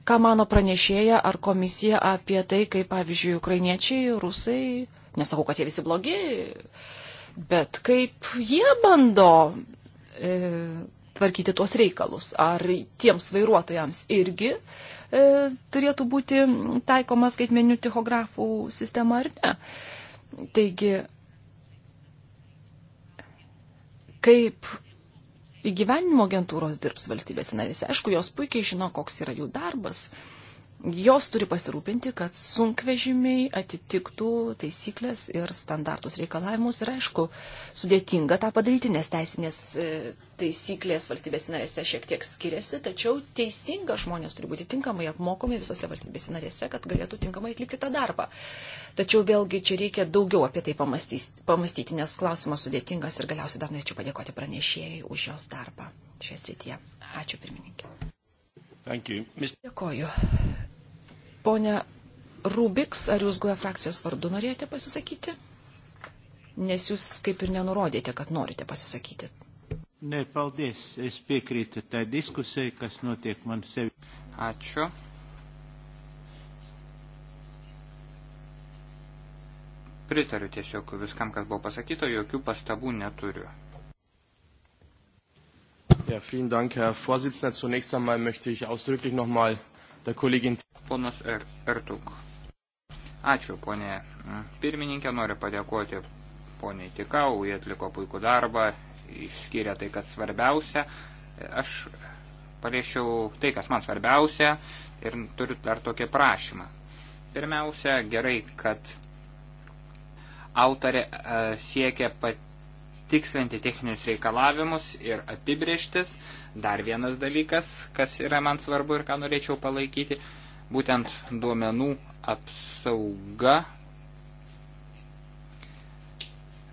ką mano pranešėja ar komisija apie tai, kaip, pavyzdžiui, ukrainiečiai, rusai, nesakau, kad jie visi blogi, bet kaip jie bando e, tvarkyti tuos reikalus. Ar tiems vairuotojams irgi e, turėtų būti taikoma skaitmeninių tichografų sistema ar ne. Taigi, kaip įgyvenimo agentūros dirbs valstybės narėse, aišku, jos puikiai žino, koks yra jų darbas. E, Jos turi pasirūpinti, kad sunkvežimiai atitiktų taisyklės ir standartus reikalavimus. Ir aišku, sudėtinga tą padaryti, nes teisinės e, taisyklės valstybės narėse šiek tiek skiriasi, tačiau teisinga žmonės turi būti tinkamai apmokomi visose valstybės narėse, kad galėtų tinkamai atlikti tą darbą. Tačiau vėlgi čia reikia daugiau apie tai pamastyti, nes klausimas sudėtingas ir galiausiai dar norėčiau padėkoti pranešėjai už jos darbą šioje srityje. Ačiū pirmininkė. Dėkoju. Pone Rubiks, ar jūs goja frakcijos vardu norėjote pasisakyti? Nes jūs kaip ir nenurodėte, kad norite pasisakyti. Ne, paldies, es piekrītu tai diskusijai, kas notiek man sevi. Ačiū. Pritariu tiesiog viskam, kas buvo pasakyta, jokių pastabų neturiu. Ja, vielen Dank, Herr Vorsitzender. Zunächst einmal möchte ich ausdrücklich nochmal der Kollegin ponas er, Ertuk. Ačiū, ponė pirmininkė, noriu padėkoti poniai Tikau, jie atliko puikų darbą, išskyrė tai, kad svarbiausia. Aš paliešiau tai, kas man svarbiausia ir turiu dar tokį prašymą. Pirmiausia, gerai, kad autorė e, siekia patikslinti techninius reikalavimus ir apibrieštis. Dar vienas dalykas, kas yra man svarbu ir ką norėčiau palaikyti – Būtent duomenų apsauga,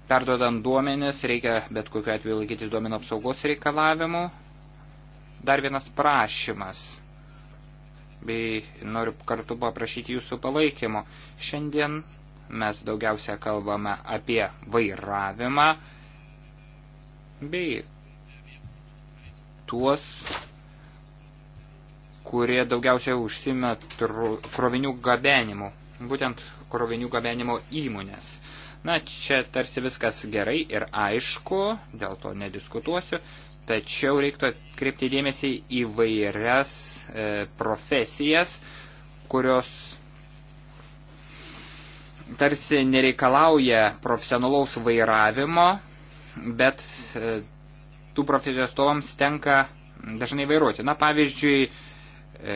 perduodant duomenis, reikia bet kokiu atveju laikytis duomenų apsaugos reikalavimų. Dar vienas prašymas bei noriu kartu paprašyti jūsų palaikymo. Šiandien mes daugiausia kalbame apie vairavimą bei tuos kurie daugiausiai užsime krovinių gabenimu, būtent krovinių gabenimo įmonės. Na, čia tarsi viskas gerai ir aišku, dėl to nediskutuosiu, tačiau reiktų atkreipti dėmesį į vairias e, profesijas, kurios tarsi nereikalauja profesionalaus vairavimo, bet e, tų profesijos atstovams tenka dažnai vairuoti. Na, pavyzdžiui, E,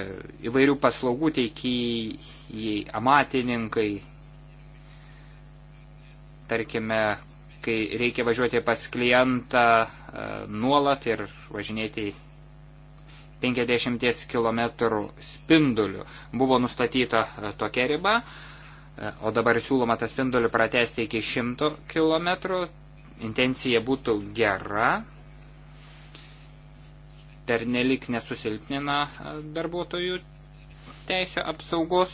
įvairių paslaugų teikėjai, amatininkai, tarkime, kai reikia važiuoti pas klientą e, nuolat ir važinėti 50 km spinduliu. Buvo nustatyta e, tokia riba, o dabar siūloma tą spindulį pratesti iki 100 km. Intencija būtų gera, per nelik nesusilpnina e, darbuotojų teisę apsaugos,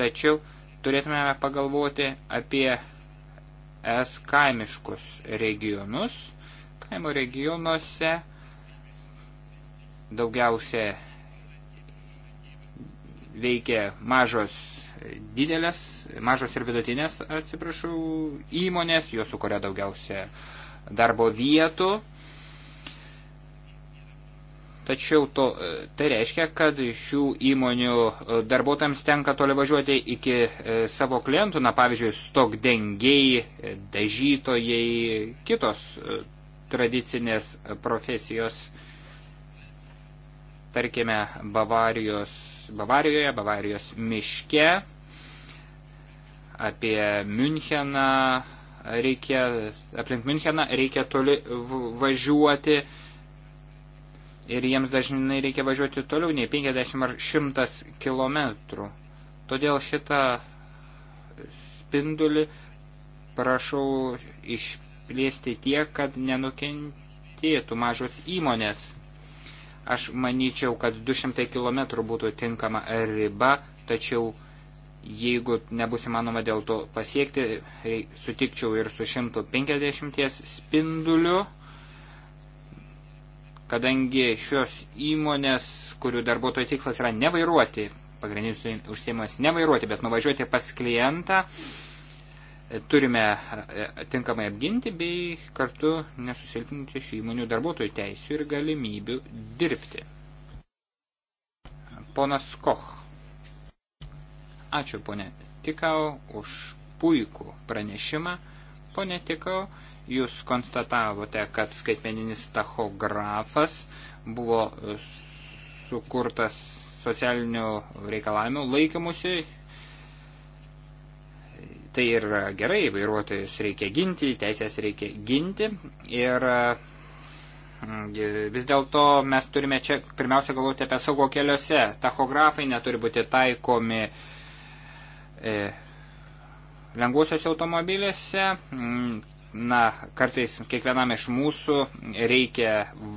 tačiau turėtume pagalvoti apie es kaimiškus regionus. Kaimo regionuose daugiausia veikia mažos didelės, mažos ir vidutinės, atsiprašau, įmonės, jos sukuria daugiausia darbo vietų Tačiau to, e, tai reiškia, kad šių įmonių e, darbuotojams tenka toliau važiuoti iki e, savo klientų, na pavyzdžiui, stokdengiai, dažytojai, kitos tradicinės profesijos, tarkime, Bavarijos, Bavarijoje, Bavarijos miške, apie Müncheną reikia, aplink Müncheną reikia toli važiuoti ir jiems dažnai reikia važiuoti toliau nei 50 ar 100 kilometrų. Todėl šitą spindulį prašau išplėsti tiek, kad nenukentėtų mažos įmonės. Aš manyčiau, kad 200 km būtų tinkama riba, tačiau jeigu nebus įmanoma dėl to pasiekti, tai sutikčiau ir su 150 spinduliu kadangi šios įmonės, kurių darbuotojų tikslas yra nevairuoti, pagrindinis užsieimas nevairuoti, bet nuvažiuoti pas klientą, turime e, tinkamai apginti bei kartu nesusilpinti šių įmonių darbuotojų teisių ir galimybių dirbti. Ponas Koch. Ačiū, ponė Tikau, už puikų pranešimą. Ponė Tikau, Jūs konstatavote, kad skaitmeninis tachografas buvo e, sukurtas socialinių reikalavimų laikymusi. Tai ir gerai, vairuotojus reikia ginti, teisės reikia ginti. Ir e, vis dėlto mes turime čia pirmiausia galvoti apie saugo keliuose. Tachografai neturi būti taikomi e, lengvuosios automobilėse. Mm, na, kartais kiekvienam iš mūsų reikia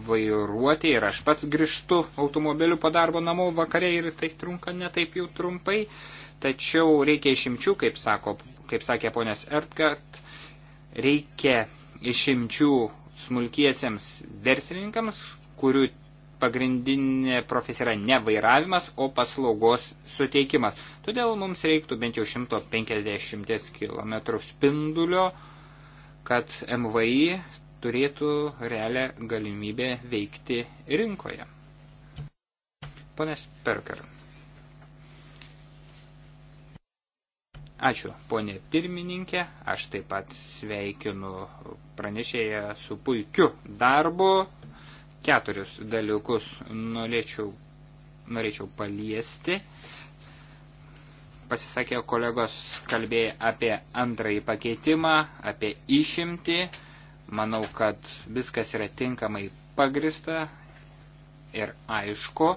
vairuoti ir aš pats grįžtu automobiliu po darbo namo vakare ir tai trunka netaip jau trumpai, tačiau reikia išimčių, kaip, sako, kaip sakė ponės Ertgard, reikia išimčių smulkiesiems verslininkams, kurių pagrindinė profesija yra ne vairavimas, o paslaugos suteikimas. Todėl mums reiktų bent jau 150 km spindulio, kad MVI turėtų realią galimybę veikti rinkoje. Ponas Perkar. Ačiū, ponė pirmininkė. Aš taip pat sveikinu pranešėją su puikiu darbu. Keturius dalykus norėčiau, norėčiau paliesti. Uh, pasisakė kolegos, kalbėjo apie antrąjį pakeitimą, apie išimtį. Manau, kad viskas yra tinkamai pagrista ir aišku.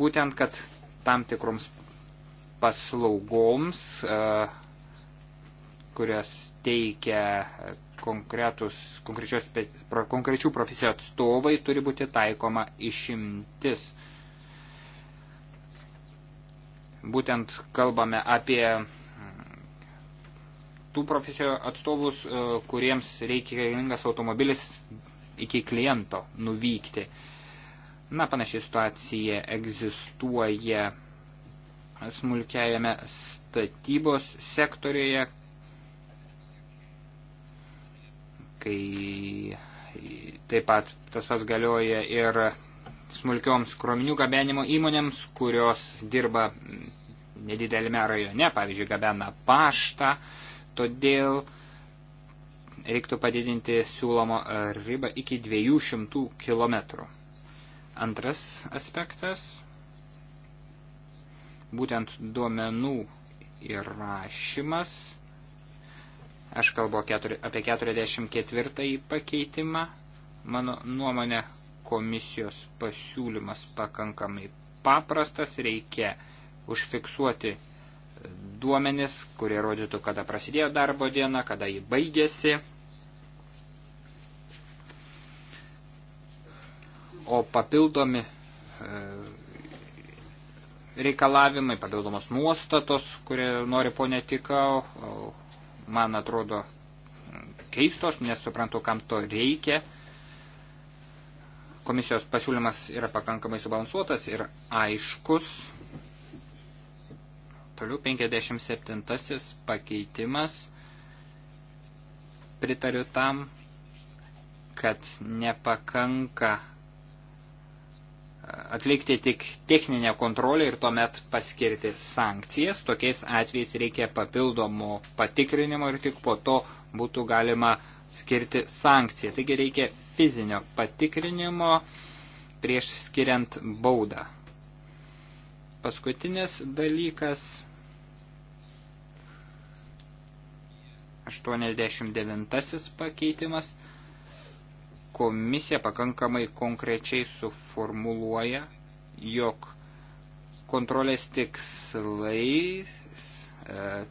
Būtent, kad tam tikroms paslaugoms, e, kurios teikia konkrečių profesijų atstovai, turi būti taikoma išimtis. Būtent kalbame apie mm, tų profesijų atstovus, e, kuriems reikalingas automobilis iki kliento nuvykti. Na, panašiai situacija egzistuoja smulkiajame statybos sektorijoje, kai taip pat tas pats galioja ir smulkioms krominių gabenimo įmonėms, kurios dirba nedidelėme rajone, pavyzdžiui, gabena paštą, todėl reiktų padidinti siūlomo e, ribą iki 200 km. Antras aspektas - būtent duomenų įrašymas. Aš kalbu apie 44 pakeitimą. Mano nuomonė, komisijos pasiūlymas pakankamai paprastas, reikia uh, užfiksuoti duomenis, kurie rodytų, kada prasidėjo darbo diena, kada jį baigėsi. O papildomi e, reikalavimai, papildomos nuostatos, kurie nori ponė tikau, man atrodo keistos, nesuprantu, kam to reikia. Komisijos pasiūlymas yra pakankamai subalansuotas ir aiškus, Toliau 57 pakeitimas. Pritariu tam, kad nepakanka e, atlikti tik techninę kontrolę ir tuomet paskirti sankcijas. Tokiais atvejais reikia papildomų patikrinimų ir tik po to būtų galima skirti sankciją. Taigi reikia fizinio patikrinimo prieš skiriant baudą. Paskutinis dalykas 89 pakeitimas. Komisija pakankamai konkrečiai suformuluoja, jog kontrolės tikslai, e,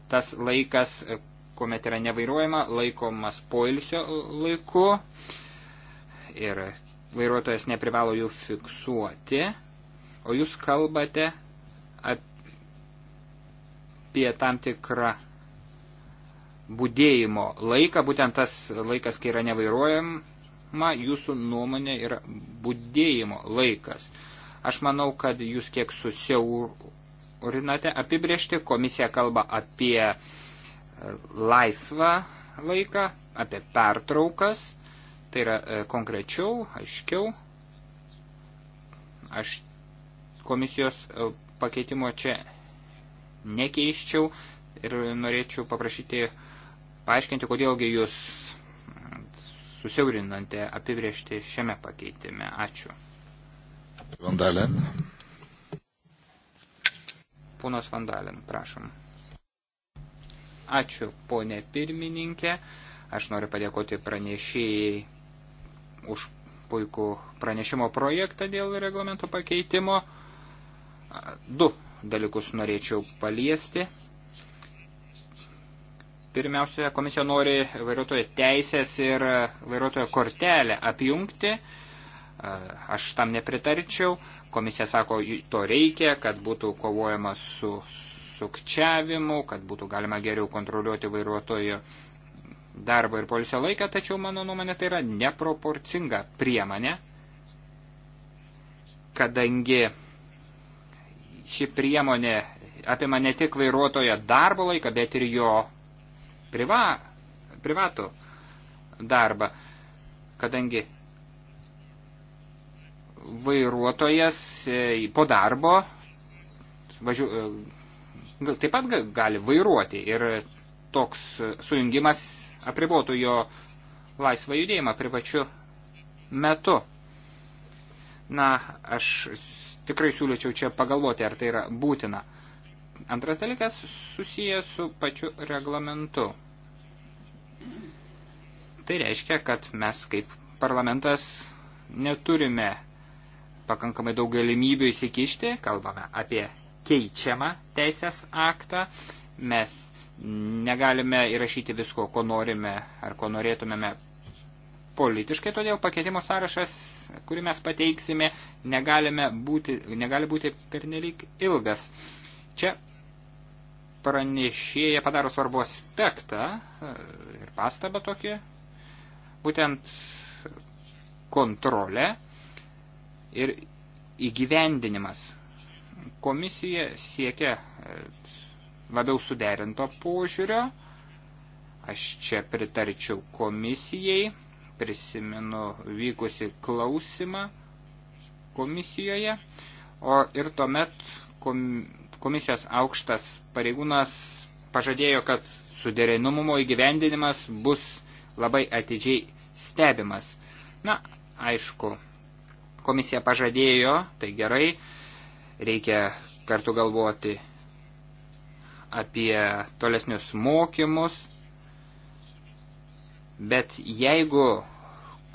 tas laikas, kuomet yra nevairuojama, laikomas poilsio laiku ir vairuotojas neprivalo jų fiksuoti, o jūs kalbate apie tam tikrą būdėjimo laiką, būtent tas laikas, kai yra nevairuojama, jūsų nuomonė yra būdėjimo laikas. Aš manau, kad jūs kiek susiaurinate apibriežti, komisija kalba apie e, laisvą laiką, apie pertraukas, tai yra e, konkrečiau, aiškiau. Aš komisijos e, pakeitimo čia nekeiščiau ir norėčiau paprašyti paaiškinti, kodėlgi jūs susiaurinate apibriežti šiame pakeitime. Ačiū. Vandalen. Ponas Vandalen, prašom. Ačiū, ponė pirmininkė. Aš noriu padėkoti pranešėjai už puikų pranešimo projektą dėl reglamento pakeitimo. Du dalykus norėčiau paliesti. Pirmiausia, komisija nori vairuotojo teisės ir vairuotojo kortelę apjungti. Aš tam nepritarčiau. Komisija sako, to reikia, kad būtų kovojama su sukčiavimu, kad būtų galima geriau kontroliuoti vairuotojo darbą ir polisio laiką, tačiau mano nuomonė tai yra neproporcinga priemonė, kadangi ši priemonė apima ne tik vairuotojo darbo laiką, bet ir jo priva, privatų darbą, kadangi vairuotojas e, po darbo važiu, e, taip pat gali vairuoti ir toks sujungimas apribotų jo laisvą judėjimą privačiu metu. Na, aš tikrai siūlyčiau čia pagalvoti, ar tai yra būtina. Antras dalykas susijęs su pačiu reglamentu. Tai reiškia, kad mes kaip parlamentas neturime pakankamai daug galimybių įsikišti, kalbame apie keičiamą teisės aktą, mes negalime įrašyti visko, ko norime ar ko norėtumėme politiškai, todėl pakeitimo sąrašas, kurį mes pateiksime, negalime būti, negali būti pernelyg ilgas. Čia pranešėja padaro svarbu aspektą e, ir pastabą tokį, būtent kontrolę ir įgyvendinimas. Komisija siekia e, labiau suderinto požiūrio. Aš čia pritarčiau komisijai, prisimenu vykusi klausimą komisijoje, o ir tuomet kom Komisijos aukštas pareigūnas pažadėjo, kad suderinimumo įgyvendinimas bus labai atidžiai stebimas. Na, aišku, komisija pažadėjo, tai gerai, reikia kartu galvoti apie tolesnius mokymus, bet jeigu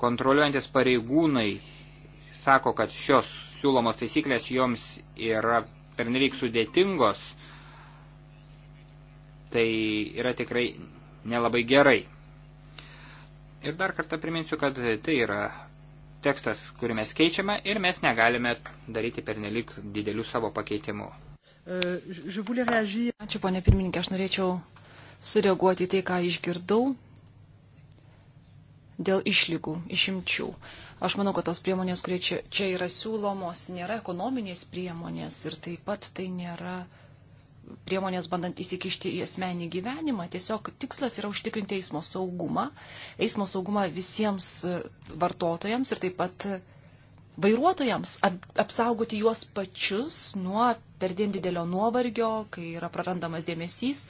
kontroliuojantis pareigūnai sako, kad šios siūlomos taisyklės joms yra pernelyg sudėtingos, tai yra tikrai nelabai gerai. Ir dar kartą priminsiu, kad tai yra tekstas, kurį mes keičiame ir mes negalime daryti pernelyg didelių savo pakeitimų. Euh, Ačiū, ponė pirmininkė, aš norėčiau sureaguoti tai, ką išgirdau dėl išlygų, išimčių. Aš manau, kad tos priemonės, kurie čia, čia yra siūlomos, nėra ekonominės priemonės ir taip pat tai nėra priemonės bandant įsikišti į asmenį gyvenimą. Tiesiog tikslas yra užtikrinti eismo saugumą, eismo saugumą visiems vartotojams ir taip pat vairuotojams ap, apsaugoti juos pačius nuo perdėm didelio nuovargio, kai yra prarandamas dėmesys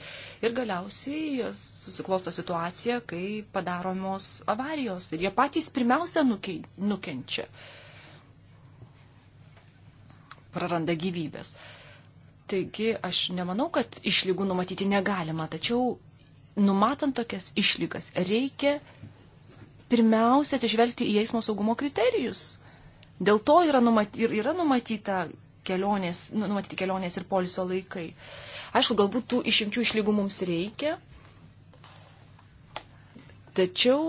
ir galiausiai susiklosto situacija, kai padaromos avarijos ir jie patys pirmiausia nuke, nukenčia, praranda gyvybės. Taigi aš nemanau, kad išlygų numatyti negalima, tačiau numatant tokias išlygas reikia pirmiausia atsižvelgti į eismo saugumo kriterijus Dėl to yra, numaty, yra numatyta kelionės, nu, numatyti kelionės ir poliso laikai. Aišku, galbūt tų išimčių išlygų mums reikia, tačiau,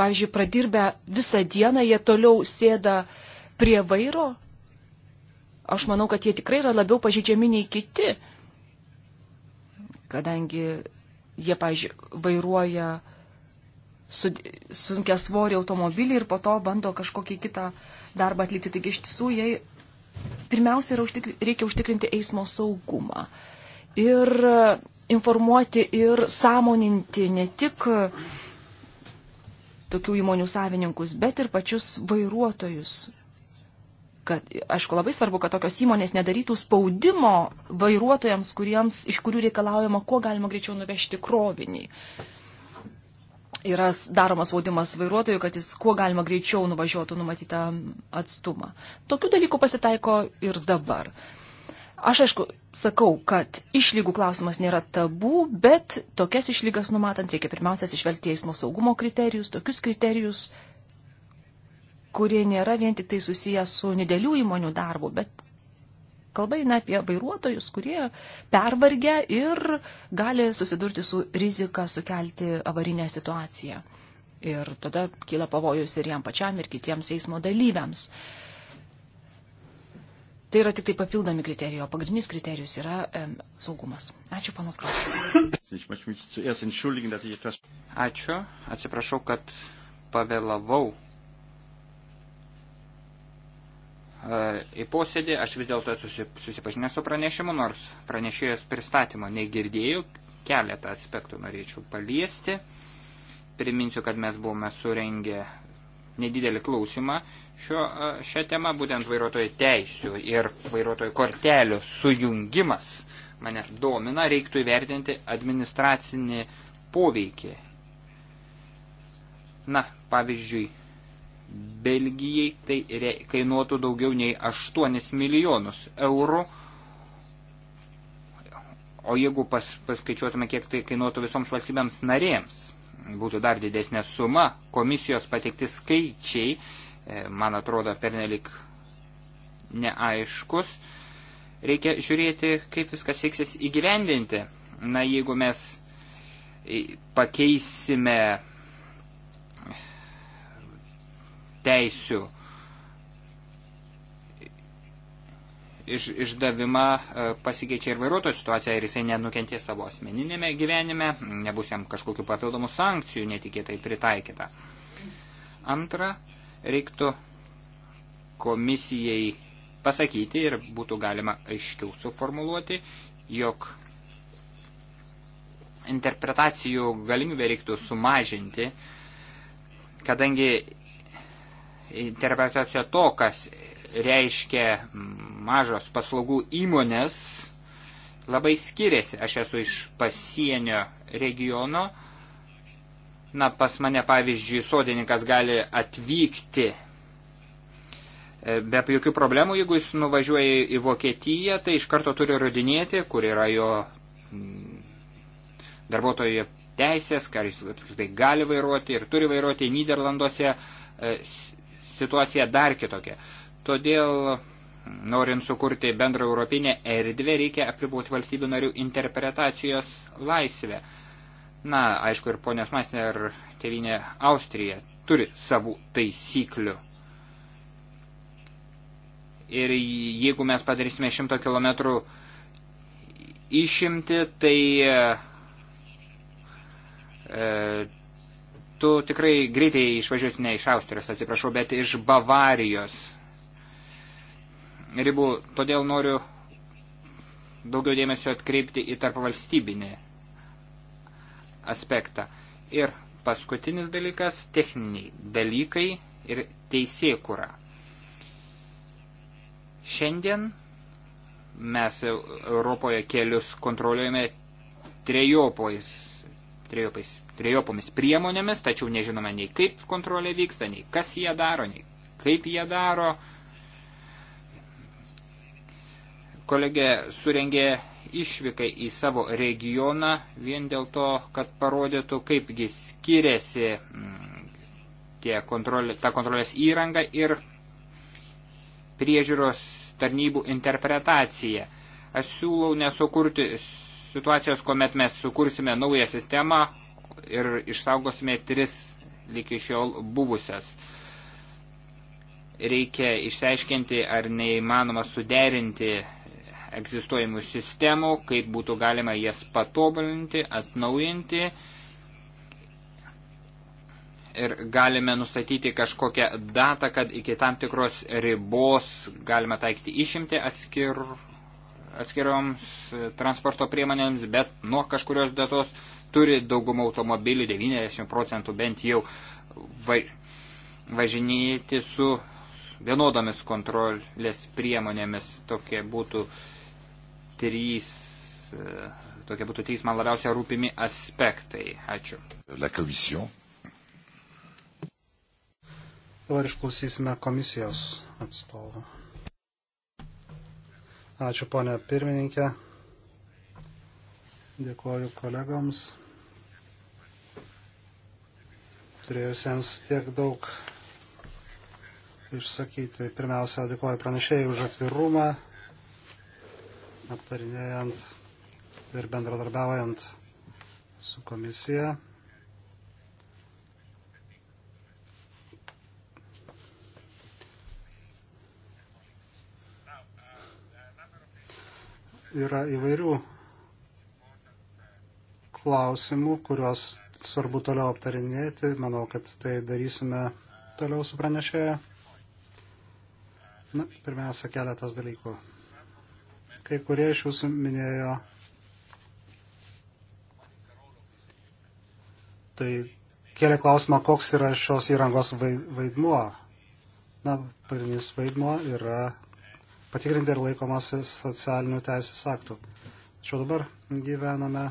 pavyzdžiui, pradirbę visą dieną jie toliau sėda prie vairo. Aš manau, kad jie tikrai yra labiau pažydžiami nei kiti, kadangi jie, pavyzdžiui, vairuoja uh, sunkia svorį automobilį ir po to bando kažkokį kitą darbą atlikti. Taigi iš tiesų, jai pirmiausia yra užtikri, reikia užtikrinti eismo saugumą ir informuoti ir sąmoninti ne tik tokių įmonių savininkus, bet ir pačius vairuotojus. Kad, aišku, labai svarbu, kad tokios įmonės nedarytų spaudimo vairuotojams, kuriems, iš kurių reikalaujama, kuo galima greičiau nuvežti krovinį. Uh, yra daromas spaudimas vairuotojui, kad jis kuo galima greičiau nuvažiuotų numatytą atstumą. Tokių dalykų pasitaiko ir dabar. Aš aišku sakau, kad išlygų klausimas nėra tabu, bet tokias išlygas numatant reikia pirmiausia atsižvelgti eismo saugumo kriterijus, tokius kriterijus, kurie nėra vien tik tai susiję su nedėlių įmonių darbu, bet Kalba eina apie vairuotojus, kurie pervargia ir gali susidurti su rizika sukelti avarinę situaciją. Ir tada kyla pavojus ir jam pačiam, ir kitiems eismo dalyviams. Tai yra tik tai papildomi kriterijai, o pagrindinis kriterijus yra em, saugumas. Ačiū, panas Krausas. Ačiū, atsiprašau, kad pavėlavau E, į posėdį. Aš vis dėlto susipažinęs su pranešimu, nors pranešėjos pristatymo negirdėjau. Keletą aspektų norėčiau paliesti. Priminsiu, kad mes buvome surengę nedidelį klausimą šio, e, šią temą, būtent vairuotojų teisių ir vairuotojų kortelių sujungimas mane domina, reiktų įvertinti administracinį poveikį. Na, pavyzdžiui, Belgijai tai kainuotų daugiau nei 8 milijonus eurų. O jeigu pas, paskaičiuotume, kiek tai kainuotų visoms valstybėms narėms, būtų dar didesnė suma. Komisijos pateikti skaičiai, e, man atrodo, pernelik neaiškus. Reikia žiūrėti, kaip viskas sėksis įgyvendinti. Na, jeigu mes pakeisime teisių iš, išdavimą e, pasikeičia ir vairuotojo situacija ir jisai nenukentės savo asmeninėme gyvenime, nebus jam kažkokių papildomų sankcijų netikėtai pritaikyta. Antra, reiktų komisijai pasakyti ir būtų galima aiškiau suformuluoti, jog interpretacijų galimybę reiktų sumažinti, kadangi interpretacija to, kas reiškia mažos paslaugų įmonės, labai skiriasi. Aš esu iš pasienio regiono. Na, pas mane, pavyzdžiui, sodininkas gali atvykti e, be jokių problemų, jeigu jis nuvažiuoja į Vokietiją, tai iš karto turi rodinėti, kur yra jo darbuotojo teisės, ką jis tai gali vairuoti ir turi vairuoti Niderlanduose e, situacija dar kitokia. Todėl, norint sukurti bendrą europinę erdvę, reikia apriboti valstybių narių interpretacijos laisvę. Na, aišku, ir ponios Masner ir tevinė Austrija turi savų taisyklių. Ir jeigu mes padarysime 100 km išimti, tai e, tu tikrai greitai išvažiuosi ne iš Austrijos, atsiprašau, bet iš Bavarijos ribų. Todėl noriu daugiau dėmesio atkreipti į tarpvalstybinį aspektą. Ir paskutinis dalykas – techniniai dalykai ir teisėkura. Šiandien mes Europoje kelius kontroliuojame trejopais, trejopais trejopomis priemonėmis, tačiau nežinome nei kaip kontrolė vyksta, nei kas jie daro, nei kaip jie daro. Kolegė surengė išvykai į savo regioną vien dėl to, kad parodytų, kaipgi skiriasi mm, kontrolė, ta kontrolės įranga ir priežiūros tarnybų interpretacija. Aš siūlau nesukurti situacijos, kuomet mes sukursime naują sistemą, ir išsaugosime tris lygi šiol buvusias. Reikia išsiaiškinti, ar neįmanoma suderinti egzistuojimų sistemų, kaip būtų galima jas patobulinti, atnaujinti ir galime nustatyti kažkokią datą, kad iki tam tikros ribos galima taikyti išimti atskirų atskiroms e, transporto priemonėms, bet nuo kažkurios datos turi daugumą automobilių, 90 procentų bent jau va, važinėti su vienodomis kontrolės priemonėmis. Tokie būtų trys, e, tokie būtų trys man labiausia rūpimi aspektai. Ačiū. La commission. Dabar išklausysime komisijos atstovą. Ačiū ponė pirmininkė. Dėkuoju kolegoms, turėjusiems tiek daug išsakyti. Pirmiausia, dėkuoju pranešėjai už atvirumą, aptarinėjant ir bendradarbiaujant su komisija. yra įvairių klausimų, kuriuos svarbu toliau aptarinėti. Manau, kad tai darysime toliau su pranešėja. Na, pirmiausia, keletas dalykų. Kai kurie iš jūsų minėjo, tai kėlė klausimą, koks yra šios įrangos vaidmuo. Na, pagrindinis vaidmuo yra patikrinti ir laikomasi socialinių teisės aktų. Tačiau dabar gyvename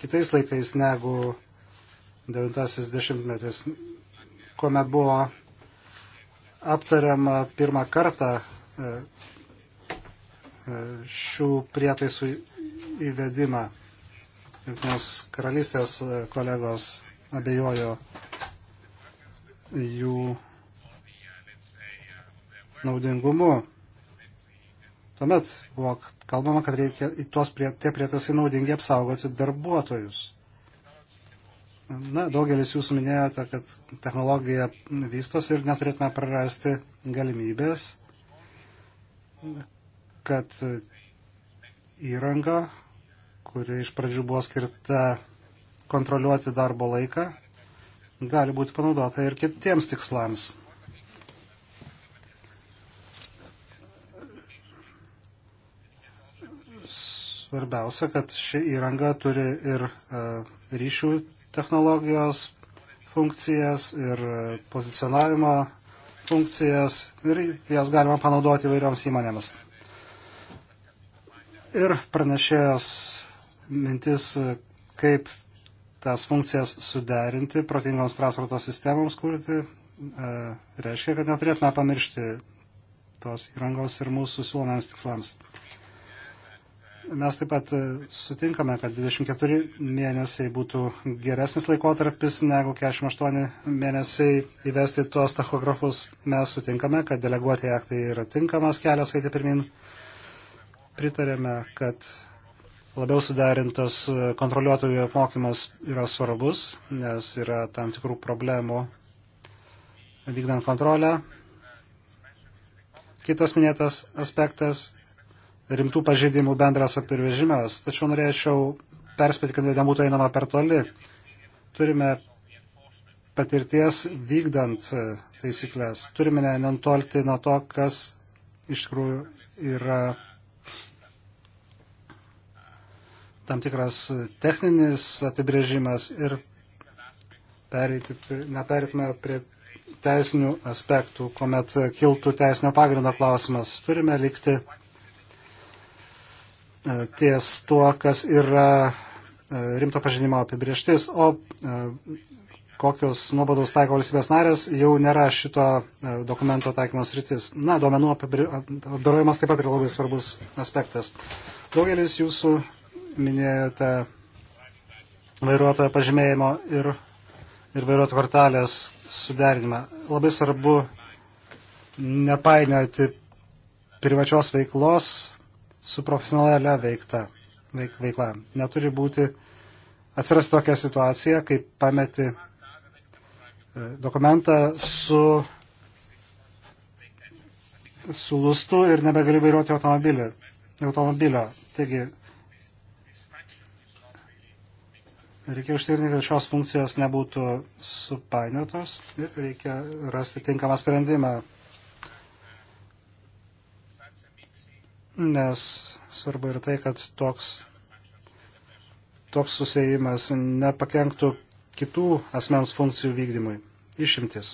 kitais laikais negu 90-metis, kuomet buvo aptariama pirmą kartą e, e, šių prietaisų įvedimą. Nes karalystės e, kolegos abejojo jų naudingumu. Tuomet buvo kalbama, kad reikia į tuos prie, tie prietaisai naudingi apsaugoti darbuotojus. Na, daugelis jūsų minėjote, kad technologija vystosi ir neturėtume prarasti galimybės, kad įranga, kuri iš pradžių buvo skirta kontroliuoti darbo laiką, gali būti panaudota ir kitiems tikslams. Svarbiausia, kad ši įranga turi ir e, ryšių technologijos funkcijas ir e, pozicionavimo funkcijas ir jas galima panaudoti įvairioms įmonėms. Ir pranešėjos mintis, e, kaip tas funkcijas suderinti protingoms transporto sistemoms kurti, reiškia, kad neturėtume pamiršti tos įrangos ir mūsų siūlomiems tikslams. Mes taip pat e, sutinkame, kad 24 mėnesiai būtų geresnis laikotarpis negu 48 mėnesiai įvesti tuos tachografus. Mes sutinkame, kad deleguoti aktai yra tinkamas kelias eiti pirmin. Pritarėme, kad labiau suderintas e, kontroliuotojų apmokymas yra svarbus, nes yra tam tikrų problemų vykdant kontrolę. Kitas minėtas aspektas rimtų pažeidimų bendras apirvežimas, tačiau norėčiau perspėti, kad nebūtų einama per toli. Turime patirties vykdant e, taisyklės, turime nenantolti nuo to, kas iš tikrųjų yra tam tikras techninis apibrėžimas ir pereiti, neperėtume prie teisinių aspektų, kuomet kiltų teisinio pagrindo klausimas. Turime likti E, ties tuo, kas yra e, rimto pažinimo apibrieštis, o e, kokios nuobodos taiko valstybės narės, jau nėra šito dokumento taikymos rytis. Na, duomenų apdarojimas taip pat yra labai svarbus aspektas. Daugelis jūsų minėjote vairuotojo pažymėjimo ir, ir vairuotojo kortelės suderinimą. Labai svarbu nepainioti privačios veiklos su profesionalia veikta, veik, veikla. Neturi būti atsirasti tokia situacija, kai pameti e, dokumentą su, su lustu ir nebegali vairuoti automobilį, automobilio. Taigi, reikia užtikrinti, kad šios funkcijos nebūtų supainiotos ir reikia rasti tinkamą sprendimą nes svarbu ir tai, kad toks, toks susijimas nepakenktų kitų asmens funkcijų vykdymui. Išimtis.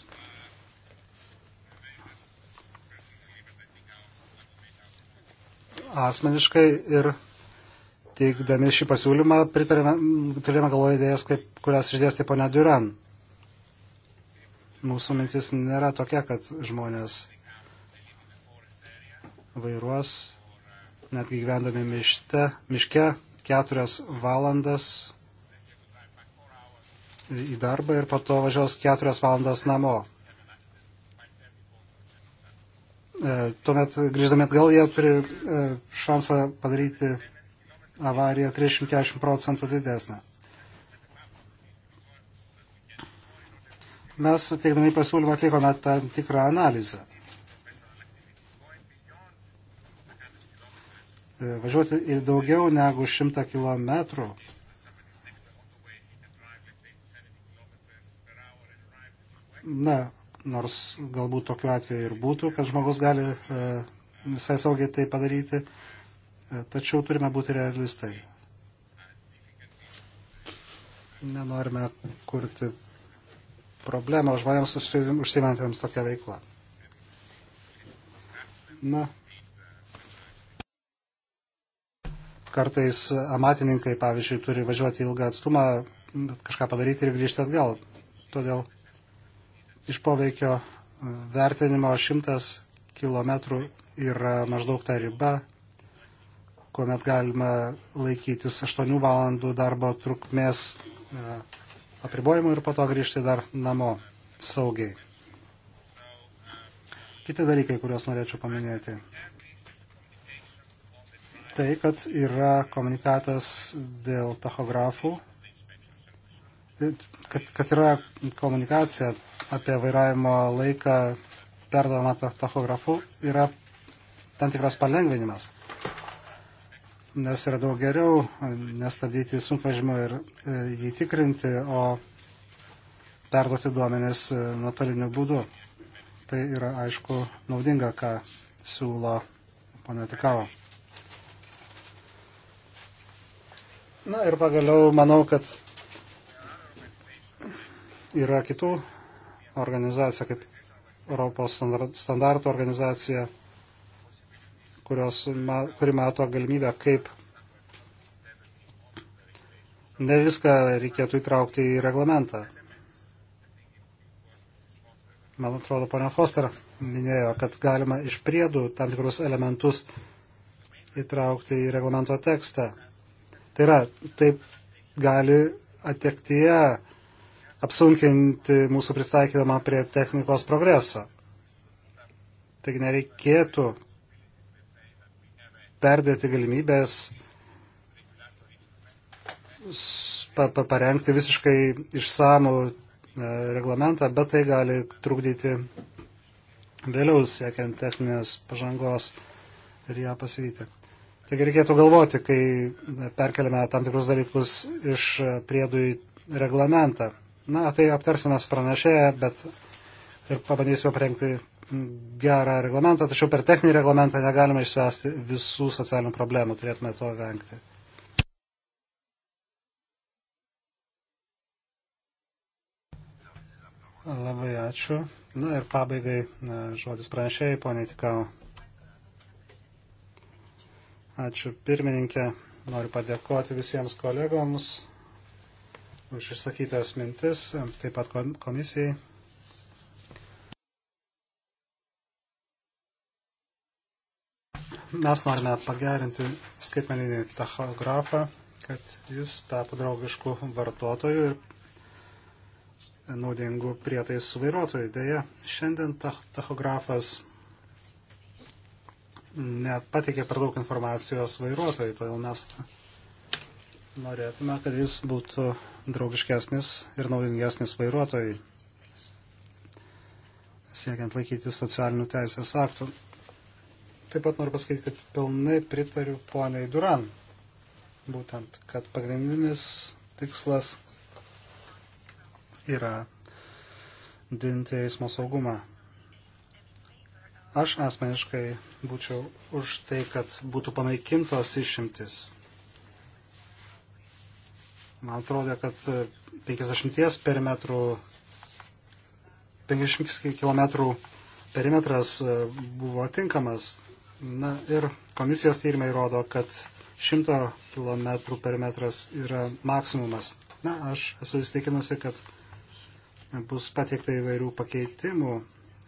Asmeniškai ir teikdami šį pasiūlymą turėjome galvoje idėjas, kaip, kurias išdėstė ponia Duran. Mūsų mintis nėra tokia, kad žmonės vairuos netgi gyvendami mište, miške, keturias valandas į darbą ir po to važiuos keturias valandas namo. E, tuomet grįždami atgal jie turi e, šansą padaryti avariją 340 procentų didesnę. Mes teikdami pasiūlymą atlikome tam tikrą analizę. važiuoti ir daugiau negu 100 km. Na, nors galbūt tokiu atveju ir būtų, kad žmogus gali e, visai saugiai tai padaryti, e, tačiau turime būti realistai. Nenorime kurti problemą žmonėms užsiimantiems tokią veiklą. Na, kartais amatininkai, pavyzdžiui, turi važiuoti ilgą atstumą, kažką padaryti ir grįžti atgal. Todėl iš poveikio vertinimo 100 km yra maždaug ta riba, kuomet galima laikytis 8 valandų darbo trukmės e, apribojimų ir po to grįžti dar namo saugiai. Kiti dalykai, kuriuos norėčiau paminėti tai, kad yra komunikatas dėl tachografų, kad, kad yra komunikacija apie vairavimo laiką perdodama tachografu, yra tam tikras palengvinimas. Nes yra daug geriau nestabdyti sunkvežimio ir e, jį tikrinti, o perduoti duomenis e, nuotoliniu būdu. Tai yra, aišku, naudinga, ką siūlo ponia Tikavo. Na ir pagaliau manau, kad yra kitų organizacijų, kaip Europos standartų organizacija, kurios, kuri mato galimybę, kaip ne viską reikėtų įtraukti į reglamentą. Man atrodo, ponia Foster minėjo, kad galima iš priedų tam tikrus elementus įtraukti į reglamento tekstą. Tai yra, taip gali atektyje apsunkinti mūsų pristaikydama prie technikos progreso. Taigi nereikėtų perdėti galimybės pa, pa, parengti visiškai išsamų e, reglamentą, bet tai gali trukdyti vėliau siekiant techninės pažangos ir ją pasivyti. Taigi reikėtų galvoti, kai perkeliame tam tikrus dalykus iš priedų į reglamentą. Na, tai aptarsime su pranešėja, bet ir pabandysime parengti gerą reglamentą, tačiau per techninį reglamentą negalime išspręsti visų socialinių problemų, turėtume to vengti. Labai ačiū. Na ir pabaigai žodis pranešėjai, poniai Tikau. Ačiū pirmininkė. Noriu padėkoti visiems kolegoms už išsakytas mintis, taip pat komisijai. Mes norime pagerinti skaitmeninį tachografą, kad jis tapo draugišku vartotoju ir naudingu prietaisų vairuotojui. Deja, šiandien tachografas nepateikė per daug informacijos vairuotojai, todėl mes norėtume, kad jis būtų draugiškesnis ir naudingesnis vairuotojai, siekiant laikyti socialinių teisės aktų. Taip pat noriu pasakyti, kad pilnai pritariu poniai Duran, būtent, kad pagrindinis tikslas yra dinti eismo saugumą Aš asmeniškai būčiau už tai, kad būtų panaikintos išimtis. Man atrodo, kad 50 perimetrų, 50 km perimetras e, buvo tinkamas. Na ir komisijos tyrimai rodo, kad 100 km perimetras yra maksimumas. Na, aš esu įsitikinusi, kad bus pateikta įvairių pakeitimų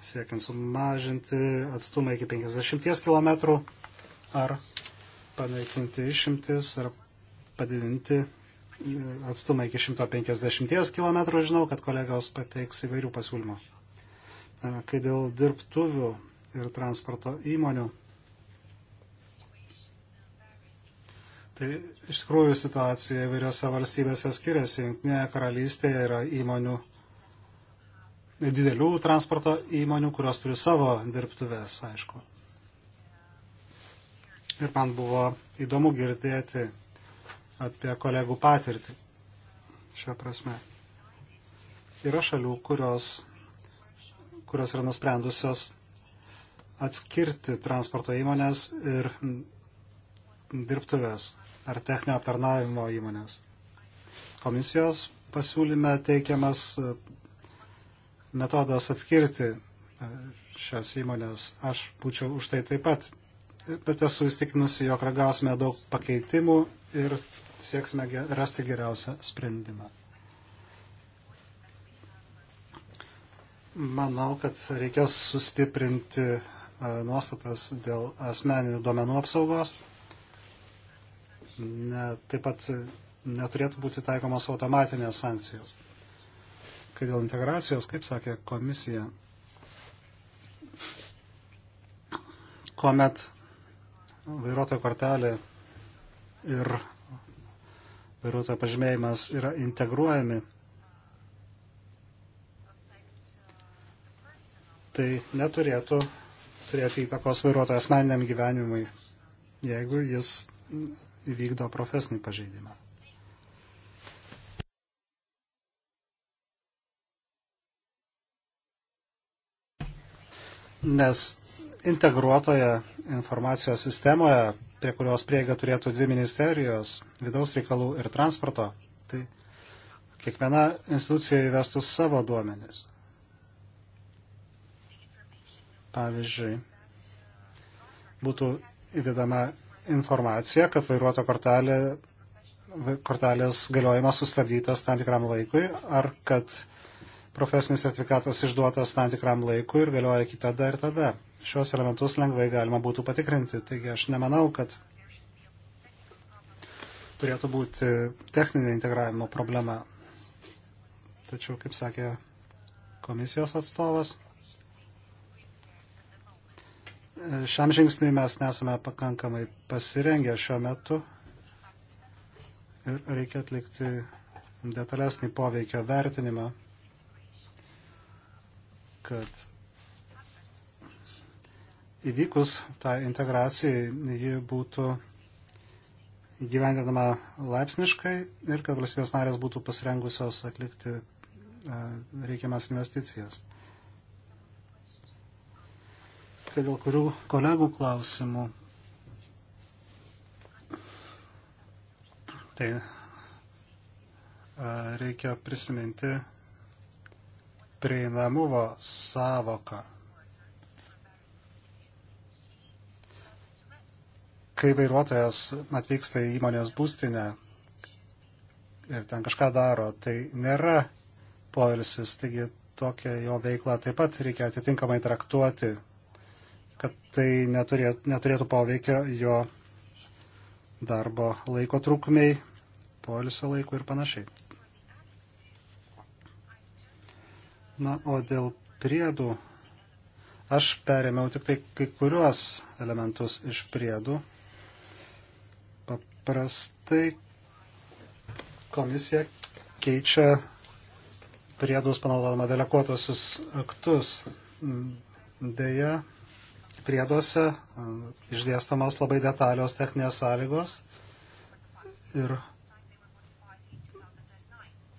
siekiant sumažinti atstumą iki 50 km ar panaikinti išimtis ar padidinti e, atstumą iki 150 km. Žinau, kad kolegos pateiks įvairių pasiūlymų. E, kai dėl dirbtuvių ir transporto įmonių, tai iš tikrųjų situacija įvairiose valstybėse skiriasi. Junktinėje karalystėje yra įmonių didelių transporto įmonių, kurios turi savo dirbtuvės, aišku. Ir man buvo įdomu girdėti apie kolegų patirtį šią prasme. Yra šalių, kurios, kurios yra nusprendusios atskirti transporto įmonės ir dirbtuvės ar techninio aptarnavimo įmonės. Komisijos pasiūlyme teikiamas metodas atskirti e, šias įmonės. Aš būčiau už tai taip pat, bet esu įstikinusi, jog ragausime daug pakeitimų ir sieksime rasti geriausią sprendimą. Manau, kad reikės sustiprinti e, nuostatas dėl asmeninių duomenų apsaugos. Ne, taip pat neturėtų būti taikomos automatinės sankcijos. Kai dėl integracijos, kaip sakė komisija, kuomet vairuotojo kortelė ir vairuotojo pažymėjimas yra integruojami, tai neturėtų turėti įtakos vairuotojo asmeniniam gyvenimui, jeigu jis įvykdo profesinį pažeidimą. nes integruotoje informacijos sistemoje, prie kurios prieiga turėtų dvi ministerijos - vidaus reikalų ir transporto, tai kiekviena institucija įvestų savo duomenis. Pavyzdžiui, būtų įvedama informacija, kad vairuoto kortelė, kortelės galiojimas sustabdytas tam tikram laikui ar kad profesinis sertifikatas išduotas tam tikram laikui ir galioja iki tada ir tada. Šios elementus lengvai galima būtų patikrinti. Taigi aš nemanau, kad turėtų būti techninė integravimo problema. Tačiau, kaip sakė komisijos atstovas, šiam žingsniui mes nesame pakankamai pasirengę šiuo metu ir reikia atlikti detalesnį poveikio vertinimą kad įvykus tą tai integraciją ji būtų įgyvendinama laipsniškai ir kad valstybės narės būtų pasirengusios atlikti e, reikiamas investicijas. Kai dėl kurių kolegų klausimų. Tai e, reikia prisiminti prieinamumo savoką. Kai vairuotojas atvyksta į įmonės būstinę ir ten kažką daro, tai nėra poilsis, taigi tokią jo veiklą taip pat reikia atitinkamai traktuoti, kad tai neturėtų, neturėtų poveikio jo darbo laiko trukmei, poilsio laiko ir panašiai. Na, o dėl priedų aš perėmiau tik tai kai kuriuos elementus iš priedų. Paprastai komisija keičia priedus panaudodama deleguotusius aktus. Deja, prieduose e, išdėstamos labai detalios techninės sąlygos ir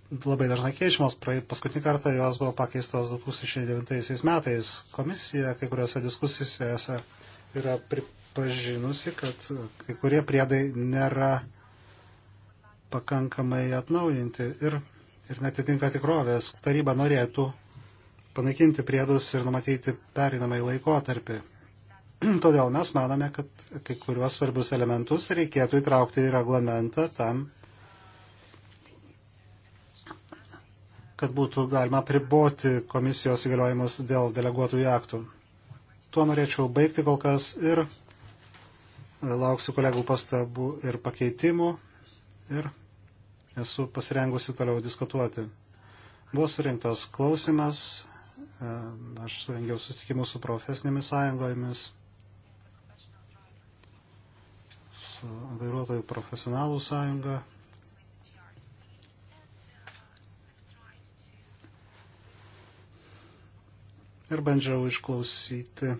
labai dažnai keičiamos. Paskutinį kartą jos buvo pakeistos 2009 metais. Komisija kai kuriuose diskusijose yra pripažinusi, kad kai kurie priedai nėra pakankamai atnaujinti ir, ir netitinka tikrovės. Taryba norėtų panaikinti priedus ir numatyti perinamai laikotarpį. Todėl mes manome, kad kai kuriuos svarbius elementus reikėtų įtraukti į reglamentą tam, kad būtų galima priboti komisijos įgaliojimus dėl deleguotųjų aktų. Tuo norėčiau baigti kol kas ir e, lauksiu kolegų pastabų ir pakeitimų ir esu pasirengusi toliau diskutuoti. Buvo surinktas klausimas, e, aš surengiau susitikimus su profesinėmis sąjungomis, su vairuotojų profesionalų sąjunga. ir bandžiau išklausyti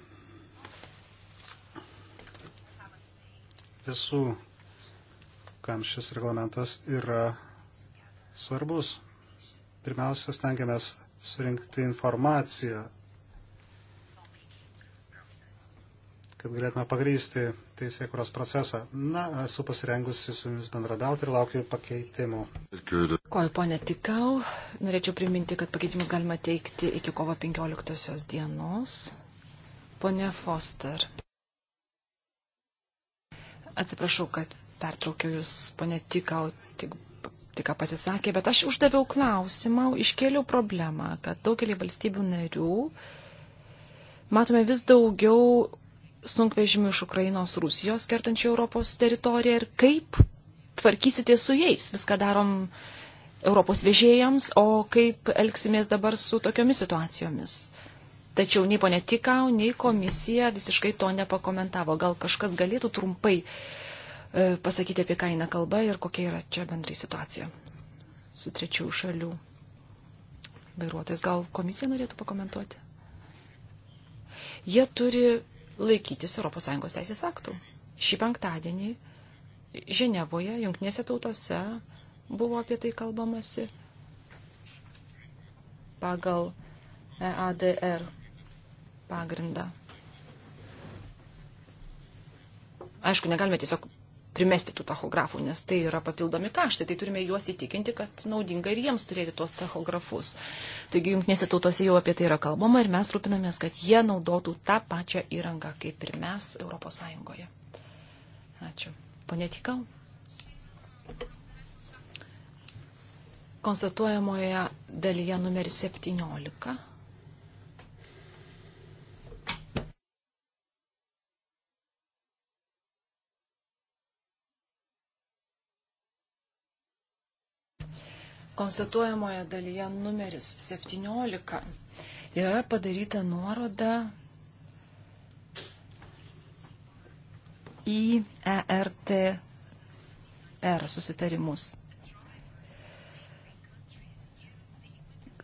visų, kam šis reglamentas yra svarbus. Pirmiausia, stengiamės surinkti informaciją, kad galėtume pagrysti teisėkuros procesą. Na, esu pasirengusi su jumis bendradauti ir laukiu pakeitimų. Dėkoju, ponė Tikau. Norėčiau priminti, kad pakeitimus galima teikti iki kovo 15 dienos. Pone Foster. Atsiprašau, kad pertraukiau jūs, ponė Tikau, tik, tik pasisakė, bet aš uždaviau klausimą, iškėliau problemą, kad daugelį valstybių narių matome vis daugiau sunkvežimių iš Ukrainos Rusijos kertančių Europos teritoriją ir kaip tvarkysite su jais. Viską darom Europos vežėjams, o kaip elgsimės dabar su tokiomis situacijomis. Tačiau nei ponė Tikau, nei komisija visiškai to nepakomentavo. Gal kažkas galėtų trumpai e, pasakyti, apie ką eina kalba ir kokia yra čia bendrai situacija su trečių šalių vairuotojais. Gal komisija norėtų pakomentuoti? Jie turi laikytis ES teisės aktų. Šį penktadienį Ženevoje, jungtinėse tautose buvo apie tai kalbamasi pagal EADR pagrindą. Aišku, negalime tiesiog primesti tų tachografų, nes tai yra papildomi kaštai, tai turime juos įtikinti, kad naudinga ir jiems turėti tuos tachografus. Taigi jungtinėse tautose jau apie tai yra kalbama ir mes rūpinamės, kad jie naudotų tą pačią įrangą kaip ir mes ES. Ačiū. Pone Tikau. Konstatuojamoje dalyje numeris 17 konstatuojamoje dalyje numeris 17 yra padaryta nuoroda į ERTR susitarimus.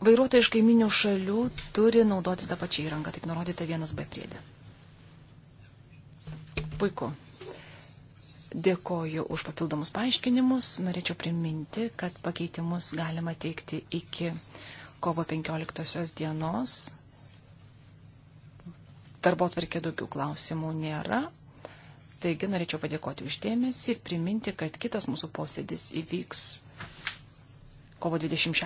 Vairuotojai iš kaiminių šalių turi naudotis tą pačią įrangą, taip nurodyta 1B priedė. Puiku. Dėkoju už papildomus paaiškinimus. Norėčiau priminti, kad pakeitimus galima teikti iki kovo 15 dienos. Darbo tvarkė daugiau klausimų nėra. Taigi norėčiau padėkoti uždėmesį ir priminti, kad kitas mūsų posėdis įvyks kovo 26.